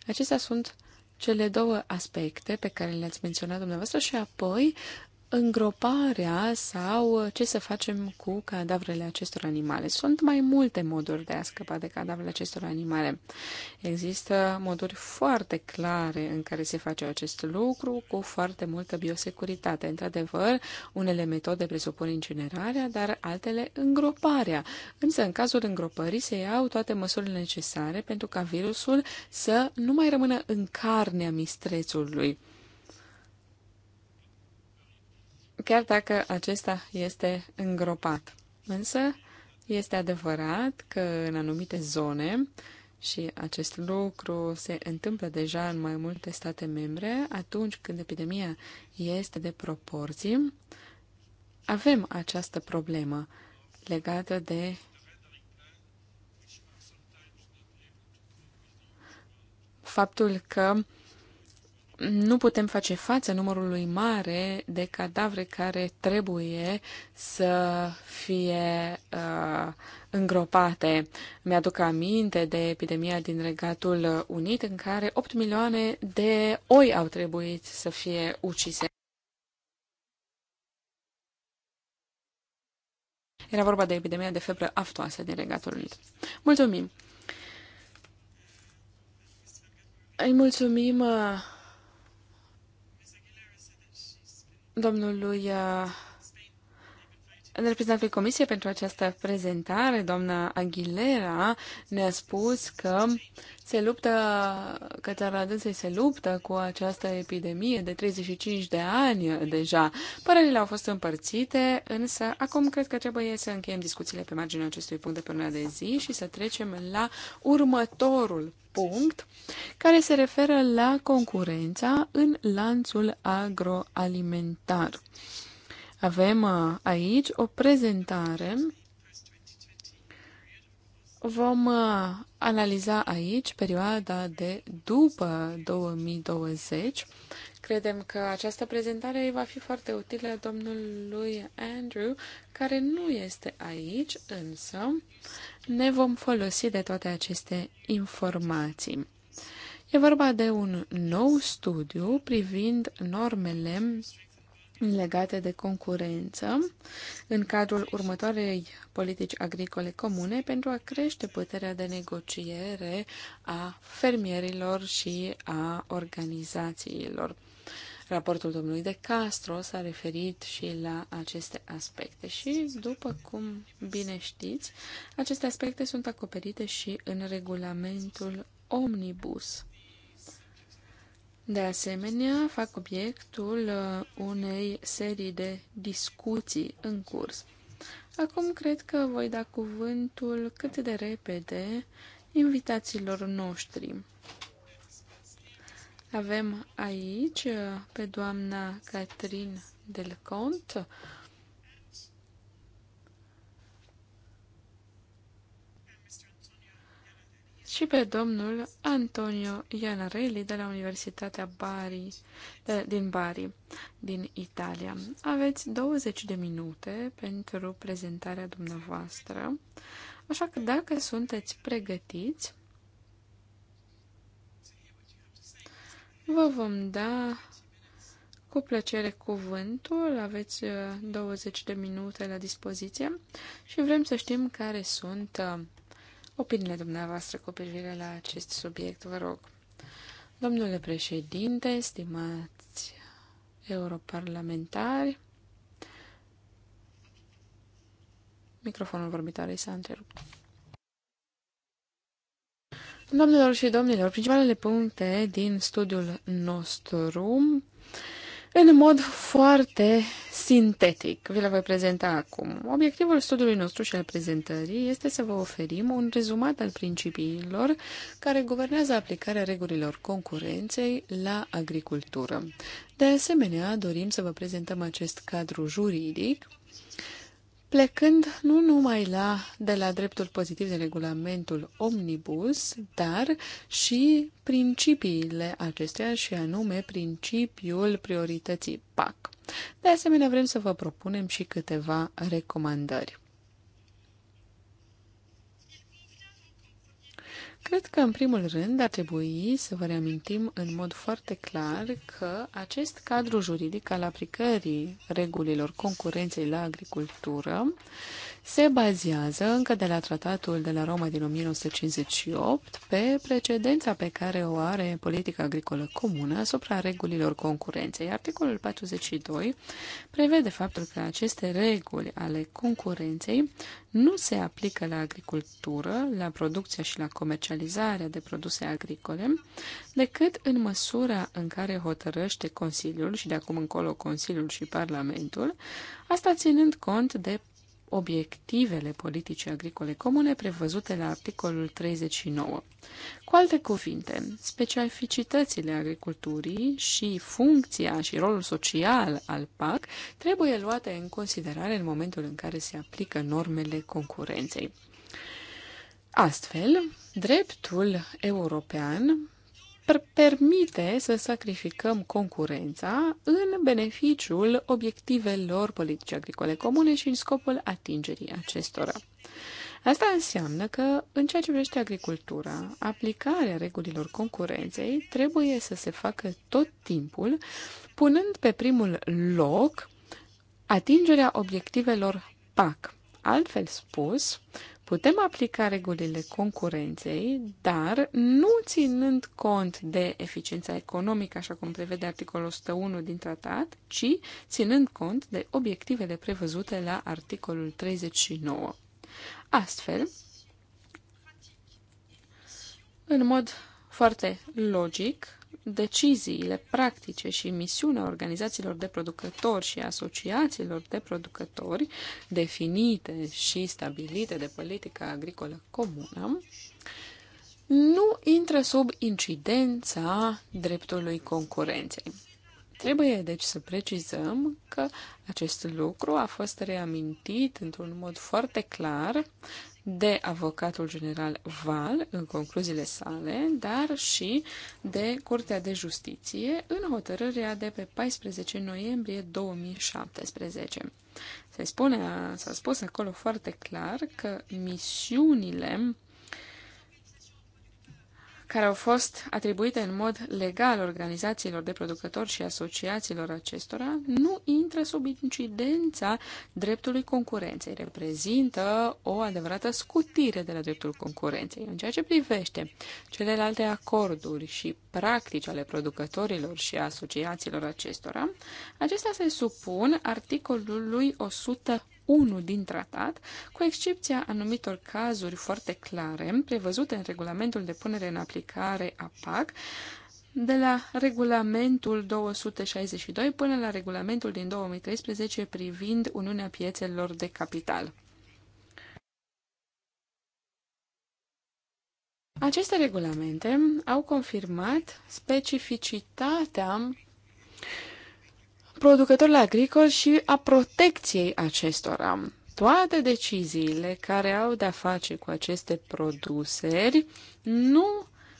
Acestea sunt cele două aspecte pe care le-ați menționat dumneavoastră și apoi îngroparea sau ce să facem cu cadavrele acestor animale. Sunt mai multe moduri de a scăpa de cadavrele acestor animale. Există moduri foarte clare în care se face acest lucru cu foarte multă biosecuritate. Într-adevăr, unele metode presupun incinerarea, dar altele îngroparea. Însă, în cazul îngropării, se iau toate măsurile necesare pentru ca virusul să nu mai rămână în carnea mistrețului chiar dacă acesta este îngropat. Însă, este adevărat că în anumite zone, și acest lucru se întâmplă deja în mai multe state membre, atunci când epidemia este de proporții, avem această problemă legată de faptul că nu putem face față numărului mare de cadavre care trebuie să fie uh, îngropate. Mi-aduc aminte de epidemia din Regatul Unit, în care 8 milioane de oi au trebuit să fie ucise. Era vorba de epidemia de febră aftoasă din Regatul Unit. Mulțumim! Îi mulțumim uh, domnului uh, în reprezentantul Comisiei pentru această prezentare, doamna Aguilera, ne-a spus că se luptă, că țara dânsei se luptă cu această epidemie de 35 de ani deja. Părerile au fost împărțite, însă acum cred că trebuie să încheiem discuțiile pe marginea acestui punct de până de zi și să trecem la următorul punct care se referă la concurența în lanțul agroalimentar. Avem uh, aici o prezentare. Vom uh, analiza aici perioada de după 2020. Credem că această prezentare va fi foarte utilă domnului Andrew, care nu este aici, însă ne vom folosi de toate aceste informații. E vorba de un nou studiu privind normele legate de concurență în cadrul următoarei politici agricole comune pentru a crește puterea de negociere a fermierilor și a organizațiilor. Raportul domnului de Castro s-a referit și la aceste aspecte și, după cum bine știți, aceste aspecte sunt acoperite și în regulamentul Omnibus. De asemenea, fac obiectul uh, unei serii de discuții în curs. Acum cred că voi da cuvântul cât de repede invitațiilor noștri. Avem aici uh, pe doamna Catherine Delcont, și pe domnul Antonio Ianarelli de la Universitatea Bari, de, din Bari, din Italia. Aveți 20 de minute pentru prezentarea dumneavoastră, așa că dacă sunteți pregătiți, vă vom da cu plăcere cuvântul, aveți 20 uh, de minute la dispoziție și vrem să știm care sunt uh, opiniile dumneavoastră cu privire la acest subiect, vă rog. Domnule președinte, stimați europarlamentari, microfonul vorbitoarei s-a întrerupt. Doamnelor și domnilor, principalele puncte din studiul nostru în mod foarte sintetic. Vi le voi prezenta acum. Obiectivul studiului nostru și al prezentării este să vă oferim un rezumat al principiilor care guvernează aplicarea regulilor concurenței la agricultură. De asemenea, dorim să vă prezentăm acest cadru juridic plecând nu numai la, de la dreptul pozitiv de regulamentul omnibus, dar și principiile acestea și anume principiul priorității PAC. De asemenea, vrem să vă propunem și câteva recomandări. Cred că, în primul rând, ar trebui să vă reamintim în mod foarte clar că acest cadru juridic al aplicării regulilor concurenței la agricultură se bazează încă de la tratatul de la Roma din 1958 pe precedența pe care o are politica agricolă comună asupra regulilor concurenței. Articolul 42 prevede faptul că aceste reguli ale concurenței nu se aplică la agricultură, la producția și la comercializarea de produse agricole, decât în măsura în care hotărăște Consiliul și de acum încolo Consiliul și Parlamentul, asta ținând cont de obiectivele politicii agricole comune prevăzute la articolul 39. Cu alte cuvinte, specificitățile agriculturii și funcția și rolul social al PAC trebuie luate în considerare în momentul în care se aplică normele concurenței. Astfel, dreptul european permite să sacrificăm concurența în beneficiul obiectivelor politice agricole comune și în scopul atingerii acestora. Asta înseamnă că, în ceea ce privește agricultura, aplicarea regulilor concurenței trebuie să se facă tot timpul, punând pe primul loc atingerea obiectivelor PAC. Altfel spus, Putem aplica regulile concurenței, dar nu ținând cont de eficiența economică, așa cum prevede articolul 101 din tratat, ci ținând cont de obiectivele prevăzute la articolul 39. Astfel, în mod foarte logic, deciziile practice și misiunea organizațiilor de producători și asociațiilor de producători definite și stabilite de politica agricolă comună nu intră sub incidența dreptului concurenței. Trebuie deci să precizăm că acest lucru a fost reamintit într-un mod foarte clar de avocatul general Val în concluziile sale, dar și de Curtea de Justiție în hotărârea de pe 14 noiembrie 2017. Se spune, s-a spus acolo foarte clar că misiunile care au fost atribuite în mod legal organizațiilor de producători și asociațiilor acestora, nu intră sub incidența dreptului concurenței. Reprezintă o adevărată scutire de la dreptul concurenței. În ceea ce privește celelalte acorduri și practici ale producătorilor și asociațiilor acestora, acestea se supun articolului 100 1 din tratat, cu excepția anumitor cazuri foarte clare prevăzute în regulamentul de punere în aplicare a PAC, de la regulamentul 262 până la regulamentul din 2013 privind Uniunea Piețelor de Capital. Aceste regulamente au confirmat specificitatea producătorilor agricoli și a protecției acestora. Toate deciziile care au de-a face cu aceste produseri nu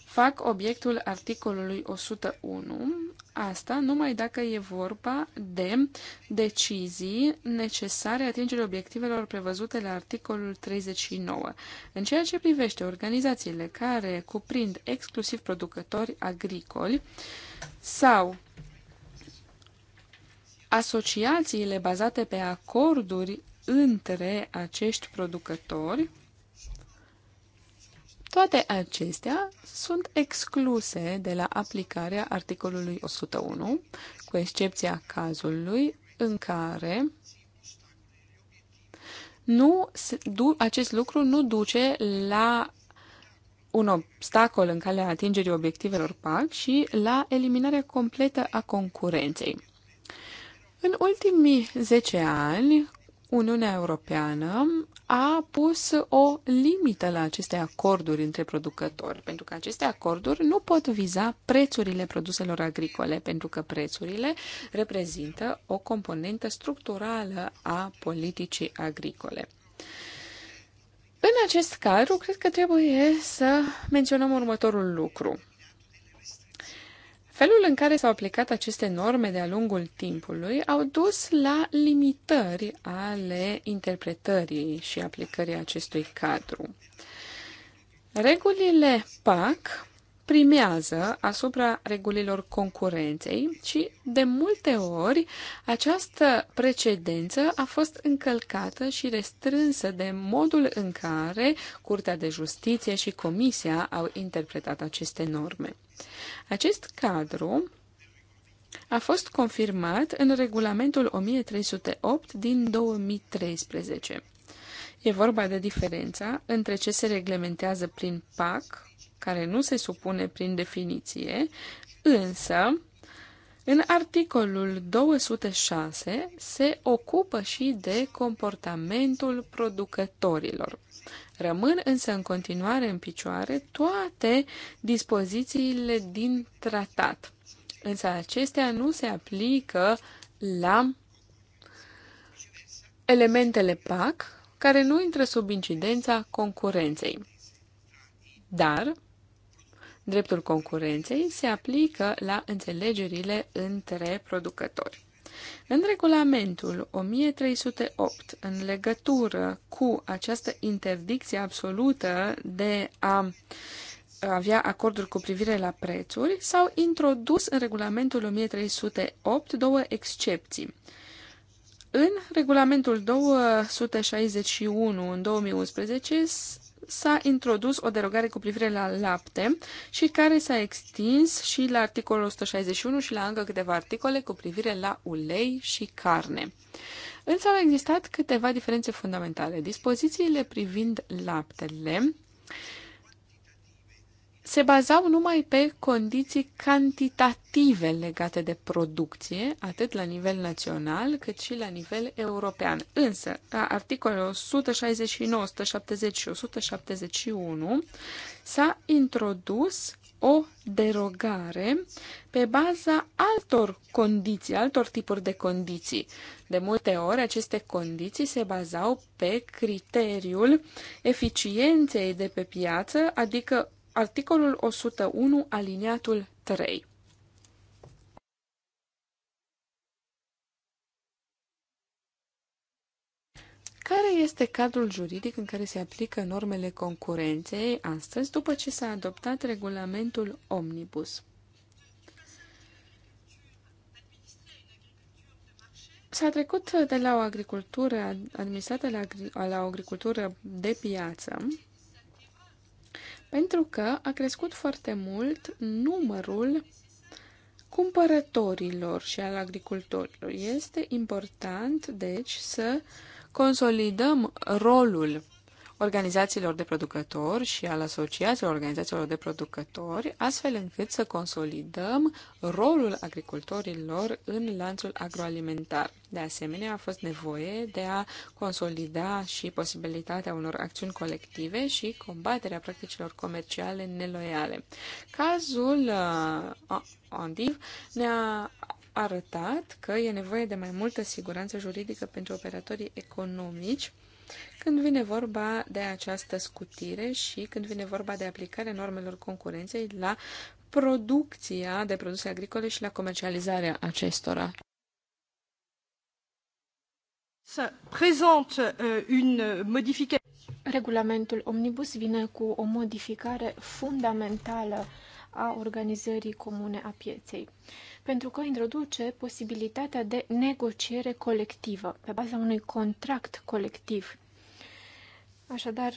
fac obiectul articolului 101, asta numai dacă e vorba de decizii necesare atingerii obiectivelor prevăzute la articolul 39. În ceea ce privește organizațiile care cuprind exclusiv producători agricoli sau asociațiile bazate pe acorduri între acești producători, toate acestea sunt excluse de la aplicarea articolului 101, cu excepția cazului în care nu, acest lucru nu duce la un obstacol în calea atingerii obiectivelor PAC și la eliminarea completă a concurenței. În ultimii 10 ani, Uniunea Europeană a pus o limită la aceste acorduri între producători, pentru că aceste acorduri nu pot viza prețurile produselor agricole, pentru că prețurile reprezintă o componentă structurală a politicii agricole. În acest cadru, cred că trebuie să menționăm următorul lucru. Felul în care s-au aplicat aceste norme de-a lungul timpului au dus la limitări ale interpretării și aplicării acestui cadru. Regulile PAC primează asupra regulilor concurenței și, de multe ori, această precedență a fost încălcată și restrânsă de modul în care Curtea de Justiție și Comisia au interpretat aceste norme. Acest cadru a fost confirmat în regulamentul 1308 din 2013. E vorba de diferența între ce se reglementează prin PAC, care nu se supune prin definiție, însă în articolul 206 se ocupă și de comportamentul producătorilor. Rămân însă în continuare în picioare toate dispozițiile din tratat, însă acestea nu se aplică la elementele PAC care nu intră sub incidența concurenței. Dar Dreptul concurenței se aplică la înțelegerile între producători. În regulamentul 1308, în legătură cu această interdicție absolută de a avea acorduri cu privire la prețuri, s-au introdus în regulamentul 1308 două excepții. În regulamentul 261 în 2011 s-a introdus o derogare cu privire la lapte și care s-a extins și la articolul 161 și la încă câteva articole cu privire la ulei și carne. Însă au existat câteva diferențe fundamentale. Dispozițiile privind laptele se bazau numai pe condiții cantitative legate de producție, atât la nivel național cât și la nivel european. Însă, articolul 169, 170 și 171 s-a introdus o derogare pe baza altor condiții, altor tipuri de condiții. De multe ori, aceste condiții se bazau pe criteriul eficienței de pe piață, adică Articolul 101, aliniatul 3. Care este cadrul juridic în care se aplică normele concurenței astăzi, după ce s-a adoptat regulamentul Omnibus? S-a trecut de la o agricultură administrată la, la o agricultură de piață, pentru că a crescut foarte mult numărul cumpărătorilor și al agricultorilor. Este important, deci, să consolidăm rolul organizațiilor de producători și al asociațiilor organizațiilor de producători, astfel încât să consolidăm rolul agricultorilor în lanțul agroalimentar. De asemenea, a fost nevoie de a consolida și posibilitatea unor acțiuni colective și combaterea practicilor comerciale neloiale. Cazul uh, Andiv ne-a arătat că e nevoie de mai multă siguranță juridică pentru operatorii economici când vine vorba de această scutire și când vine vorba de aplicarea normelor concurenței la producția de produse agricole și la comercializarea acestora. Euh, Regulamentul Omnibus vine cu o modificare fundamentală a organizării comune a pieței, pentru că introduce posibilitatea de negociere colectivă pe baza unui contract colectiv Așadar,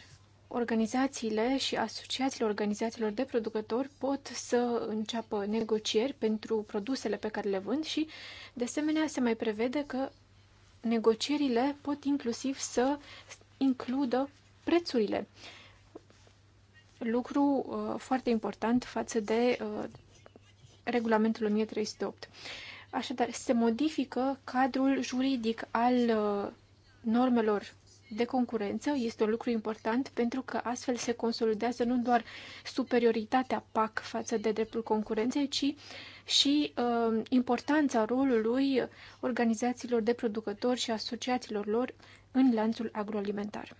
organizațiile și asociațiile organizațiilor de producători pot să înceapă negocieri pentru produsele pe care le vând și, de asemenea, se mai prevede că negocierile pot inclusiv să includă prețurile. Lucru uh, foarte important față de uh, regulamentul 1308. Așadar, se modifică cadrul juridic al uh, normelor de concurență este un lucru important pentru că astfel se consolidează nu doar superioritatea PAC față de dreptul concurenței, ci și uh, importanța rolului organizațiilor de producători și asociațiilor lor în lanțul agroalimentar.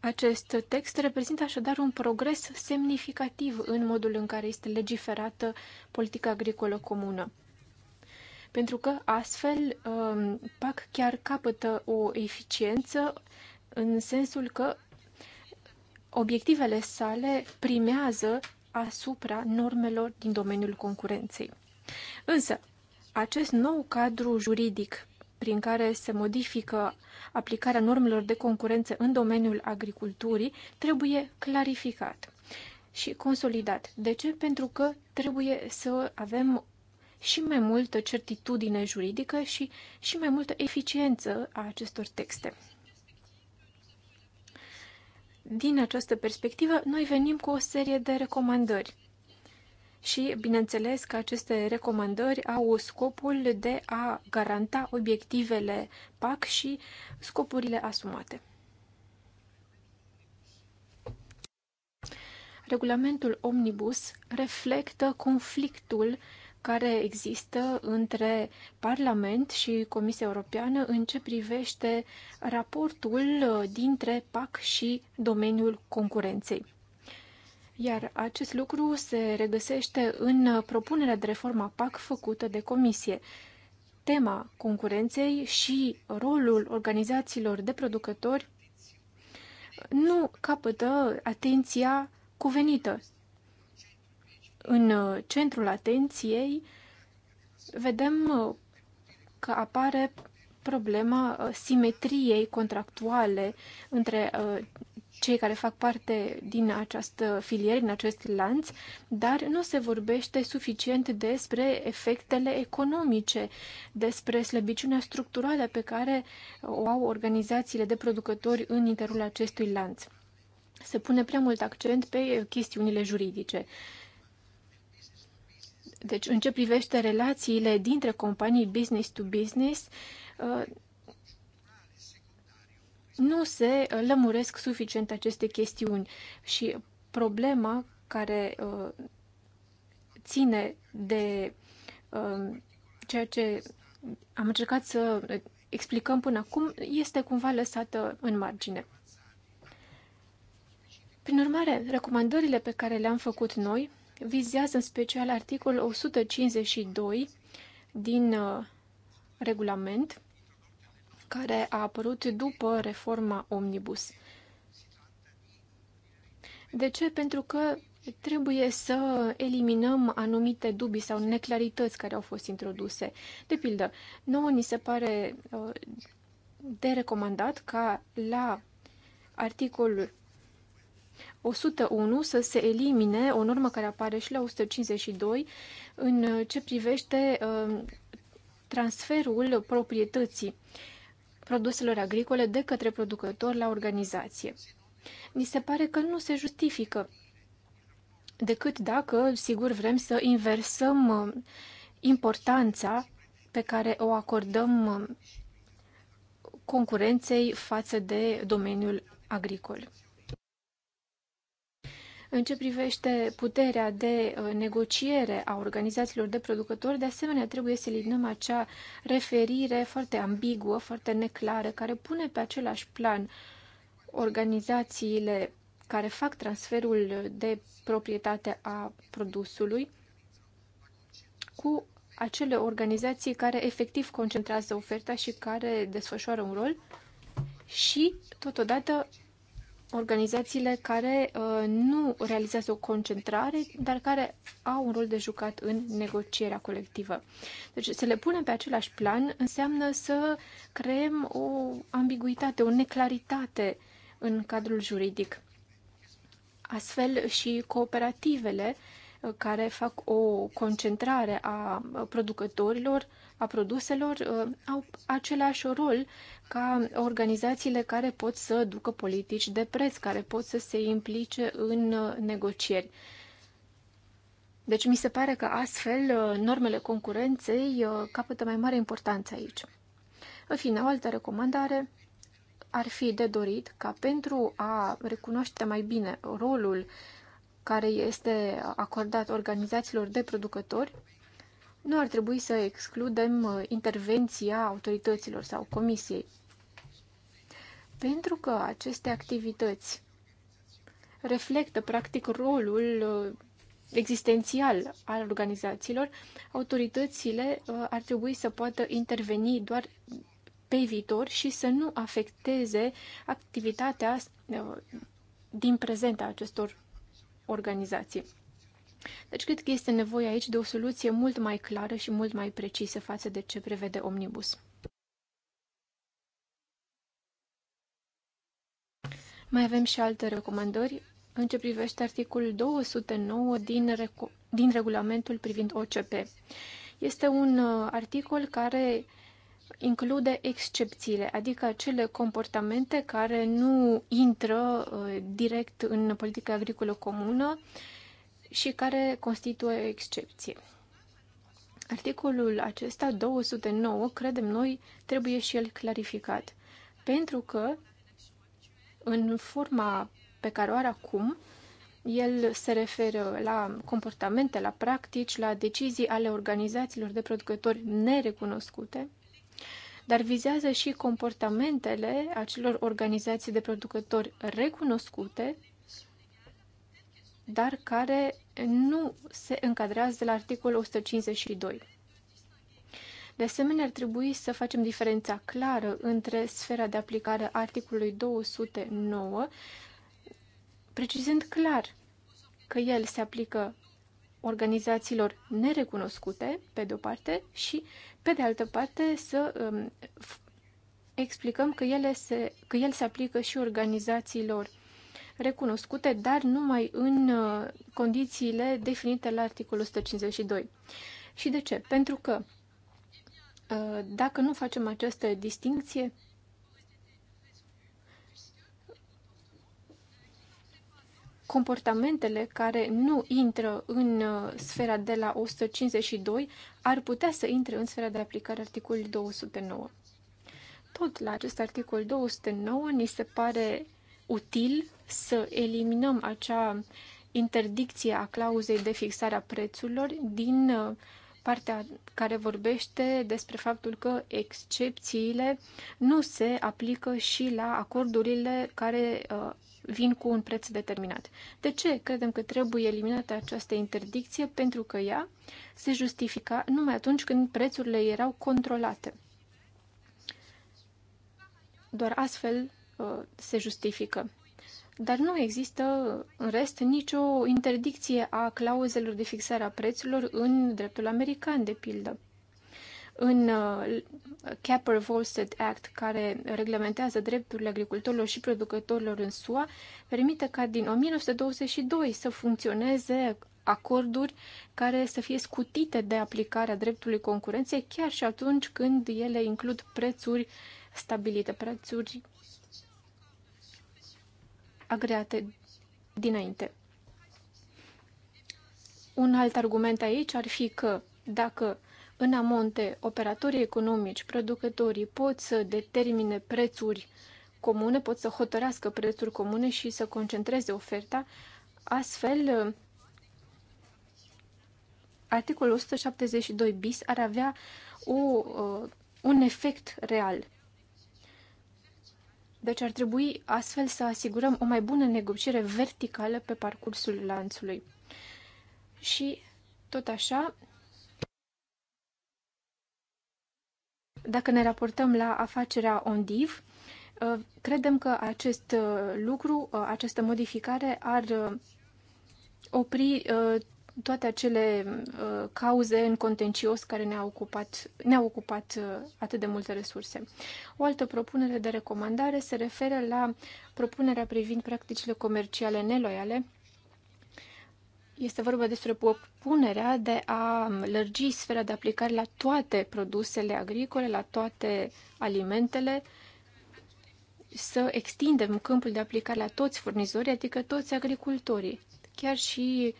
Acest text reprezintă așadar un progres semnificativ în modul în care este legiferată politica agricolă comună pentru că astfel um, PAC chiar capătă o eficiență în sensul că obiectivele sale primează asupra normelor din domeniul concurenței. Însă, acest nou cadru juridic prin care se modifică aplicarea normelor de concurență în domeniul agriculturii trebuie clarificat și consolidat. De ce? Pentru că trebuie să avem și mai multă certitudine juridică și, și mai multă eficiență a acestor texte. Din această perspectivă, noi venim cu o serie de recomandări. Și, bineînțeles, că aceste recomandări au scopul de a garanta obiectivele PAC și scopurile asumate. Regulamentul Omnibus reflectă conflictul care există între Parlament și Comisia Europeană în ce privește raportul uh, dintre PAC și domeniul concurenței. Iar acest lucru se regăsește în uh, propunerea de reformă PAC făcută de Comisie. Tema concurenței și rolul organizațiilor de producători nu capătă atenția cuvenită în uh, centrul atenției, vedem uh, că apare problema uh, simetriei contractuale între cei care fac parte din această filieră, din acest lanț, dar nu se vorbește suficient despre efectele economice, despre slăbiciunea structurală pe care o au organizațiile de producători în interiorul acestui lanț. Se pune prea mult accent pe chestiunile juridice. Deci, în ce privește relațiile dintre companii business to business, uh, nu se uh, lămuresc suficient aceste chestiuni și problema care uh, ține de ceea ce am încercat să explicăm până acum este cumva lăsată în margine. Prin urmare, recomandările pe care le-am făcut noi vizează în special articolul 152 din uh, regulament care a apărut după reforma Omnibus. De ce? Pentru că trebuie să eliminăm anumite dubii sau neclarități care au fost introduse. De pildă, nouă ni se pare uh, de recomandat ca la articolul 101 să se elimine o normă care apare și la 152 în ce privește uh, transferul proprietății produselor agricole de către producători la organizație. Mi se pare că nu se justifică decât dacă, sigur, vrem să inversăm uh, importanța pe care o acordăm uh, concurenței față de domeniul agricol. În ce privește puterea de uh, negociere a organizațiilor de producători, de asemenea trebuie să eliminăm acea referire foarte ambiguă, foarte neclară, care pune pe același plan organizațiile care fac transferul de proprietate a produsului cu acele organizații care efectiv concentrează oferta și care desfășoară un rol și, totodată, organizațiile care uh, nu realizează o concentrare, dar care au un rol de jucat în negocierea colectivă. Deci să le punem pe același plan înseamnă să creăm o ambiguitate, o neclaritate în cadrul juridic. Astfel și cooperativele uh, care fac o concentrare a producătorilor a produselor uh, au același rol ca organizațiile care pot să ducă politici de preț, care pot să se implice în uh, negocieri. Deci mi se pare că astfel uh, normele concurenței capătă mai mare importanță aici. În fine, o altă recomandare ar fi de dorit ca pentru a recunoaște mai bine rolul care este acordat organizațiilor de producători, nu ar trebui să excludem uh, intervenția autorităților sau comisiei. Pentru că aceste activități reflectă practic rolul uh, existențial al organizațiilor, autoritățile uh, ar trebui să poată interveni doar pe viitor și să nu afecteze activitatea din prezent a acestor organizații. Deci cred că este nevoie aici de o soluție mult mai clară și mult mai precisă față de ce prevede omnibus. Mai avem și alte recomandări în ce privește articolul 209 din, recu- din regulamentul privind OCP. Este un uh, articol care include excepțiile, adică acele comportamente care nu intră uh, direct în politica agricolă comună, și care constituie o excepție. Articolul acesta, 209, credem noi, trebuie și el clarificat, pentru că, în forma pe care o are acum, el se referă la comportamente, la practici, la decizii ale organizațiilor de producători nerecunoscute, dar vizează și comportamentele acelor organizații de producători recunoscute dar care nu se încadrează de la articolul 152. De asemenea, ar trebui să facem diferența clară între sfera de aplicare a articolului 209, precizând clar că el se aplică organizațiilor nerecunoscute, pe de-o parte, și, pe de altă parte, să um, explicăm că, ele se, că el se aplică și organizațiilor recunoscute, dar numai în uh, condițiile definite la articolul 152. Și de ce? Pentru că uh, dacă nu facem această distinție, comportamentele care nu intră în uh, sfera de la 152 ar putea să intre în sfera de aplicare articolului 209. Tot la acest articol 209 ni se pare util să eliminăm acea interdicție a clauzei de fixare a prețurilor din uh, partea care vorbește despre faptul că excepțiile nu se aplică și la acordurile care uh, vin cu un preț determinat. De ce credem că trebuie eliminată această interdicție? Pentru că ea se justifica numai atunci când prețurile erau controlate. Doar astfel uh, se justifică dar nu există în rest nicio interdicție a clauzelor de fixare a prețurilor în dreptul american, de pildă. În uh, Capper-Volstead Act, care reglementează drepturile agricultorilor și producătorilor în SUA, permite ca din 1922 să funcționeze acorduri care să fie scutite de aplicarea dreptului concurenței, chiar și atunci când ele includ prețuri stabilite, prețuri agreate dinainte. Un alt argument aici ar fi că dacă în amonte operatorii economici, producătorii pot să determine prețuri comune, pot să hotărească prețuri comune și să concentreze oferta, astfel articolul 172 bis ar avea o, uh, un efect real deci ar trebui astfel să asigurăm o mai bună negociere verticală pe parcursul lanțului. Și tot așa, dacă ne raportăm la afacerea ONDIV, uh, credem că acest uh, lucru, uh, această modificare ar opri toate acele uh, cauze în contencios care ne-au ocupat, ne-au ocupat uh, atât de multe resurse. O altă propunere de recomandare se referă la propunerea privind practicile comerciale neloiale. Este vorba despre propunerea de a lărgi sfera de aplicare la toate produsele agricole, la toate alimentele, să extindem câmpul de aplicare la toți furnizorii, adică toți agricultorii, chiar și uh,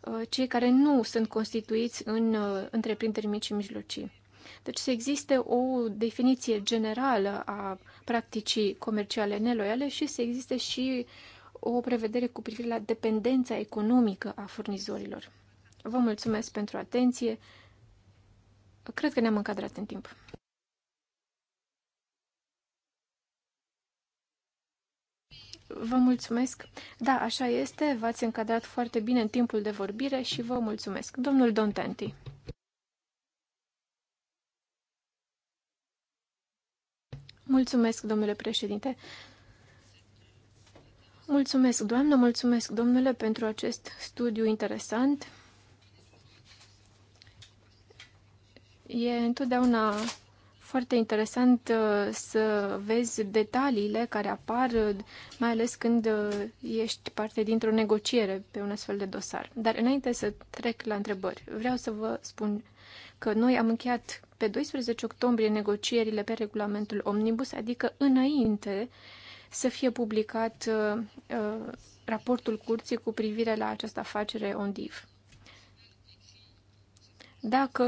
Uh, cei care nu sunt constituiți în uh, întreprinderi mici și mijlocii. Deci să existe o definiție generală a practicii comerciale neloiale și să existe și o prevedere cu privire la dependența economică a furnizorilor. Vă mulțumesc pentru atenție. Cred că ne-am încadrat în timp. Vă mulțumesc. Da, așa este. V-ați încadrat foarte bine în timpul de vorbire și vă mulțumesc. Domnul Dontanti. Mulțumesc, domnule președinte. Mulțumesc, doamnă, mulțumesc, domnule, pentru acest studiu interesant. E întotdeauna foarte interesant uh, să vezi detaliile care apar, uh, mai ales când uh, ești parte dintr-o negociere pe un astfel de dosar. Dar înainte să trec la întrebări, vreau să vă spun că noi am încheiat pe 12 octombrie negocierile pe regulamentul Omnibus, adică înainte să fie publicat uh, raportul curții cu privire la această afacere ONDIV. Dacă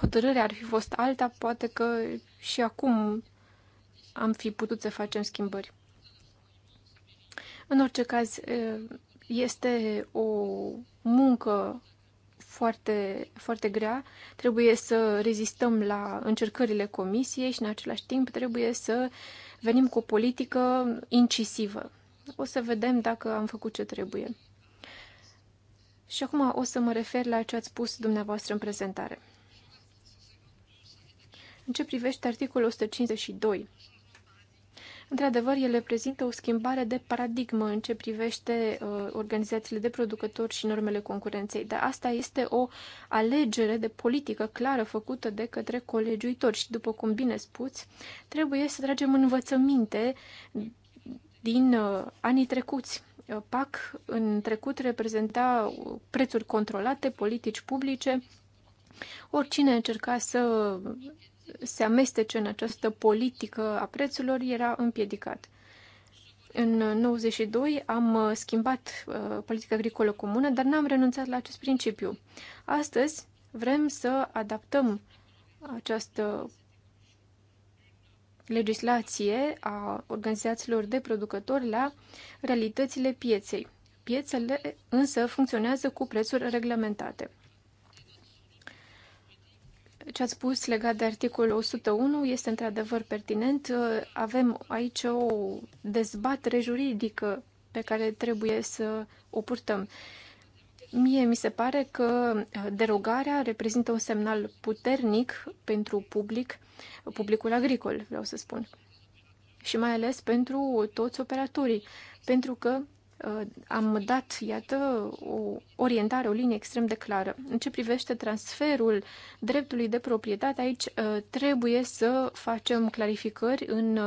hotărârea ar fi fost alta, poate că și acum am fi putut să facem schimbări. În orice caz, este o muncă foarte, foarte grea. Trebuie să rezistăm la încercările comisiei și, în același timp, trebuie să venim cu o politică incisivă. O să vedem dacă am făcut ce trebuie. Și acum o să mă refer la ce ați spus dumneavoastră în prezentare. În ce privește articolul 152, într-adevăr, ele prezintă o schimbare de paradigmă în ce privește uh, organizațiile de producători și normele concurenței, dar asta este o alegere de politică clară făcută de către colegiuitori și, după cum bine spuți, trebuie să tragem învățăminte din uh, anii trecuți Uh, PAC în trecut reprezenta prețuri controlate, politici publice. Oricine încerca să se amestece în această politică a prețurilor era împiedicat. În 92 am uh, schimbat uh, politica agricolă comună, dar n-am renunțat la acest principiu. Astăzi vrem să adaptăm această legislație a organizațiilor de producători la realitățile pieței. Piețele însă funcționează cu prețuri reglementate. Ce ați spus legat de articolul 101 este într-adevăr pertinent. Avem aici o dezbatere juridică pe care trebuie să o purtăm. Mie mi se pare că uh, derogarea reprezintă un semnal puternic pentru public, publicul agricol, vreau să spun, și mai ales pentru toți operatorii, pentru că uh, am dat, iată, o orientare, o linie extrem de clară. În ce privește transferul dreptului de proprietate, aici uh, trebuie să facem clarificări în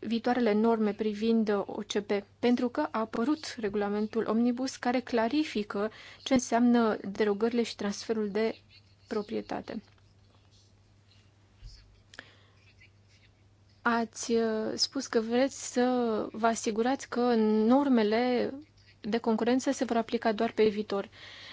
viitoarele norme privind OCP, pentru că a apărut regulamentul Omnibus care clarifică ce înseamnă derogările și transferul de proprietate. Ați uh, spus că vreți să vă asigurați că normele de concurență se vor aplica doar pe viitor.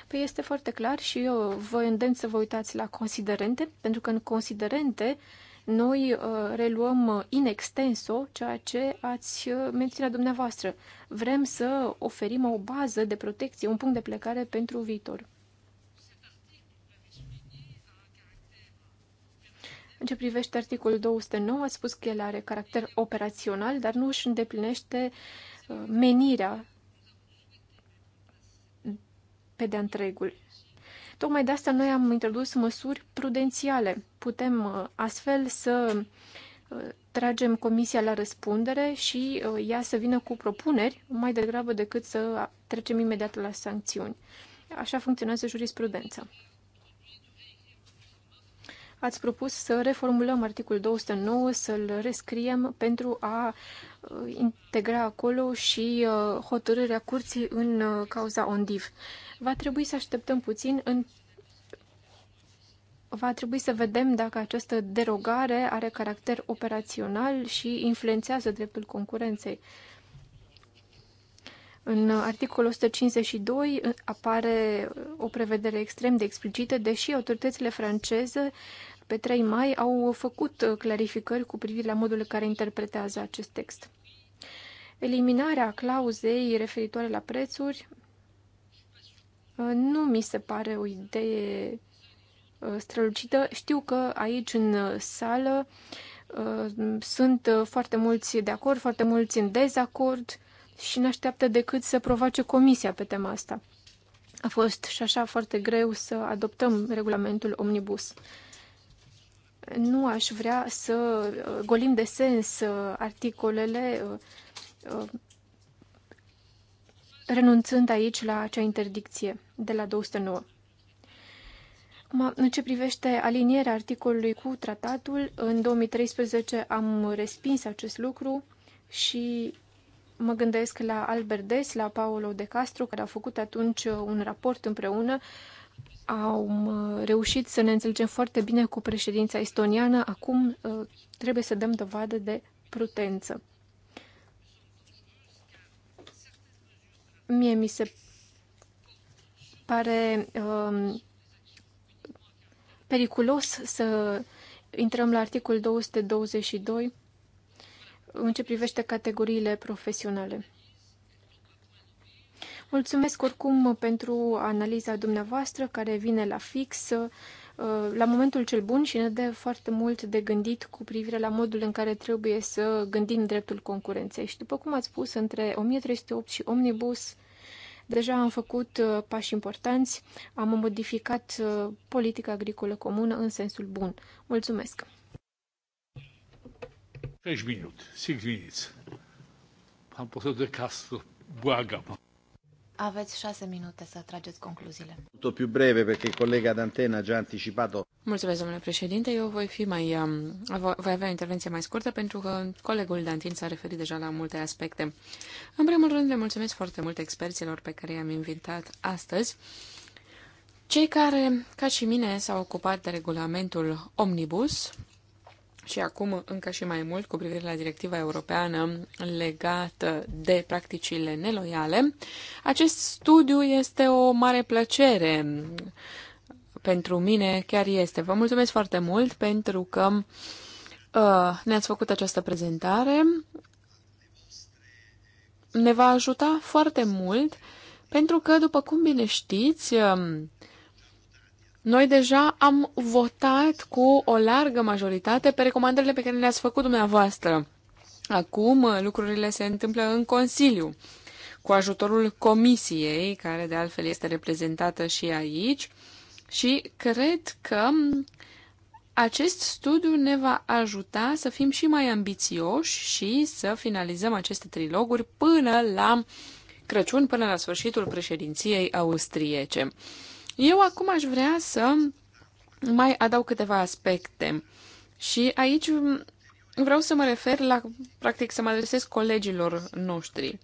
Păi este foarte clar și eu vă îndemn să vă uitați la considerente, pentru că în considerente uh, noi uh, reluăm uh, in extenso ceea ce ați uh, menționat dumneavoastră. Vrem să oferim o bază de protecție, un punct de plecare pentru viitor. În ce privește articolul 209, a spus că el are caracter operațional, dar nu își îndeplinește menirea pe de întregul. Tocmai de asta noi am introdus măsuri prudențiale. Putem uh, astfel să uh, tragem comisia la răspundere și uh, ea să vină cu propuneri mai degrabă decât să trecem imediat la sancțiuni. Așa funcționează jurisprudența ați propus să reformulăm articolul 209, să-l rescriem pentru a uh, integra acolo și uh, hotărârea curții în uh, cauza ONDIV. Va trebui să așteptăm puțin în va trebui să vedem dacă această derogare are caracter operațional și influențează dreptul concurenței. În articolul 152 apare o prevedere extrem de explicită, deși autoritățile franceze pe 3 mai au făcut uh, clarificări cu privire la modul în care interpretează acest text. Eliminarea clauzei referitoare la prețuri uh, nu mi se pare o idee uh, strălucită. Știu că aici în sală sunt foarte mulți de acord, foarte mulți în dezacord și nu așteaptă decât să provoace comisia pe tema asta. A fost și așa foarte greu să adoptăm regulamentul omnibus nu aș vrea să uh, golim de sens uh, articolele uh, renunțând aici la acea interdicție de la 209. În ce privește alinierea articolului cu tratatul, în 2013 am respins acest lucru și mă gândesc la Albert Des, la Paolo De Castro, care a făcut atunci un raport împreună am uh, reușit să ne înțelegem foarte bine cu președința estoniană. Acum uh, trebuie să dăm dovadă de prudență. Mie mi se pare um, periculos să intrăm la articolul 222 în ce privește categoriile profesionale. Mulțumesc oricum pentru analiza dumneavoastră care vine la fix uh, la momentul cel bun și ne dă foarte mult de gândit cu privire la modul în care trebuie să gândim dreptul concurenței. Și după cum ați spus, între 1308 și Omnibus deja am făcut uh, pași importanți, am modificat uh, politica agricolă comună în sensul bun. Mulțumesc! 5 minut, 6 minute. Am pus de castru, boagă aveți șase minute să trageți concluziile. Tot più breve, perché il collega D'Antena già anticipato. Mulțumesc, domnule președinte. Eu voi fi mai... Um, voi avea o intervenție mai scurtă, pentru că colegul Dantin s-a referit deja la multe aspecte. În primul rând, le mulțumesc foarte mult experților pe care i-am invitat astăzi. Cei care, ca și mine, s-au ocupat de regulamentul Omnibus, și acum încă și mai mult cu privire la directiva europeană legată de practicile neloiale. Acest studiu este o mare plăcere pentru mine, chiar este. Vă mulțumesc foarte mult pentru că uh, ne-ați făcut această prezentare. Ne va ajuta foarte mult pentru că, după cum bine știți, uh, noi deja am votat cu o largă majoritate pe recomandările pe care le-ați făcut dumneavoastră. Acum uh, lucrurile se întâmplă în Consiliu, cu ajutorul Comisiei, care de altfel este reprezentată și aici, și cred că um, acest studiu ne va ajuta să fim și mai ambițioși și să finalizăm aceste triloguri până la Crăciun, până la sfârșitul președinției austriece. Eu acum aș vrea să mai adaug câteva aspecte. Și aici vreau să mă refer la, practic, să mă adresez colegilor noștri.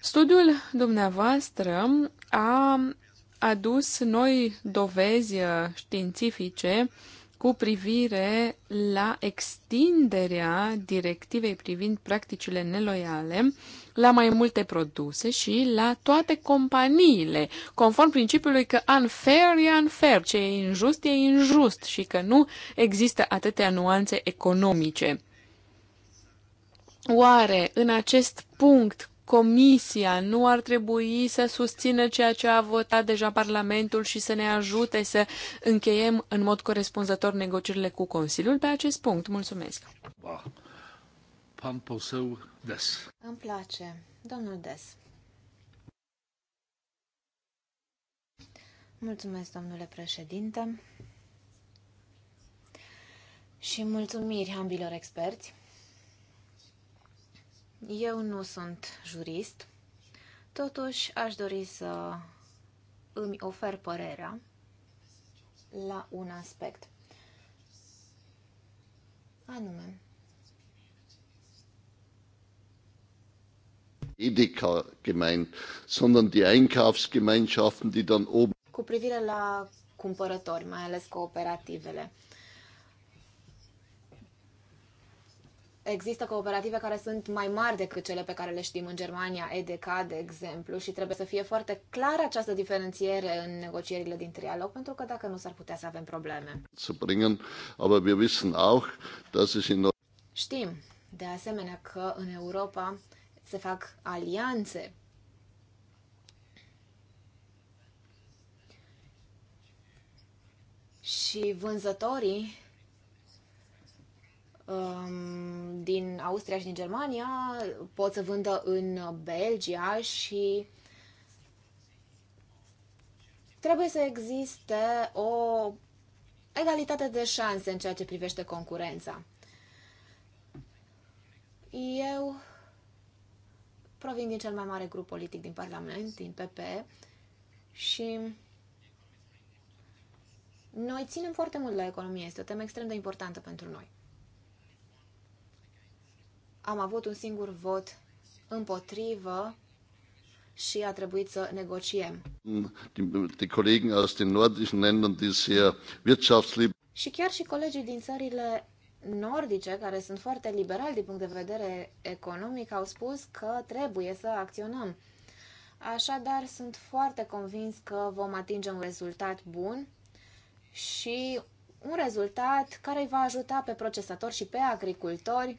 Studiul dumneavoastră a adus noi dovezi științifice cu privire la extinderea directivei privind practicile neloiale la mai multe produse și la toate companiile, conform principiului că unfair e unfair, ce e injust e injust și că nu există atâtea nuanțe economice. Oare în acest punct Comisia nu ar trebui să susțină ceea ce a votat deja Parlamentul și să ne ajute să încheiem în mod corespunzător negocierile cu Consiliul pe acest punct. Mulțumesc! Pan poseł Des. Îmi place, domnul Des. Mulțumesc, domnule președinte. Și mulțumiri ambilor experți. Eu nu sunt jurist, totuși aș dori să îmi ofer părerea la un aspect. Anume, Edeka gemeint, sondern die Einkaufsgemeinschaften, die dann oben. Cu privire la cumpărători, mai ales cooperativele. Există cooperative care sunt mai mari decât cele pe care le știm în Germania, EDK, de exemplu, și trebuie să fie foarte clară această diferențiere în negocierile din trialog, pentru că dacă nu s-ar putea să avem probleme. Știm, de asemenea, că în Europa se fac alianțe. Și vânzătorii um, din Austria și din Germania pot să vândă în Belgia și trebuie să existe o egalitate de șanse în ceea ce privește concurența. Eu provin din cel mai mare grup politic din Parlament, din PP, și noi ținem foarte mult la economie, este o temă extrem de importantă pentru noi. Am avut un singur vot împotrivă și a trebuit să negociem. și chiar și colegii din țările nordice, care sunt foarte liberali din punct de vedere economic, au spus că trebuie să acționăm. Așadar, sunt foarte convins că vom atinge un rezultat bun și un rezultat care îi va ajuta pe procesatori și pe agricultori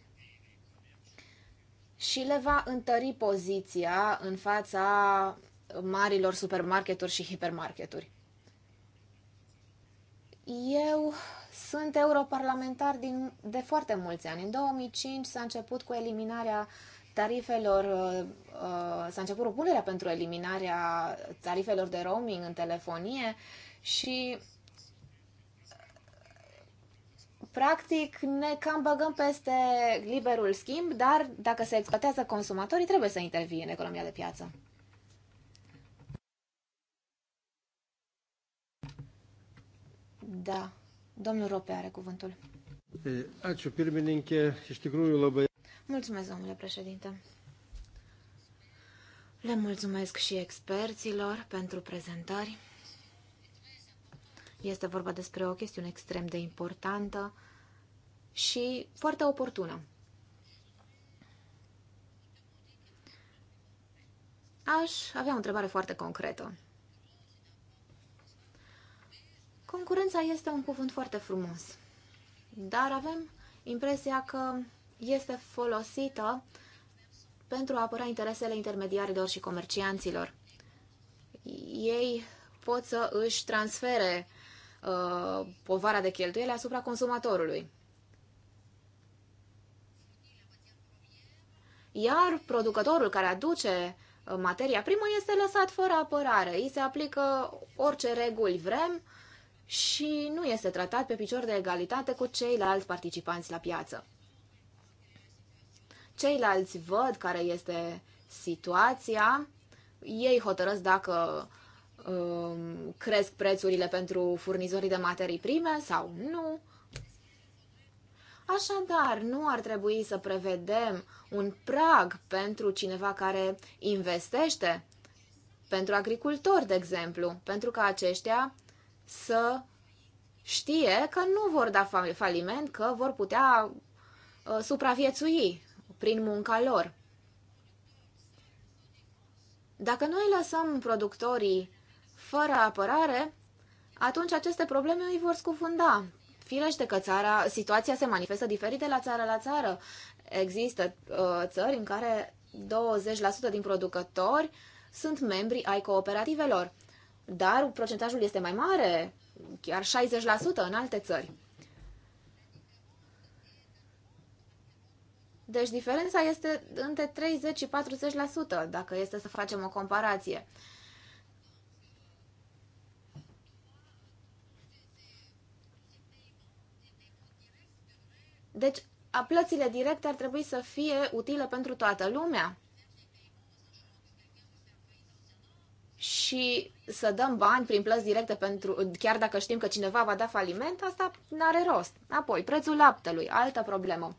și le va întări poziția în fața marilor supermarketuri și hipermarketuri. Eu sunt europarlamentar din, de foarte mulți ani. În 2005 s-a început cu eliminarea tarifelor, uh, uh, s-a început propunerea pentru eliminarea tarifelor de roaming în telefonie și practic ne cam băgăm peste liberul schimb, dar dacă se exploatează consumatorii, trebuie să intervii în economia de piață. Da. Domnul Rope are cuvântul. Ačiū pirmininkė, iš tikrųjų labai. Mulțumesc, domnule președinte. Le mulțumesc și experților pentru prezentări. Este vorba despre o chestiune extrem de importantă și foarte oportună. Aș avea o întrebare foarte concretă. Concurența este un cuvânt foarte frumos, dar avem impresia că este folosită pentru a apăra interesele intermediarilor și comercianților. Ei pot să își transfere uh, povara de cheltuiele asupra consumatorului. Iar producătorul care aduce uh, materia primă este lăsat fără apărare. Îi se aplică orice reguli vrem și nu este tratat pe picior de egalitate cu ceilalți participanți la piață. Ceilalți văd care este situația, ei hotărăsc dacă um, cresc prețurile pentru furnizorii de materii prime sau nu. Așadar, nu ar trebui să prevedem un prag pentru cineva care investește, pentru agricultori, de exemplu, pentru că aceștia să știe că nu vor da faliment, că vor putea uh, supraviețui prin munca lor. Dacă noi lăsăm productorii fără apărare, atunci aceste probleme îi vor scufunda. Firește că țara, situația se manifestă diferit de la țară la țară. Există uh, țări în care 20% din producători sunt membri ai cooperativelor dar procentajul este mai mare, chiar 60% în alte țări. Deci diferența este între 30 și 40%, dacă este să facem o comparație. Deci, plățile directe ar trebui să fie utile pentru toată lumea. și să dăm bani prin plăți directe pentru, chiar dacă știm că cineva va da faliment, asta nu are rost. Apoi, prețul laptelui, altă problemă.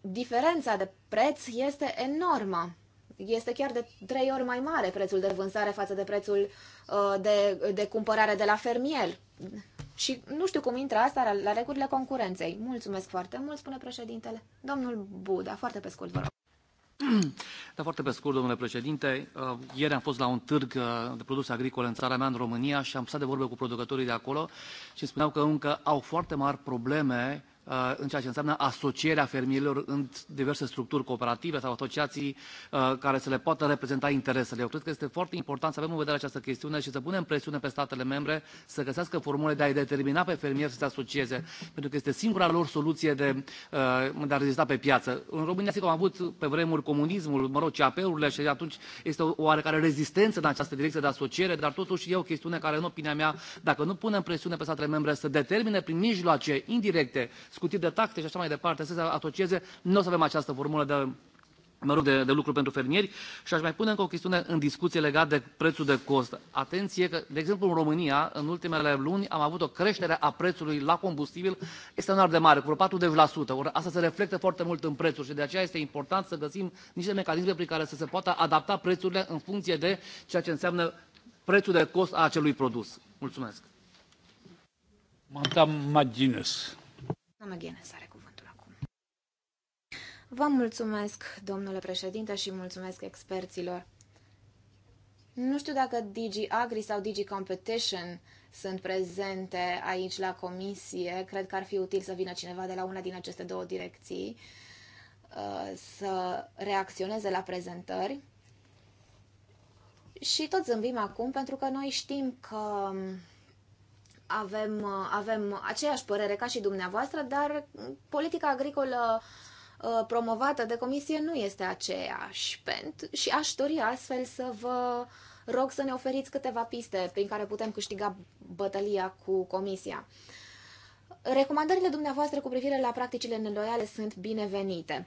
Diferența de preț este enormă. Este chiar de trei ori mai mare prețul de vânzare față de prețul uh, de, de cumpărare de la fermier. Și nu știu cum intră asta la, la regulile concurenței. Mulțumesc foarte mult, spune președintele. Domnul Buda, foarte pe scurt, vă rog. Da, foarte pe scurt, domnule președinte. Uh, ieri am fost la un târg uh, de produse agricole în țara mea, în România, și am stat de vorbă cu producătorii de acolo și spuneau că încă au foarte mari probleme Uh, în ceea ce înseamnă asocierea fermierilor în diverse structuri cooperative sau asociații uh, care să le poată reprezenta interesele. Eu cred că este foarte important să avem în vedere această chestiune și să punem presiune pe statele membre să găsească formule de a-i determina pe fermieri să se asocieze, pentru că este singura lor soluție de, uh, de a rezista pe piață. În România, sigur, am avut pe vremuri comunismul, mă rog, CAP-urile și atunci este o oarecare rezistență în această direcție de asociere, dar totuși e o chestiune care, în opinia mea, dacă nu punem presiune pe statele membre să determine prin mijloace indirecte scutiri de taxe și așa mai departe, să se asocieze, nu o să avem această formulă de mă rog, de, de lucru pentru fermieri și aș mai pune încă o chestiune în discuție legată de prețul de cost. Atenție că, de exemplu, în România, în ultimele luni, am avut o creștere a prețului la combustibil extraordinar de mare, cu 40%. asta se reflectă foarte mult în prețuri și de aceea este important să găsim niște mecanisme prin care să se poată adapta prețurile în funcție de ceea ce înseamnă prețul de cost a acelui produs. Mulțumesc. Madame McGuinness. Doamna Ghenes are cuvântul acum. Vă mulțumesc, domnule președinte, și mulțumesc experților. Nu știu dacă Digi Agri sau Digi Competition sunt prezente aici la comisie. Cred că ar fi util să vină cineva de la una din aceste două direcții uh, să reacționeze la prezentări. Și tot zâmbim acum pentru că noi știm că um, avem, uh, avem aceeași părere ca și dumneavoastră, dar politica agricolă uh, promovată de comisie nu este aceeași. Și aș dori astfel să vă rog să ne oferiți câteva piste prin care putem câștiga bătălia cu comisia. Recomandările dumneavoastră cu privire la practicile neloiale sunt binevenite.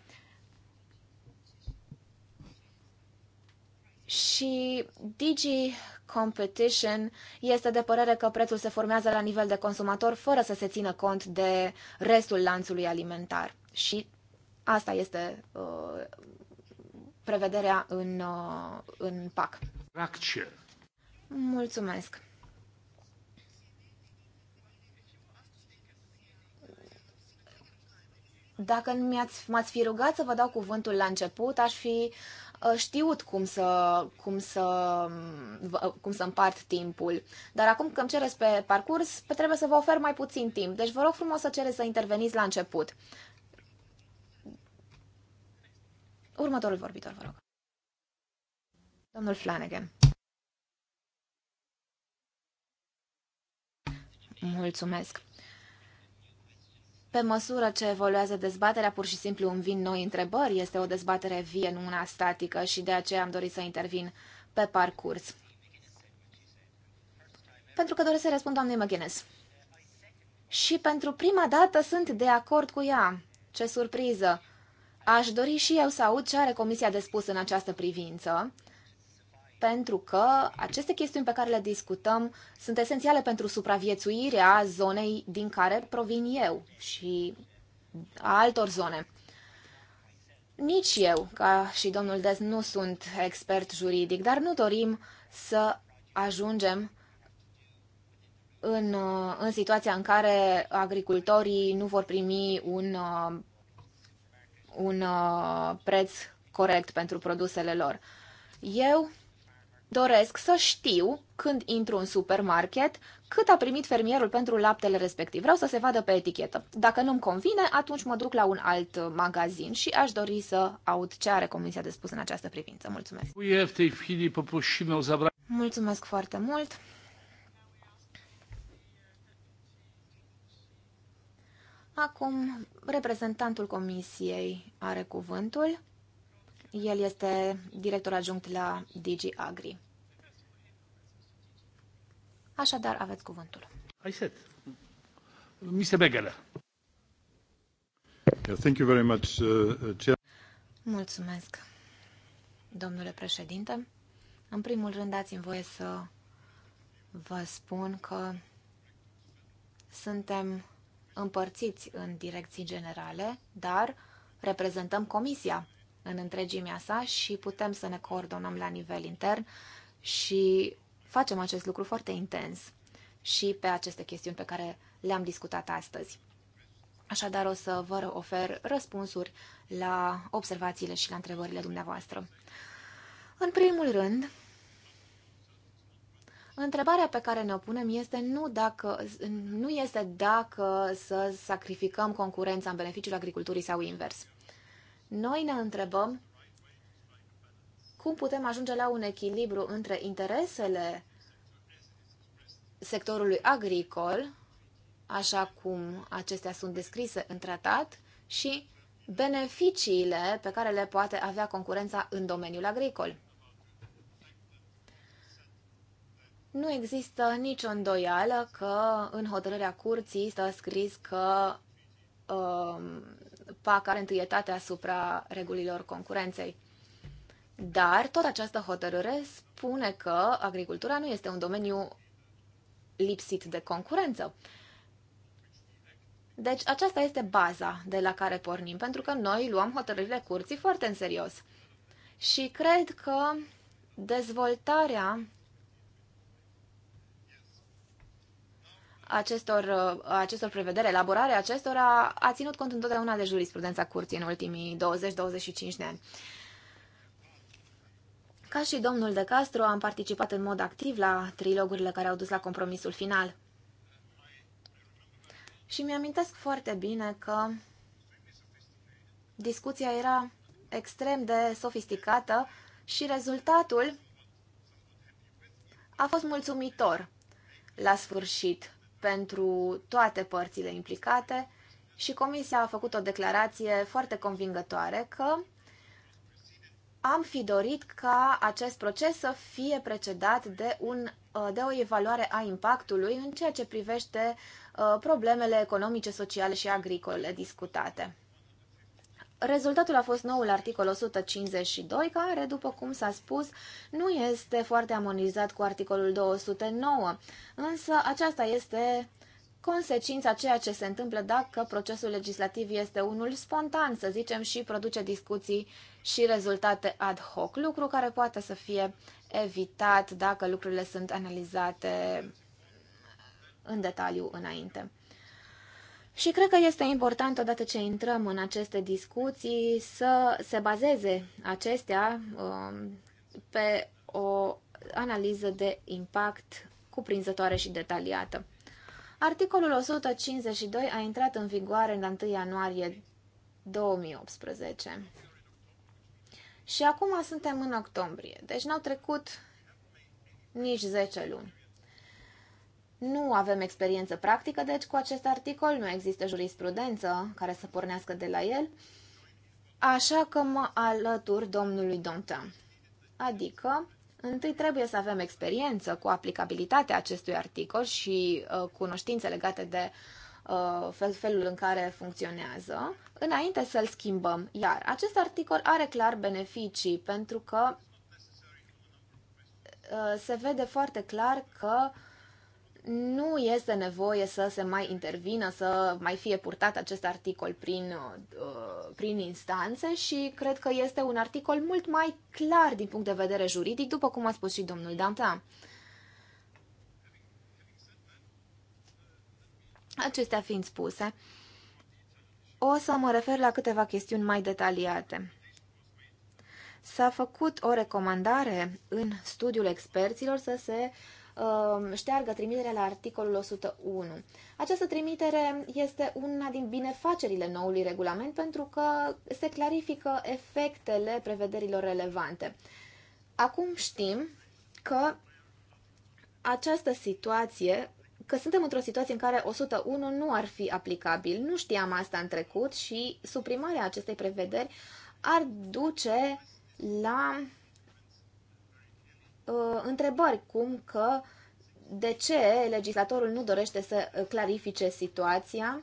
și Digi Competition este de părere că prețul se formează la nivel de consumator fără să se țină cont de restul lanțului alimentar. Și asta este uh, prevederea în, uh, în PAC. Structure. Mulțumesc. Dacă m-ați fi rugat să vă dau cuvântul la început, aș fi uh, știut cum să, cum să, cum să împart timpul. Dar acum când cereți pe parcurs, trebuie să vă ofer mai puțin timp. Deci vă rog frumos să cereți să interveniți la început. Următorul vorbitor, vă rog. Domnul Flanagan. Mulțumesc. Pe măsură ce evoluează dezbaterea, pur și simplu îmi vin noi întrebări. Este o dezbatere vie, nu una statică și de aceea am dorit să intervin pe parcurs. Pentru că doresc să răspund doamnei McGuinness. Și pentru prima dată sunt de acord cu ea. Ce surpriză! Aș dori și eu să aud ce are Comisia de spus în această privință pentru că aceste chestiuni pe care le discutăm sunt esențiale pentru supraviețuirea zonei din care provin eu și a altor zone. Nici eu, ca și domnul Des, nu sunt expert juridic, dar nu dorim să ajungem în, în situația în care agricultorii nu vor primi un, un uh, preț corect pentru produsele lor. Eu doresc să știu când intru în supermarket cât a primit fermierul pentru laptele respectiv. Vreau să se vadă pe etichetă. Dacă nu-mi convine, atunci mă duc la un alt uh, magazin și aș dori să aud ce are Comisia de spus în această privință. Mulțumesc! Mulțumesc foarte mult! Acum, reprezentantul Comisiei are cuvântul. El este director adjunct la DG Agri. Așadar, aveți cuvântul. I said. Mr. Begele. Yeah, thank you very much, uh, uh, Chair. Mulțumesc, domnule președinte. În primul rând, dați-mi voie să vă spun că suntem împărțiți în direcții generale, dar reprezentăm comisia în întregimea sa și putem să ne coordonăm la nivel intern și facem acest lucru foarte intens și pe aceste chestiuni pe care le-am discutat astăzi. Așadar, o să vă ofer răspunsuri la observațiile și la întrebările dumneavoastră. În primul rând, întrebarea pe care ne-o punem este nu, dacă, nu este dacă să sacrificăm concurența în beneficiul agriculturii sau invers. Noi ne întrebăm cum putem ajunge la un echilibru între interesele sectorului agricol, așa cum acestea sunt descrise în tratat, și beneficiile pe care le poate avea concurența în domeniul agricol. Nu există nicio îndoială că în hotărârea curții stă scris că um, PAC are întâietate asupra regulilor concurenței. Dar tot această hotărâre spune că agricultura nu este un domeniu lipsit de concurență. Deci aceasta este baza de la care pornim, pentru că noi luăm hotărârile curții foarte în serios. Și cred că dezvoltarea acestor, uh, acestor prevedere, elaborarea acestora a ținut cont întotdeauna de jurisprudența curții în ultimii 20-25 de ani. Ca și domnul De Castro, am participat în mod activ la trilogurile care au dus la compromisul final. Și mi-amintesc foarte bine că discuția era extrem de sofisticată și rezultatul a fost mulțumitor la sfârșit pentru toate părțile implicate și Comisia a făcut o declarație foarte convingătoare că am fi dorit ca acest proces să fie precedat de, un, de o evaluare a impactului în ceea ce privește uh, problemele economice, sociale și agricole discutate. Rezultatul a fost noul articol 152, care, după cum s-a spus, nu este foarte amonizat cu articolul 209, însă aceasta este consecința ceea ce se întâmplă dacă procesul legislativ este unul spontan, să zicem, și produce discuții și rezultate ad hoc, lucru care poate să fie evitat dacă lucrurile sunt analizate în detaliu înainte. Și cred că este important, odată ce intrăm în aceste discuții, să se bazeze acestea um, pe o analiză de impact cuprinzătoare și detaliată. Articolul 152 a intrat în vigoare la 1 ianuarie 2018. Și acum suntem în octombrie, deci n-au trecut nici 10 luni. Nu avem experiență practică, deci cu acest articol nu există jurisprudență care să pornească de la el, așa că mă alătur domnului Domtin. Adică, întâi trebuie să avem experiență cu aplicabilitatea acestui articol și uh, cunoștințe legate de uh, fel, felul în care funcționează, înainte să-l schimbăm. Iar acest articol are clar beneficii, pentru că uh, se vede foarte clar că uh, nu este nevoie să se mai intervină, să mai fie purtat acest articol prin, uh, prin instanțe și cred că este un articol mult mai clar din punct de vedere juridic, după cum a spus și domnul Danta. Acestea fiind spuse, o să mă refer la câteva chestiuni mai detaliate. S-a făcut o recomandare în studiul experților să se uh, Um, șteargă trimiterea la articolul 101. Această trimitere este una din binefacerile noului regulament pentru că se clarifică efectele prevederilor relevante. Acum știm că această situație că suntem într-o situație în care 101 nu ar fi aplicabil. Nu știam asta în trecut și suprimarea acestei prevederi ar duce la uh, întrebări, cum că de ce legislatorul nu dorește să clarifice situația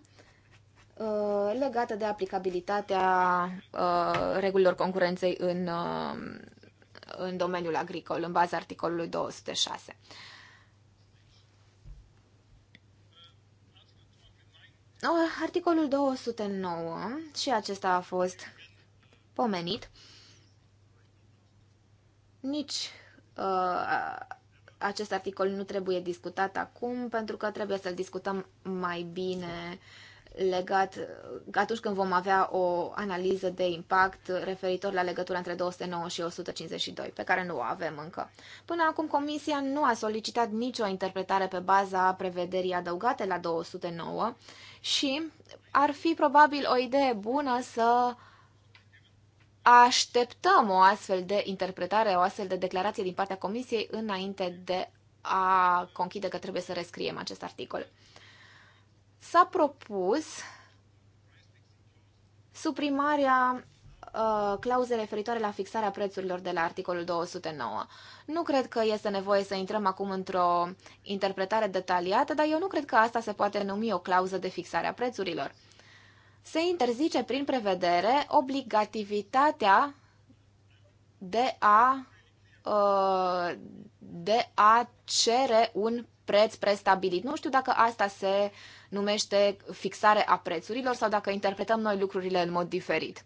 uh, legată de aplicabilitatea uh, regulilor concurenței în, uh, în domeniul agricol, în baza articolului 206. Uh, articolul 209 și acesta a fost pomenit. Nici Uh, acest articol nu trebuie discutat acum pentru că trebuie să-l discutăm mai bine legat atunci când vom avea o analiză de impact referitor la legătura între 209 și 152, pe care nu o avem încă. Până acum, Comisia nu a solicitat nicio interpretare pe baza prevederii adăugate la 209 și ar fi probabil o idee bună să uh, așteptăm o astfel de interpretare, o astfel de declarație din partea Comisiei înainte de a conchide că trebuie să rescriem acest articol. S-a propus suprimarea uh, clauze referitoare la fixarea prețurilor de la articolul 209. Nu cred că este nevoie să intrăm acum într-o interpretare detaliată, dar eu nu cred că asta se poate numi o clauză de fixare a prețurilor se interzice prin prevedere obligativitatea de a, uh, de a cere un preț prestabilit. Nu știu dacă asta se numește fixare a prețurilor sau dacă interpretăm noi lucrurile în mod diferit.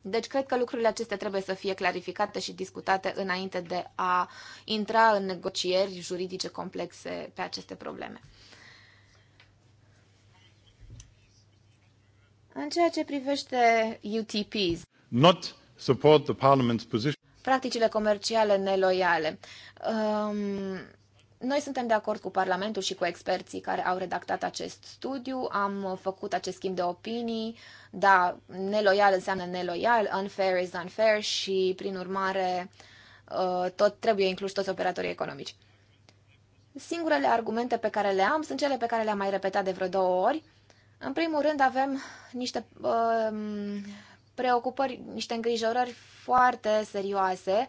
Deci cred că lucrurile acestea trebuie să fie clarificate și discutate înainte de a intra în negocieri juridice complexe pe aceste probleme. În ceea ce privește UTPs, not support the parliament's position. practicile comerciale neloiale. Um, noi suntem de acord cu Parlamentul și cu experții care au redactat acest studiu, am făcut acest schimb de opinii, da, neloial înseamnă neloial, unfair is unfair și, prin urmare, uh, tot trebuie inclus toți operatorii economici. Singurele argumente pe care le am sunt cele pe care le-am mai repetat de vreo două ori, în primul rând avem niște um, preocupări, niște îngrijorări foarte serioase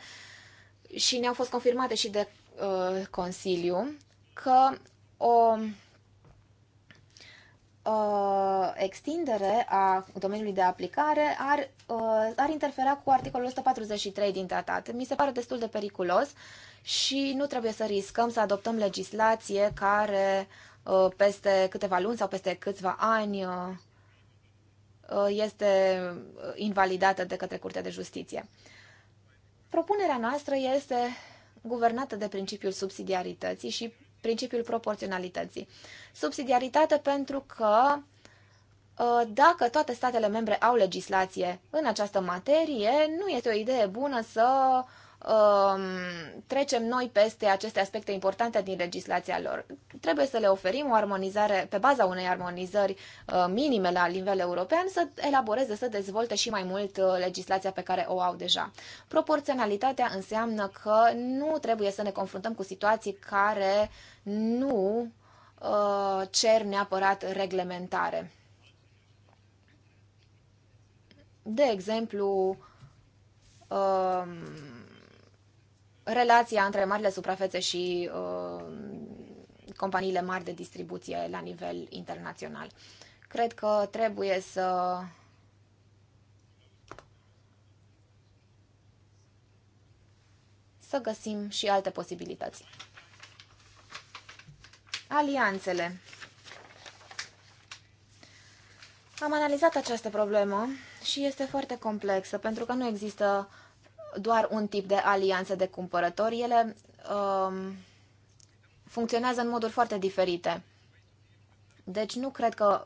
și ne-au fost confirmate și de uh, Consiliu că o extindere a domeniului de aplicare ar, uh, ar interfera cu articolul 143 din tratat. Mi se pare destul de periculos și nu trebuie să riscăm să adoptăm legislație care uh, Uh, peste câteva luni sau peste câțiva ani uh, uh, este invalidată de către Curtea de Justiție. Propunerea noastră este guvernată de principiul subsidiarității și principiul proporționalității. Subsidiaritate pentru că dacă toate statele membre au legislație în această materie, nu este o idee bună să uh, Um, trecem noi peste aceste aspecte importante din legislația lor. Trebuie să le oferim o armonizare, pe baza unei armonizări uh, minime la nivel european, să elaboreze, să dezvolte și mai mult uh, legislația pe care o au deja. Proporționalitatea înseamnă că nu trebuie să ne confruntăm cu situații care nu uh, cer neapărat reglementare. De exemplu, um, relația între marile suprafețe și uh, companiile mari de distribuție la nivel internațional. Cred că trebuie să să găsim și alte posibilități. Alianțele. Am analizat această problemă și este foarte complexă pentru că nu există doar un tip de alianță de cumpărători. Ele uh, funcționează în moduri foarte diferite. Deci nu cred că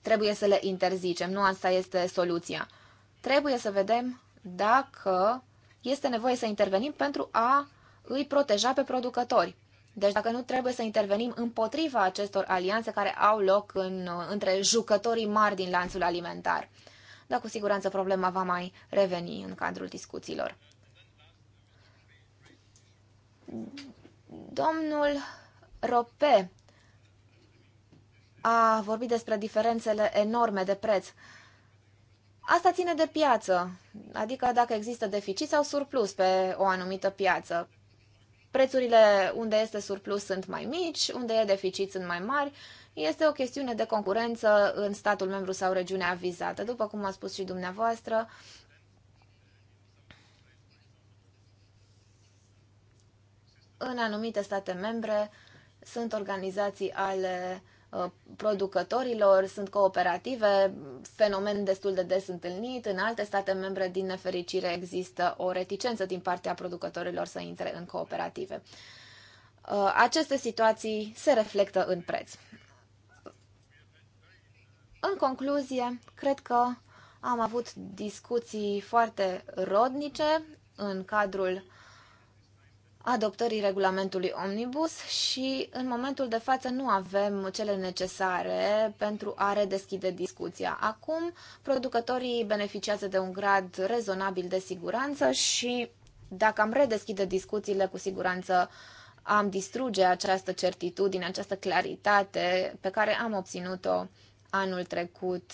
trebuie să le interzicem. Nu asta este soluția. Trebuie să vedem dacă este nevoie să intervenim pentru a îi proteja pe producători. Deci dacă nu trebuie să intervenim împotriva acestor alianțe care au loc în, între jucătorii mari din lanțul alimentar dar cu siguranță problema va mai reveni în cadrul discuțiilor. Domnul Rope a vorbit despre diferențele enorme de preț. Asta ține de piață, adică dacă există deficit sau surplus pe o anumită piață. Prețurile unde este surplus sunt mai mici, unde e deficit sunt mai mari este o chestiune de concurență în statul membru sau regiunea vizată, după cum a spus și dumneavoastră. În anumite state membre sunt organizații ale uh, producătorilor, sunt cooperative, fenomen destul de des întâlnit. În alte state membre, din nefericire, există o reticență din partea producătorilor să intre în cooperative. Uh, aceste situații se reflectă în preț. În concluzie, cred că am avut discuții foarte rodnice în cadrul adoptării regulamentului Omnibus și în momentul de față nu avem cele necesare pentru a redeschide discuția. Acum, producătorii beneficiază de un grad rezonabil de siguranță și dacă am redeschide discuțiile, cu siguranță am distruge această certitudine, această claritate pe care am obținut-o anul trecut.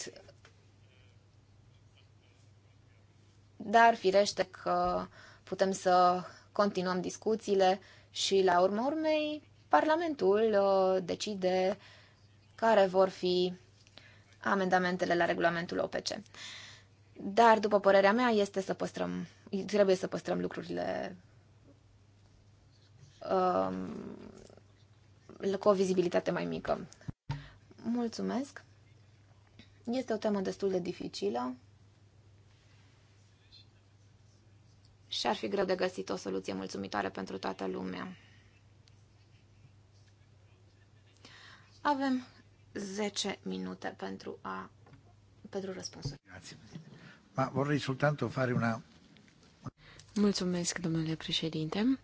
Dar firește că putem să continuăm discuțiile și la urma urmei Parlamentul uh, decide care vor fi amendamentele la regulamentul OPC. Dar, după părerea mea, este să păstrăm, trebuie să păstrăm lucrurile um, cu o vizibilitate mai mică. Mulțumesc! Este o temă destul de dificilă și ar fi greu de găsit o soluție mulțumitoare pentru toată lumea. Avem 10 minute pentru, a, pentru răspunsuri. Ma vorrei soltanto fare una... Mulțumesc, domnule președinte.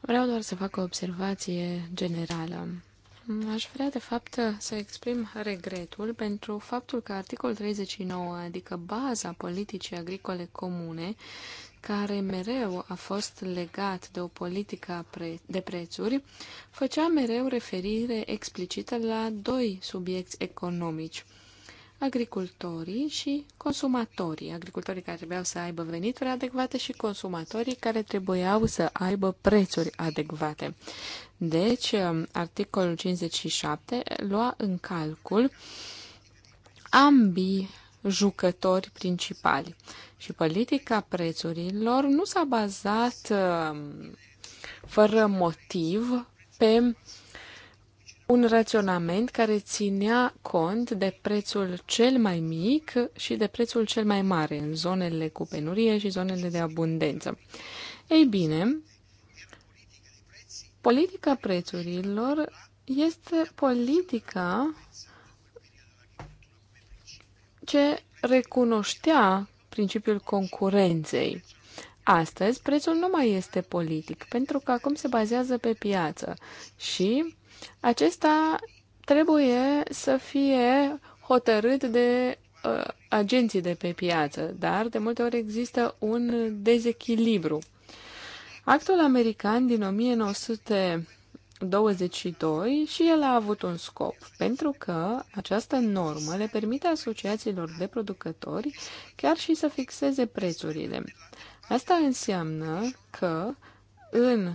Vreau doar să fac o observație generală. Aș vrea, de fapt, să exprim regretul pentru faptul că articolul 39, adică baza politicii agricole comune, care mereu a fost legat de o politică de prețuri, făcea mereu referire explicită la doi subiecti economici – agricultorii și consumatorii. Agricultorii care trebuiau să aibă venituri adecvate și consumatorii care trebuiau să aibă prețuri adecvate. Deci, um, articolul 57 lua în calcul ambii jucători principali. Și politica prețurilor nu s-a bazat um, fără motiv pe un raționament care ținea cont de prețul cel mai mic și de prețul cel mai mare în zonele cu penurie și zonele de abundență. Ei bine, politica prețurilor este politica ce recunoștea principiul concurenței. Astăzi, prețul nu mai este politic, pentru că acum se bazează pe piață și acesta trebuie să fie hotărât de uh, agenții de pe piață, dar de multe ori există un dezechilibru. Actul american din 1922 și el a avut un scop, pentru că această normă le permite asociațiilor de producători chiar și să fixeze prețurile. Asta înseamnă că în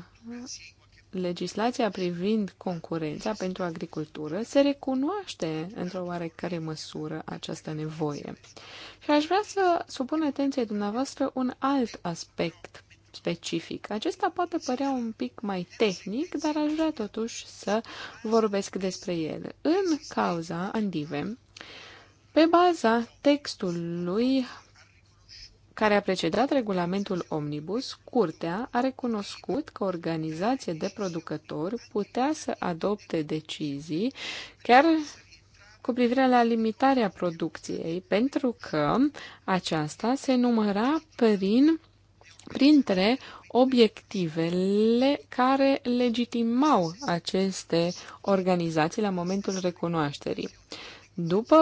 legislația privind concurența pentru agricultură se recunoaște într-o oarecare măsură această nevoie. Și aș vrea să supun atenției dumneavoastră un alt aspect specific. Acesta poate părea un pic mai tehnic, dar aș vrea totuși să vorbesc despre el. În cauza Andive, pe baza textului care a precedat regulamentul Omnibus, Curtea a recunoscut că organizație de producători putea să adopte decizii chiar cu privire la limitarea producției, pentru că aceasta se număra prin, printre obiectivele care legitimau aceste organizații la momentul recunoașterii. După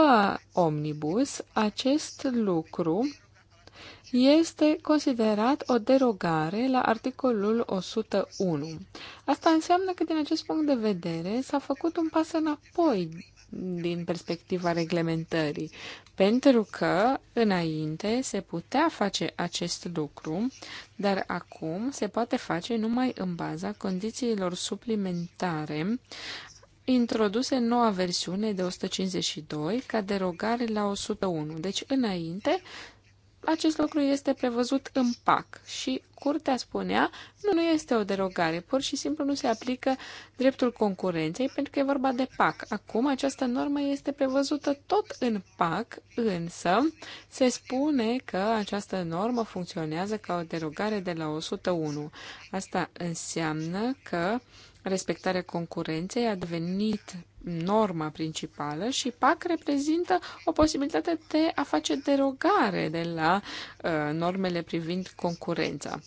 Omnibus, acest lucru este considerat o derogare la articolul 101. Asta înseamnă că din acest punct de vedere s-a făcut un pas înapoi din perspectiva reglementării, pentru că înainte se putea face acest lucru, dar acum se poate face numai în baza condițiilor suplimentare introduse în noua versiune de 152 ca derogare la 101. Deci înainte acest lucru este prevăzut în PAC și curtea spunea, nu, nu este o derogare, pur și simplu nu se aplică dreptul concurenței pentru că e vorba de PAC. Acum această normă este prevăzută tot în PAC, însă se spune că această normă funcționează ca o derogare de la 101. Asta înseamnă că uh, respectarea concurenței a devenit norma principală și PAC reprezintă o posibilitate de a face derogare de la uh, normele privind concurența.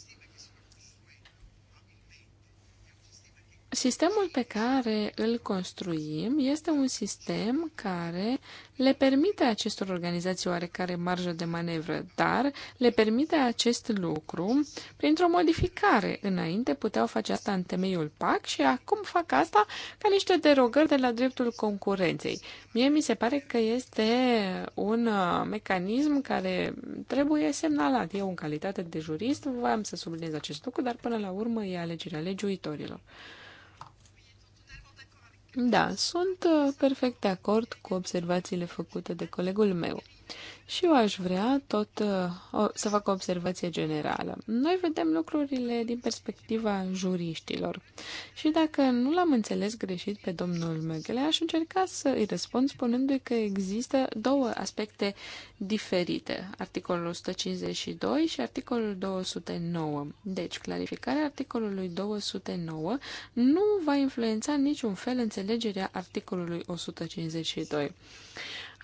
Sistemul pe care îl construim este un sistem care le permite acestor organizații oarecare marjă de manevră, dar le permite acest lucru printr-o modificare. Înainte puteau face asta în temeiul PAC și acum fac asta ca niște derogări de la dreptul concurenței. Mie mi se pare că este un uh, mecanism care trebuie semnalat. Eu, în calitate de jurist, voiam să subliniez acest lucru, dar până la urmă e alegerea legiuitorilor. Da, sunt uh, perfect de acord cu observațiile făcute de colegul meu. Și eu aș vrea tot uh, o, să fac o observație generală. Noi vedem lucrurile din perspectiva juriștilor. Și dacă nu l-am înțeles greșit pe domnul Măghele, aș încerca să îi răspund spunându-i că există două aspecte diferite. Articolul 152 și articolul 209. Deci, clarificarea articolului 209 nu va influența niciun fel înțelegerea articolului 152.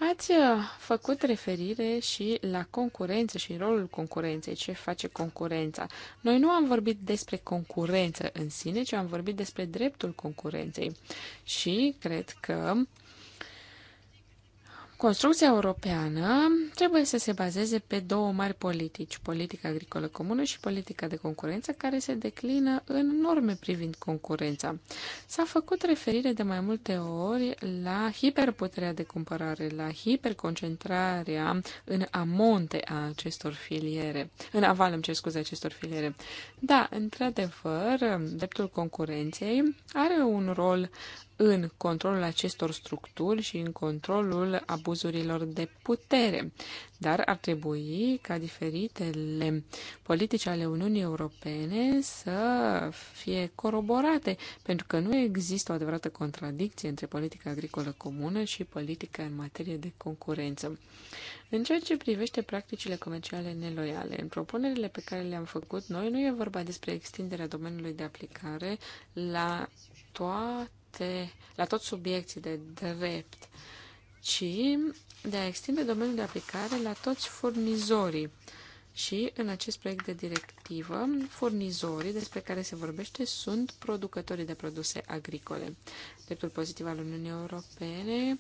Ați uh, făcut referire și la concurență și rolul concurenței, ce face concurența. Noi nu am vorbit despre concurență în sine, ci am vorbit despre dreptul concurenței. Și cred că Construcția europeană trebuie să se bazeze pe două mari politici, politica agricolă comună și politica de concurență, care se declină în norme privind concurența. S-a făcut referire de mai multe ori la hiperputerea de cumpărare, la hiperconcentrarea în amonte a acestor filiere, în aval, îmi cer scuze, acestor filiere. Da, într-adevăr, dreptul concurenței are un rol în controlul acestor structuri și în controlul abuzurilor de putere. Dar ar trebui ca diferitele politici ale Uniunii Europene să fie coroborate, pentru că nu există o adevărată contradicție între politica agricolă comună și politica în materie de concurență. În ceea ce privește practicile comerciale neloiale, în propunerile pe care le-am făcut noi, nu e vorba despre extinderea domeniului de aplicare la toate toate, la toți subiecții de drept, ci de a extinde domeniul de aplicare la toți furnizorii. Și în acest proiect de directivă, furnizorii despre care se vorbește sunt producătorii de produse agricole. Dreptul pozitiv al Uniunii Europene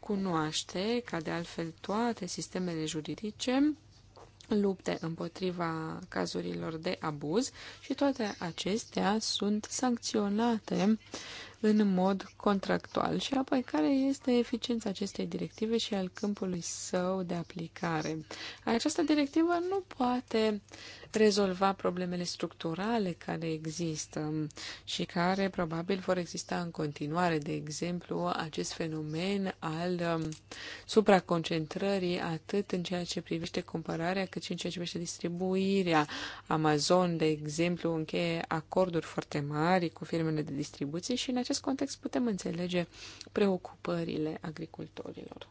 cunoaște, ca de altfel toate sistemele juridice, lupte împotriva cazurilor de abuz și toate acestea sunt sancționate în mod contractual și apoi care este eficiența acestei directive și al câmpului său de aplicare. Această directivă nu poate rezolva problemele structurale care există și care probabil vor exista în continuare, de exemplu, acest fenomen al um, supraconcentrării atât în ceea ce privește cumpărarea cât și în ceea ce privește distribuirea. Amazon, de exemplu, încheie acorduri foarte mari cu firmele de distribuție și în acest acest context putem înțelege preocupările agricultorilor.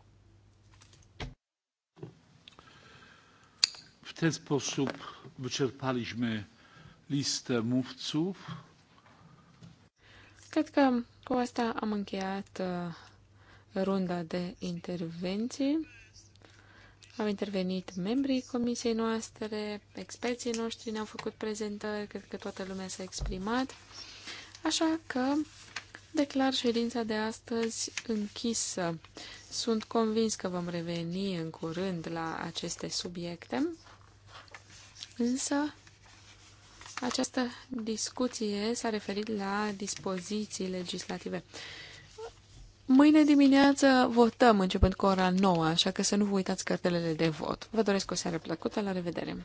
W ten sposób wyczerpaliśmy listę mówców. Cred că cu asta am încheiat uh, runda de intervenții. Au intervenit membrii comisiei noastre, experții noștri ne-au făcut prezentări, cred că toată lumea s-a exprimat. Așa că Declar ședința de astăzi închisă. Sunt convins că vom reveni în curând la aceste subiecte, însă această discuție s-a referit la dispoziții legislative. Mâine dimineață votăm începând cu ora 9, așa că să nu vă uitați cartelele de vot. Vă doresc o seară plăcută, la revedere!